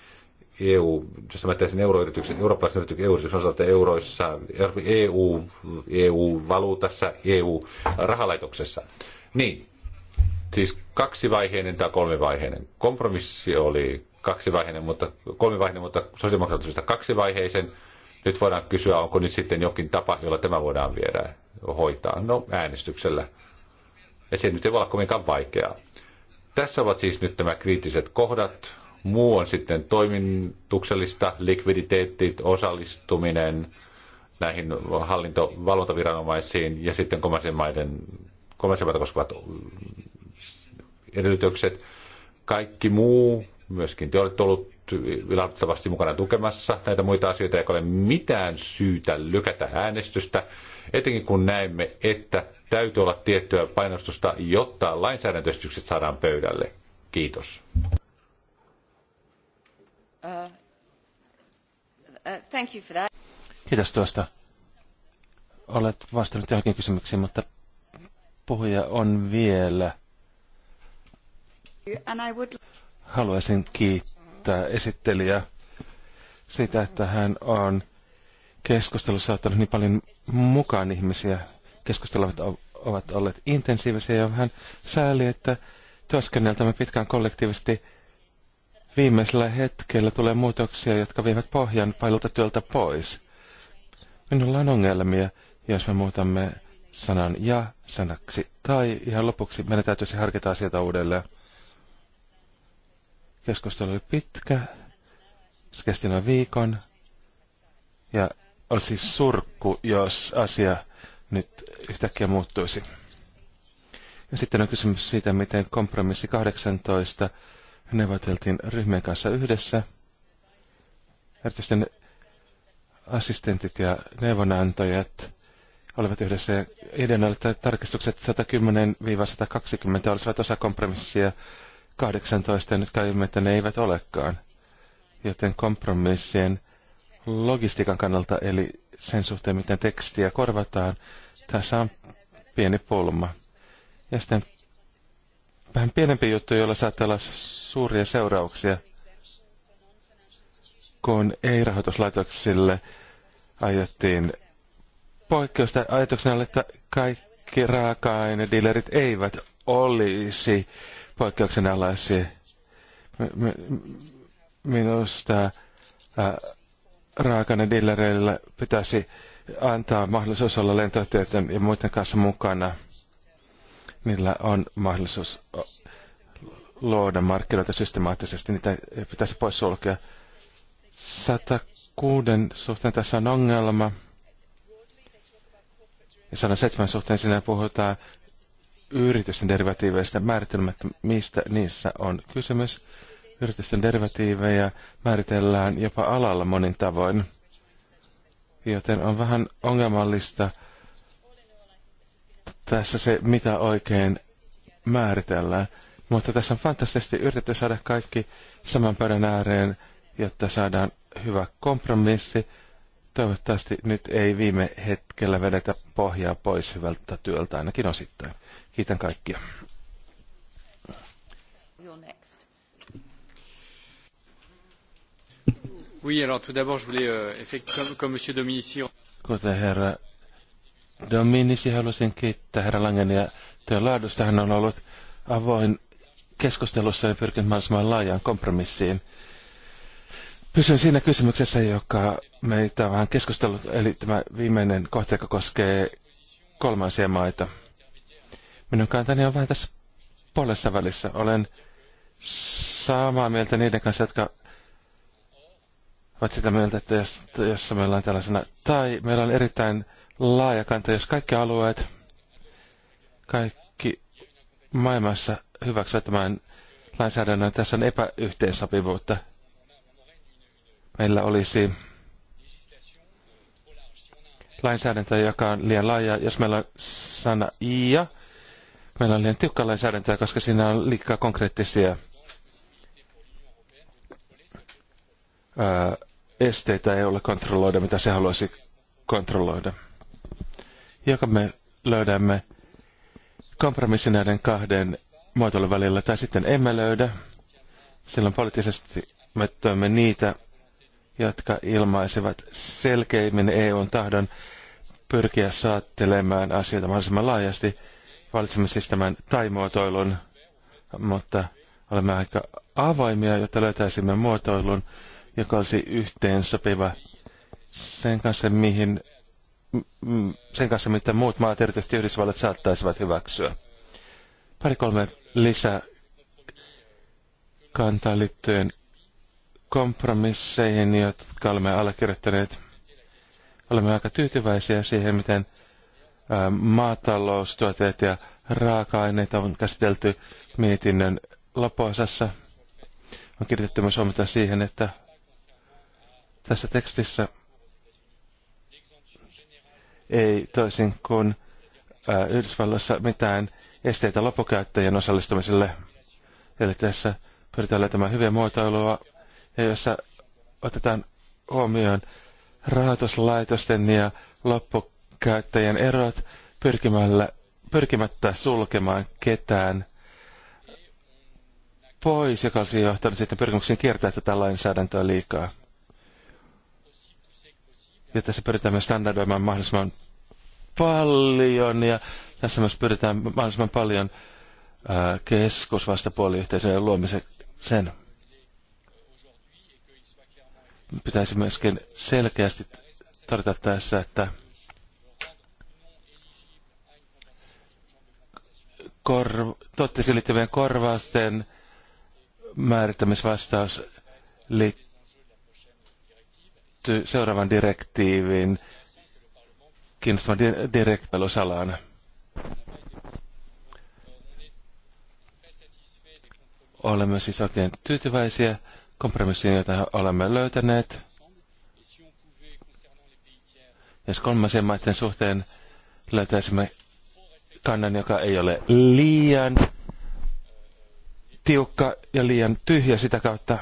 EU, jos mä tein euroyrityksen, eurooppalaisen yrityksen, EU-yrityksen osalta euroissa, EU, EU-valuutassa, EU-rahalaitoksessa. Niin, siis kaksivaiheinen tai kolmivaiheinen. Kompromissi oli kaksivaiheinen, mutta kolmivaiheinen, mutta sosiaalidemokraattisesta kaksivaiheisen. Nyt voidaan kysyä, onko nyt sitten jokin tapa, jolla tämä voidaan viedä hoitaa. No, äänestyksellä ja se nyt ei voi olla kovinkaan vaikeaa. Tässä ovat siis nyt nämä kriittiset kohdat. Muu on sitten toimituksellista, likviditeettit, osallistuminen näihin hallintovalvontaviranomaisiin ja sitten komaisen maiden komaisen koskevat edellytykset. Kaikki muu, myöskin te olette olleet ilahduttavasti mukana tukemassa näitä muita asioita, eikä ole mitään syytä lykätä äänestystä, etenkin kun näemme, että täytyy olla tiettyä painostusta, jotta lainsäädäntöstykset saadaan pöydälle. Kiitos. Uh, uh, Kiitos tuosta. Olet vastannut johonkin kysymyksiin, mutta puhuja on vielä. Haluaisin kiittää esittelijää siitä, että hän on keskustelussa ottanut niin paljon mukaan ihmisiä keskustelut ovat olleet intensiivisiä ja vähän sääli, että työskenneltämme pitkään kollektiivisesti viimeisellä hetkellä tulee muutoksia, jotka vievät pohjan pailulta työltä pois. Minulla on ongelmia, jos me muutamme sanan ja sanaksi tai ihan lopuksi meidän täytyisi harkita asioita uudelleen. Keskustelu oli pitkä, se kesti noin viikon ja olisi surkku, jos asia nyt yhtäkkiä muuttuisi. Ja sitten on kysymys siitä, miten kompromissi 18 neuvoteltiin ryhmien kanssa yhdessä. Erityisesti assistentit ja neuvonantajat olivat yhdessä. Ideana oli, että tarkistukset 110-120 olisivat osa kompromissia 18, ja nyt kävimme, että ne eivät olekaan. Joten kompromissien logistiikan kannalta, eli sen suhteen, miten tekstiä korvataan. Tässä on pieni pulma. Ja sitten vähän pienempi juttu, jolla saattaa olla suuria seurauksia, kun ei-rahoituslaitoksille ajettiin poikkeusta ajatuksena, että kaikki raaka dealerit eivät olisi poikkeuksen alaisia. Minusta äh, raakana dillereillä pitäisi antaa mahdollisuus olla lentoyhtiöiden ja muiden kanssa mukana, millä on mahdollisuus luoda markkinoita systemaattisesti. Niitä pitäisi poissulkea. 106 suhteen tässä on ongelma. Ja 107 suhteen siinä puhutaan yritysten derivatiiveista määritelmät mistä niissä on kysymys. Yritysten derivatiiveja määritellään jopa alalla monin tavoin, joten on vähän ongelmallista tässä se, mitä oikein määritellään. Mutta tässä on fantastisesti yritetty saada kaikki saman pöydän ääreen, jotta saadaan hyvä kompromissi. Toivottavasti nyt ei viime hetkellä vedetä pohjaa pois hyvältä työltä, ainakin osittain. Kiitän kaikkia. You're next. Oui, alors tout d'abord, je voulais, euh, comme, comme Dominici... Kuten herra Dominici, haluaisin kiittää herra Langenia ja työn laadusta. Hän on ollut avoin keskustelussa ja pyrkinyt mahdollisimman laajaan kompromissiin. Pysyn siinä kysymyksessä, joka meitä on vähän keskustellut, eli tämä viimeinen kohta, joka koskee kolmansia maita. Minun kantani on vähän tässä puolessa välissä. Olen samaa mieltä niiden kanssa, jotka ovat sitä mieltä, että jos, jos meillä on tällaisena, tai meillä on erittäin laaja kanta, jos kaikki alueet, kaikki maailmassa hyväksyvät tämän lainsäädännön, tässä on epäyhteensopivuutta. Meillä olisi lainsäädäntö, joka on liian laaja, jos meillä on sana ja, meillä on liian tiukka lainsäädäntö, koska siinä on liikaa konkreettisia esteitä ei ole kontrolloida, mitä se haluaisi kontrolloida. Joka me löydämme kompromissi näiden kahden muotoilun välillä, tai sitten emme löydä. Silloin poliittisesti me toimme niitä, jotka ilmaisevat selkeimmin EUn tahdon pyrkiä saattelemaan asioita mahdollisimman laajasti. Valitsemme siis tämän tai-muotoilun, mutta olemme aika avoimia, jotta löytäisimme muotoilun, joka olisi yhteen sopiva sen kanssa, mihin, sen kanssa, mitä muut maat, erityisesti Yhdysvallat, saattaisivat hyväksyä. Pari-kolme lisää kantaa liittyen kompromisseihin, jotka olemme allekirjoittaneet. Olemme aika tyytyväisiä siihen, miten maataloustuotteet ja raaka aineita on käsitelty mietinnön loppuosassa. On kirjoitettu myös huomiota siihen, että tässä tekstissä ei toisin kuin äh, Yhdysvalloissa mitään esteitä lopukäyttäjien osallistumiselle. Eli tässä pyritään löytämään hyviä muotoilua, ja jossa otetaan huomioon rahoituslaitosten ja loppukäyttäjien erot pyrkimällä, pyrkimättä sulkemaan ketään pois, joka olisi johtanut sitten pyrkimyksiin kiertää tätä lainsäädäntöä liikaa. Ja tässä pyritään myös standardoimaan mahdollisimman paljon ja tässä myös pyritään mahdollisimman paljon keskusvastapuoliyhteisöjen luomisen. Pitäisi myöskin selkeästi todeta tässä, että korv, tuotteisiin liittyvien korvausten määrittämisvastaus liittyy liittyy seuraavan direktiivin kiinnostavan di- Olemme siis oikein tyytyväisiä kompromissiin, joita olemme löytäneet. Jos kolmansien maiden suhteen löytäisimme kannan, joka ei ole liian tiukka ja liian tyhjä sitä kautta,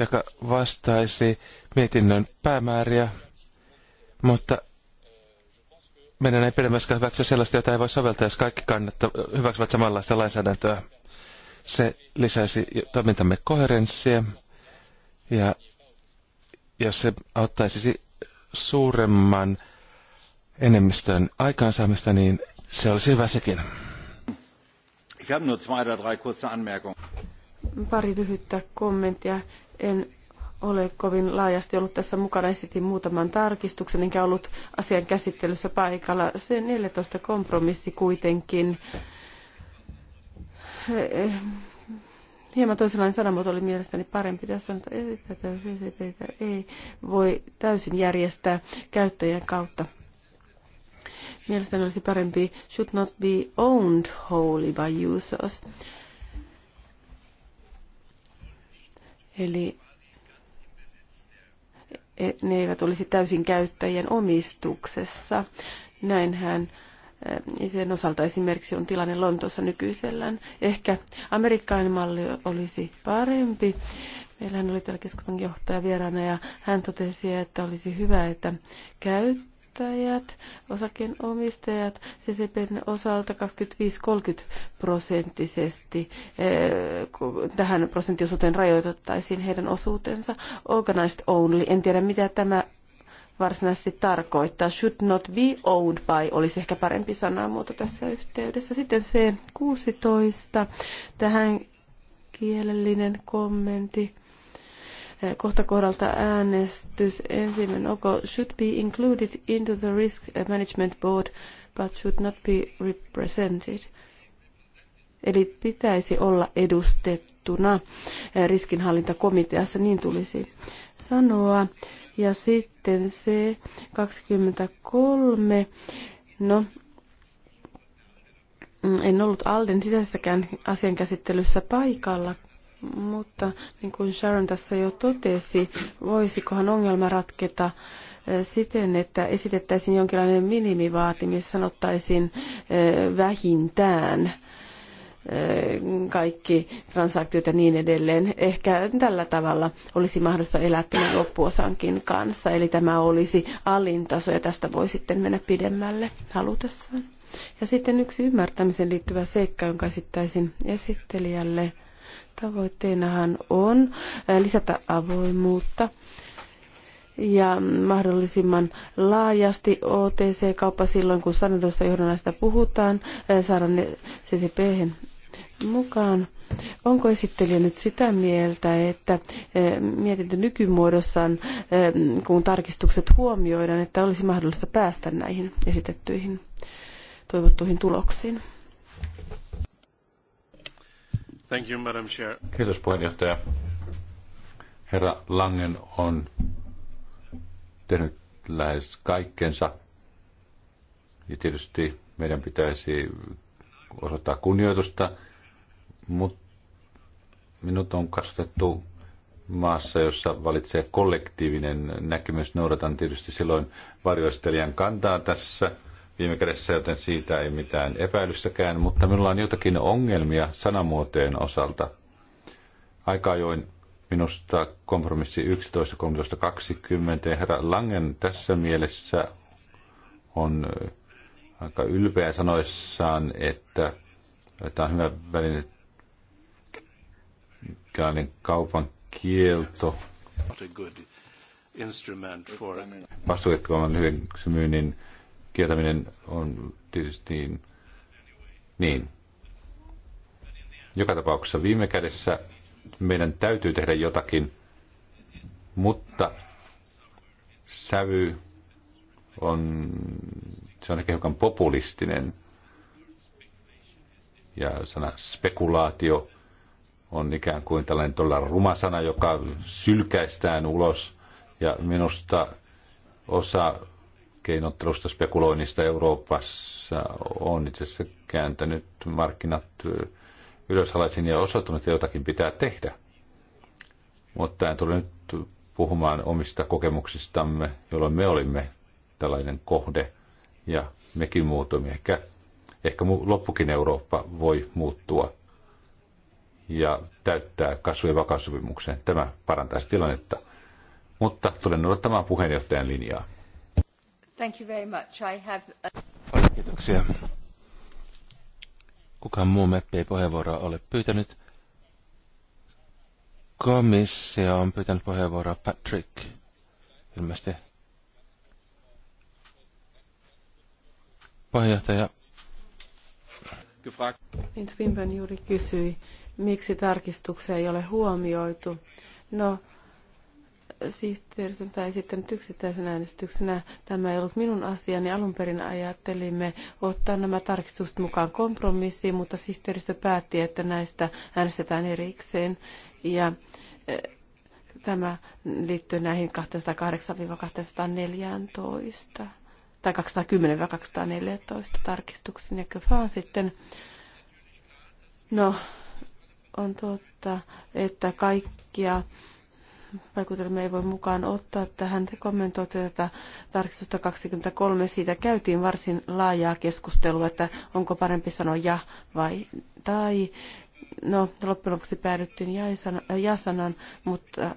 joka vastaisi mietinnön päämääriä, mutta meidän ei pidä myöskään hyväksyä sellaista, jota ei voi soveltaa, jos kaikki kannattaa, hyväksyvät samanlaista lainsäädäntöä. Se lisäisi toimintamme koherenssia ja jos se auttaisi suuremman enemmistön aikaansaamista, niin se olisi hyvä sekin. Pari lyhyttä kommenttia en ole kovin laajasti ollut tässä mukana. Esitin muutaman tarkistuksen, enkä ollut asian käsittelyssä paikalla. Se 14 kompromissi kuitenkin. Eh, hieman toisenlainen sanamuoto oli mielestäni parempi. Tässä on, että CCPtä ei voi täysin järjestää käyttäjän kautta. Mielestäni olisi parempi should not be owned wholly by users. Eli e, ne eivät olisi täysin käyttäjien omistuksessa. Näinhän e, sen osalta esimerkiksi on tilanne Lontossa nykyisellään. Ehkä amerikkalainen malli olisi parempi. Meillähän oli täällä keskustan johtaja vieraana ja hän totesi, että olisi hyvä, että käyttäjät yrittäjät, osakkeenomistajat CCPn osalta 25-30 prosenttisesti eh, tähän prosenttiosuuteen rajoitettaisiin heidän osuutensa. Organized only, en tiedä mitä tämä varsinaisesti tarkoittaa. Should not be owned by olisi ehkä parempi sana, muoto tässä yhteydessä. Sitten C16, tähän kielellinen kommentti kohta kohdalta äänestys. Ensimmäinen, OK should be included into the risk management board, but should not be represented. Eli pitäisi olla edustettuna riskinhallintakomiteassa, niin tulisi sanoa. Ja sitten se 23, no en ollut Alden sisäisessäkään asian käsittelyssä paikalla, mutta niin kuin Sharon tässä jo totesi, voisikohan ongelma ratketa eh, siten, että esitettäisiin jonkinlainen minimivaatimus, sanottaisiin eh, vähintään eh, kaikki transaktiot ja niin edelleen. Ehkä tällä tavalla olisi mahdollista elää tämän loppuosankin kanssa, eli tämä olisi alintaso ja tästä voi sitten mennä pidemmälle halutessaan. Ja sitten yksi ymmärtämisen liittyvä seikka, jonka esittäisin esittelijälle – Tavoitteenahan on äh, lisätä avoimuutta ja mahdollisimman laajasti OTC-kauppa silloin, kun sanotusta johdannaista puhutaan, äh, saada ne ccp mukaan. Onko esittelijä nyt sitä mieltä, että äh, mietintö nykymuodossaan, kun tarkistukset huomioidaan, että olisi mahdollista päästä näihin esitettyihin toivottuihin tuloksiin? Thank you, Madam Chair. Kiitos puheenjohtaja. Herra Langen on tehnyt lähes kaikkensa. Ja tietysti meidän pitäisi osoittaa kunnioitusta, mutta minut on kasvatettu maassa, jossa valitsee kollektiivinen näkemys. Noudatan tietysti silloin varjoistelijan kantaa tässä – viime kädessä, joten siitä ei mitään epäilystäkään, mutta minulla on jotakin ongelmia sanamuotojen osalta. Aika ajoin minusta kompromissi 11, 13, 20. Herra Langen tässä mielessä on aika ylpeä sanoissaan, että tämä on hyvä väline tällainen kaupan kielto. Vastuullinen lyhyen myynnin kieltäminen on tietysti niin, niin. Joka tapauksessa viime kädessä meidän täytyy tehdä jotakin, mutta sävy on, se on ehkä hiukan populistinen. Ja sana spekulaatio on ikään kuin tällainen todella ruma sana, joka sylkäistään ulos. Ja minusta osa keinottelusta, spekuloinnista Euroopassa on itse asiassa kääntänyt markkinat ylösalaisin ja osoittanut, että jotakin pitää tehdä. Mutta en tule nyt puhumaan omista kokemuksistamme, jolloin me olimme tällainen kohde ja mekin muutuimme. Ehkä, ehkä loppukin Eurooppa voi muuttua ja täyttää kasvu- ja vakaussopimuksen. Tämä parantaisi tilannetta. Mutta tulen odottamaan puheenjohtajan linjaa kiitoksia. Kukaan muu meppi ei puheenvuoroa ole pyytänyt. Komissio on pyytänyt puheenvuoroa Patrick. Ilmeisesti puheenjohtaja. Niin Swinburne juuri kysyi, miksi tarkistuksia ei ole huomioitu. No, sihteeristön tai sitten yksittäisen äänestyksenä. Tämä ei ollut minun asiani. Alun perin ajattelimme ottaa nämä tarkistukset mukaan kompromissiin, mutta sihteeristö päätti, että näistä äänestetään erikseen. Ja e, tämä liittyy näihin 208-214 tai 210-214 tarkistuksen. Ja vaan sitten, no on totta, että kaikkia vaikutelma ei voi mukaan ottaa tähän. Te kommentoitte tätä tarkistusta 23. Siitä käytiin varsin laajaa keskustelua, että onko parempi sanoa ja vai tai. No, loppujen lopuksi päädyttiin ja-sanan, mutta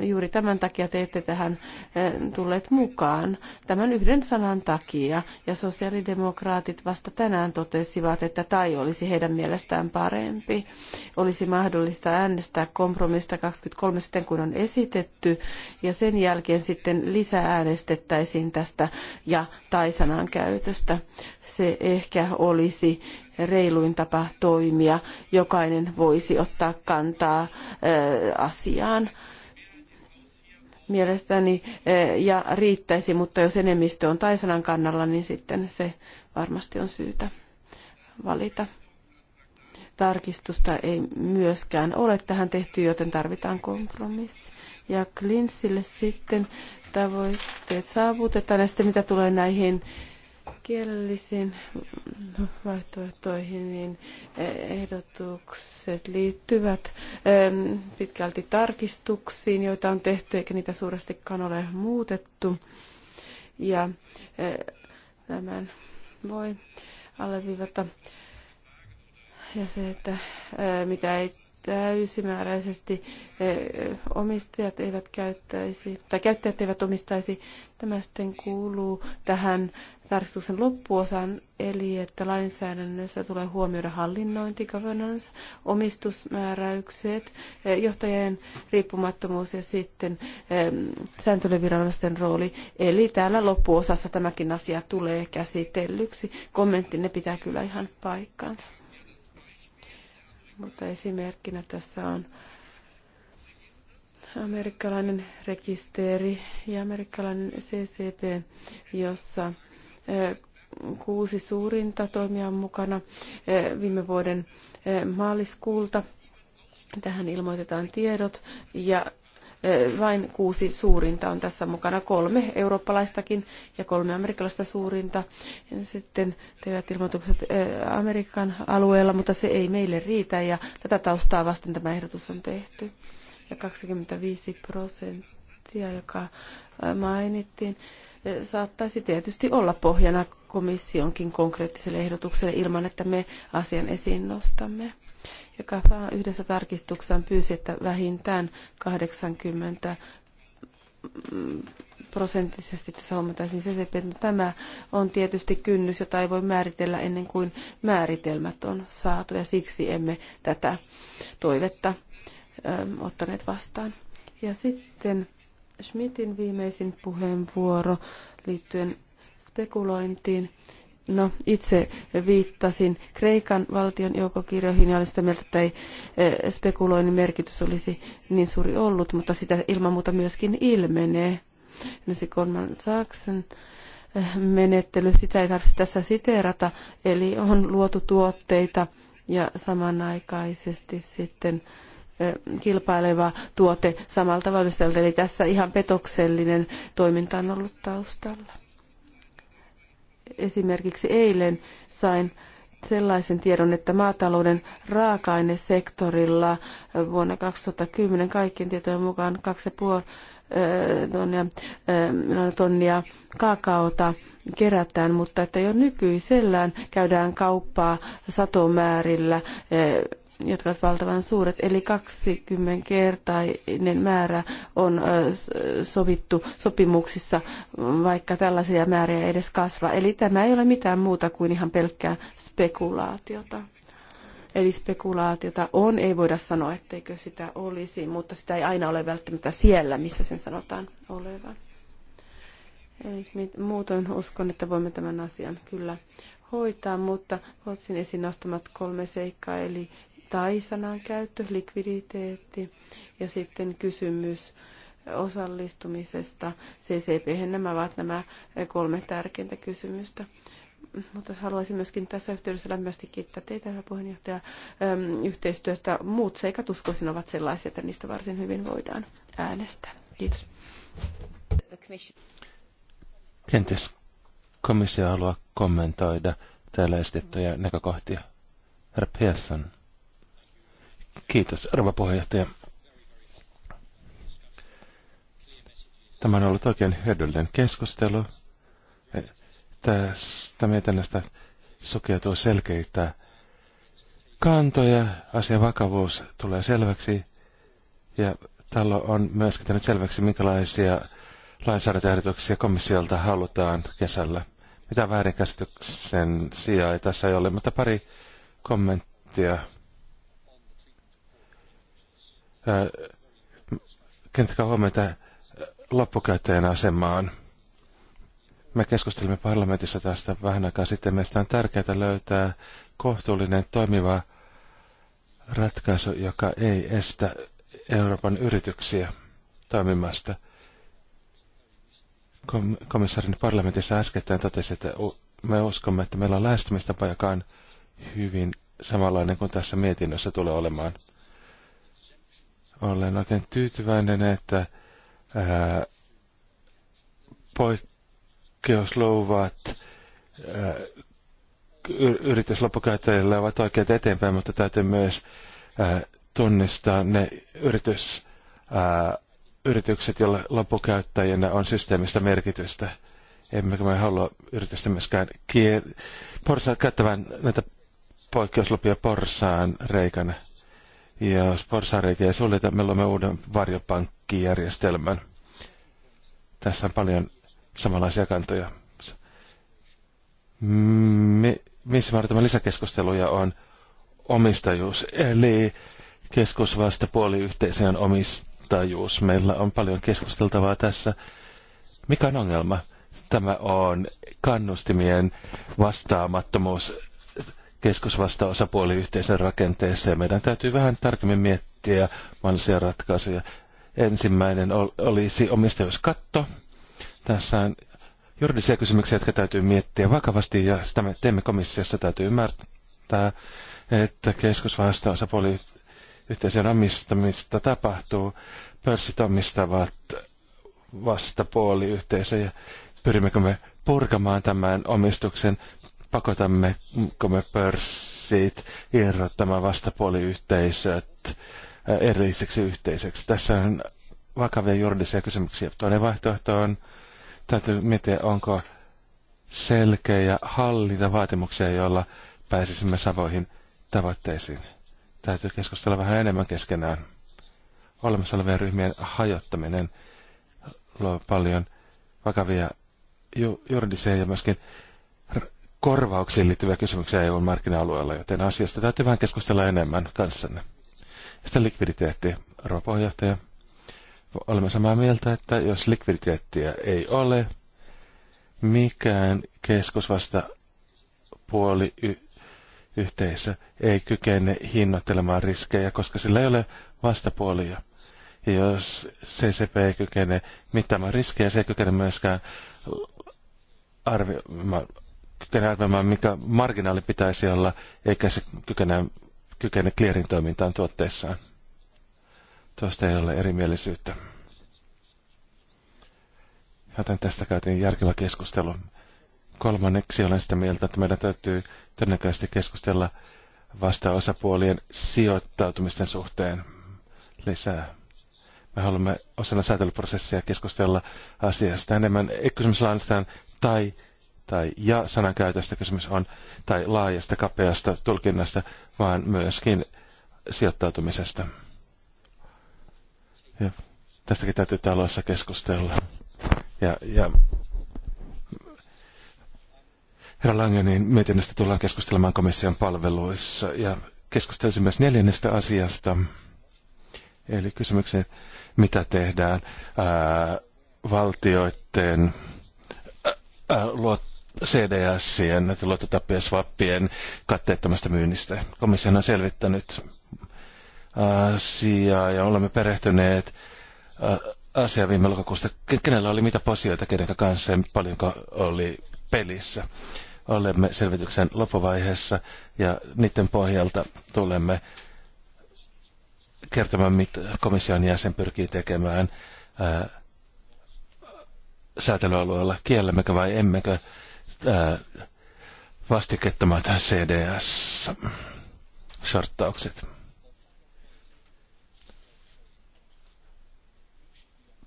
juuri tämän takia te ette tähän eh, tulleet mukaan. Tämän yhden sanan takia. Ja sosiaalidemokraatit vasta tänään totesivat, että tai olisi heidän mielestään parempi. Olisi mahdollista äänestää kompromista 23 sitten, kun on esitetty. Ja sen jälkeen sitten lisää äänestettäisiin tästä ja tai-sanan käytöstä. Se ehkä olisi reiluin tapa toimia. Jokainen voisi ottaa kantaa ö, eh, asiaan mielestäni eh, ja riittäisi, mutta jos enemmistö on Taisanan kannalla, niin sitten se varmasti on syytä valita. Tarkistusta ei myöskään ole tähän tehty, joten tarvitaan kompromissi. Ja Klinsille sitten tavoitteet saavutetaan ja sitten mitä tulee näihin kielellisiin vaihtoehtoihin, niin ehdotukset liittyvät pitkälti tarkistuksiin, joita on tehty, eikä niitä suurestikaan ole muutettu. Ja e, tämän voi alleviivata. Ja se, että e, mitä ei täysimääräisesti eh, eh, omistajat eivät käyttäisi, tai käyttäjät eivät omistaisi. Tämä sitten kuuluu tähän tarkistuksen loppuosaan, eli että lainsäädännössä tulee huomioida hallinnointi, governance, omistusmääräykset, eh, johtajien riippumattomuus ja sitten sääntelyviranomaisten rooli. Eli täällä loppuosassa tämäkin asia tulee käsitellyksi. Kommentti ne pitää kyllä ihan paikkaansa mutta esimerkkinä tässä on amerikkalainen rekisteri ja amerikkalainen CCP, jossa kuusi suurinta toimia on mukana viime vuoden maaliskuulta. Tähän ilmoitetaan tiedot ja vain kuusi suurinta on tässä mukana, kolme eurooppalaistakin ja kolme amerikkalaista suurinta. Sitten tekevät ilmoitukset Amerikan alueella, mutta se ei meille riitä ja tätä taustaa vasten tämä ehdotus on tehty. Ja 25 prosenttia, joka mainittiin, saattaisi tietysti olla pohjana komissionkin konkreettiselle ehdotukselle ilman, että me asian esiin nostamme joka yhdessä tarkistuksessaan pyysi, että vähintään 80 prosenttisesti tässä huomattaisiin CCP, että tämä on tietysti kynnys, jota ei voi määritellä ennen kuin määritelmät on saatu, ja siksi emme tätä toivetta ö, ähm, ottaneet vastaan. Ja sitten Schmidtin viimeisin puheenvuoro liittyen spekulointiin. No, itse viittasin Kreikan valtion joukokirjoihin ja olin sitä mieltä, että ei e, spekuloinnin merkitys olisi niin suuri ollut, mutta sitä ilman muuta myöskin ilmenee. No se Goldman Sachsen e, menettely, sitä ei tarvitse tässä siteerata, eli on luotu tuotteita ja samanaikaisesti sitten e, kilpaileva tuote samalta valmistelta, eli tässä ihan petoksellinen toiminta on ollut taustalla. Esimerkiksi eilen sain sellaisen tiedon, että maatalouden raaka-ainesektorilla vuonna 2010 kaikkien tietojen mukaan 2,5 tonnia, tonnia kakaota kerätään, mutta että jo nykyisellään käydään kauppaa satomäärillä jotka ovat valtavan suuret, eli 20-kertainen määrä on sovittu sopimuksissa, vaikka tällaisia määriä ei edes kasva. Eli tämä ei ole mitään muuta kuin ihan pelkkää spekulaatiota. Eli spekulaatiota on, ei voida sanoa, etteikö sitä olisi, mutta sitä ei aina ole välttämättä siellä, missä sen sanotaan olevan. Eli muutoin uskon, että voimme tämän asian kyllä hoitaa, mutta otsin esiin nostamat kolme seikkaa, eli tai sanankäyttö, likviditeetti ja sitten kysymys osallistumisesta. CCP, nämä ovat nämä kolme tärkeintä kysymystä. Mutta haluaisin myöskin tässä yhteydessä lämpimästi kiittää teitä, hyvä puheenjohtaja, ähm, yhteistyöstä. Muut seikat uskoisin ovat sellaisia, että niistä varsin hyvin voidaan äänestää. Kiitos. Kenties komissio haluaa kommentoida täällä esitettyjä näkökohtia. Herra Pearson. Kiitos, arvo puheenjohtaja. Tämä on ollut oikein hyödyllinen keskustelu. E, Tästä mietinnästä sukeutuu selkeitä kantoja, asian vakavuus tulee selväksi ja talo on myöskin tehnyt selväksi, minkälaisia lainsäädäntöehdotuksia komissiolta halutaan kesällä. Mitä väärinkäsityksen sijaa ei tässä ei ole, mutta pari kommenttia kiinnittäkää huomiota loppukäyttäjän asemaan. Me keskustelimme parlamentissa tästä vähän aikaa sitten. Meistä on tärkeää löytää kohtuullinen toimiva ratkaisu, joka ei estä Euroopan yrityksiä toimimasta. Kom- komissaarin parlamentissa äskettäin totesi, että me uskomme, että meillä on lähestymistapa, joka on hyvin samanlainen kuin tässä mietinnössä tulee olemaan. Olen oikein tyytyväinen, että ää, poikkeusluvat yritysloppukäyttäjille ovat oikeat eteenpäin, mutta täytyy myös ää, tunnistaa ne yritys, ää, yritykset, joilla loppukäyttäjänä on systeemistä merkitystä. Emmekä me halua yritystä myöskään kiel- porsa- käyttävän näitä poikkeuslupia porsaan reikänä. Ja sponsoreita ja suljeta, me luomme uuden varjopankkijärjestelmän. Tässä on paljon samanlaisia kantoja. Me, missä määrin lisäkeskusteluja on omistajuus, eli keskusvastapuoli yhteisön omistajuus. Meillä on paljon keskusteltavaa tässä. Mikä on ongelma? Tämä on kannustimien vastaamattomuus keskusvastaosapuoli yhteisen rakenteessa ja meidän täytyy vähän tarkemmin miettiä mahdollisia ratkaisuja. Ensimmäinen olisi omistajuuskatto. Tässä on juridisia kysymyksiä, jotka täytyy miettiä vakavasti ja sitä me teemme komissiossa. Täytyy ymmärtää, että keskusvastaosapuoli yhteisön omistamista tapahtuu. Pörssit omistavat yhteisöjä. Pyrimmekö me purkamaan tämän omistuksen Pakotamme me pörssit irrottamaan vastapuoliyhteisöt äh, erilliseksi yhteisöksi. Tässä on vakavia juridisia kysymyksiä. Toinen vaihtoehto on, täytyy miettiä, onko selkeä ja hallita vaatimuksia, joilla pääsisimme savoihin tavoitteisiin. Täytyy keskustella vähän enemmän keskenään. Olemassa olevien ryhmien hajottaminen luo paljon vakavia juridisia ja myöskin korvauksiin liittyviä kysymyksiä EUn markkina-alueella, joten asiasta täytyy vähän keskustella enemmän kanssanne. Sitten likviditeetti, rouva puheenjohtaja. Olemme samaa mieltä, että jos likviditeettiä ei ole, mikään keskusvasta puoli y- yhteisö ei kykene hinnoittelemaan riskejä, koska sillä ei ole vastapuolia. Ja jos CCP ei kykene mittaamaan riskejä, se ei kykene myöskään arvioimaan kykene arvioimaan, mikä marginaali pitäisi olla, eikä se kykene, kykene clearing toimintaan tuotteessaan. Tuosta ei ole erimielisyyttä. Joten tästä käytiin järkevä keskustelu. Kolmanneksi olen sitä mieltä, että meidän täytyy todennäköisesti keskustella vasta osapuolien sijoittautumisten suhteen lisää. Me haluamme osana säätelyprosessia keskustella asiasta enemmän. Ei kysymys tai tai ja sanankäytöstä kysymys on, tai laajasta, kapeasta tulkinnasta, vaan myöskin sijoittautumisesta. Ja tästäkin täytyy taloissa keskustella. Ja, ja herra Langenin mietinnöstä tullaan keskustelemaan komission palveluissa ja keskustelisin myös neljännestä asiasta, eli kysymykseen, mitä tehdään ää, valtioiden ää, luot CDSien, luottotappiosvappien katteettomasta myynnistä. Komissio on selvittänyt asiaa ja olemme perehtyneet äh, asiaa viime lokakuusta, kenellä oli mitä posioita, kenen kanssa ja paljonko oli pelissä. Olemme selvityksen loppuvaiheessa ja niiden pohjalta tulemme kertomaan, mitä komission jäsen pyrkii tekemään ää, äh, säätelyalueella, kiellämmekö vai emmekö Äh, vastikettomat CDS-shorttaukset.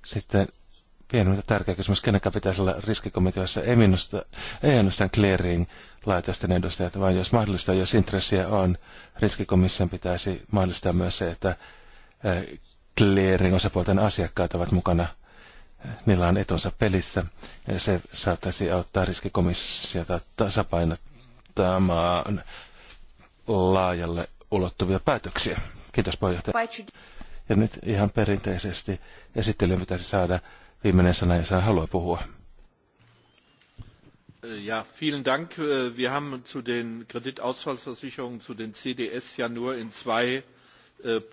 Sitten pieni, mutta tärkeä kysymys, kenenkään pitäisi olla riskikomiteoissa, ei, minusta, ei ainoastaan clearing laitosten edustajat, vaan jos mahdollista, jos intressiä on, riskikomission pitäisi mahdollistaa myös se, että äh, clearing osapuolten asiakkaat ovat mukana – niillä on etonsa pelissä. se saattaisi auttaa riskikomissiota tasapainottamaan laajalle ulottuvia päätöksiä. Kiitos puheenjohtaja. Ja nyt ihan perinteisesti esittelyyn pitäisi saada viimeinen sana, jos hän haluaa puhua. Ja, vielen Dank. Wir haben zu den Kreditausfallversicherungen, zu den CDS ja nur in zwei äh,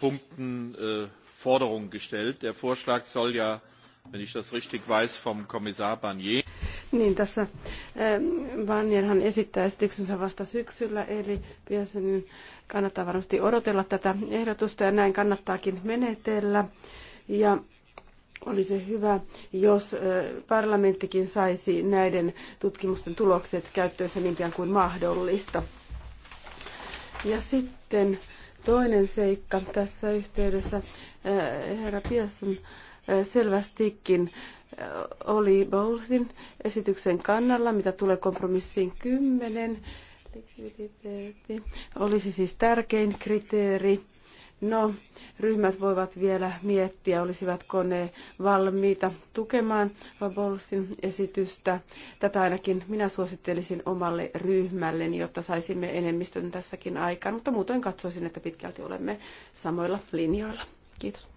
Punkten äh, Forderungen gestellt. Der Vorschlag soll ja äh, wenn ich das richtig weiß, vom Kommissar Barnier. Niin, tässä ähm, Barnierhan esittää esityksensä vasta syksyllä, eli Piasenin kannattaa varmasti odotella tätä ehdotusta ja näin kannattaakin menetellä. Ja olisi hyvä, jos äh, parlamenttikin saisi näiden tutkimusten tulokset käyttöönsä niin pian kuin mahdollista. Ja sitten toinen seikka tässä yhteydessä, äh, herra Piasson selvästikin oli Bowlesin esityksen kannalla, mitä tulee kompromissiin 10. Likviditeetti olisi siis tärkein kriteeri. No, ryhmät voivat vielä miettiä, olisivatko ne valmiita tukemaan Bowlesin esitystä. Tätä ainakin minä suosittelisin omalle ryhmälleni, jotta saisimme enemmistön tässäkin aikaan, mutta muutoin katsoisin, että pitkälti olemme samoilla linjoilla. Kiitos.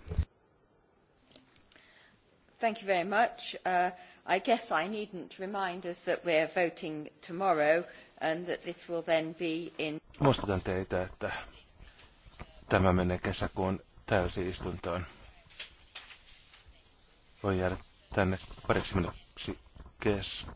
Thank you very much. Uh, I guess I needn't remind us that we're voting tomorrow and that this will then be in... Muistutan teitä, että tämä menee kesäkuun täysistuntoon. Voi jäädä tänne pariksi minuutiksi keskusteluun.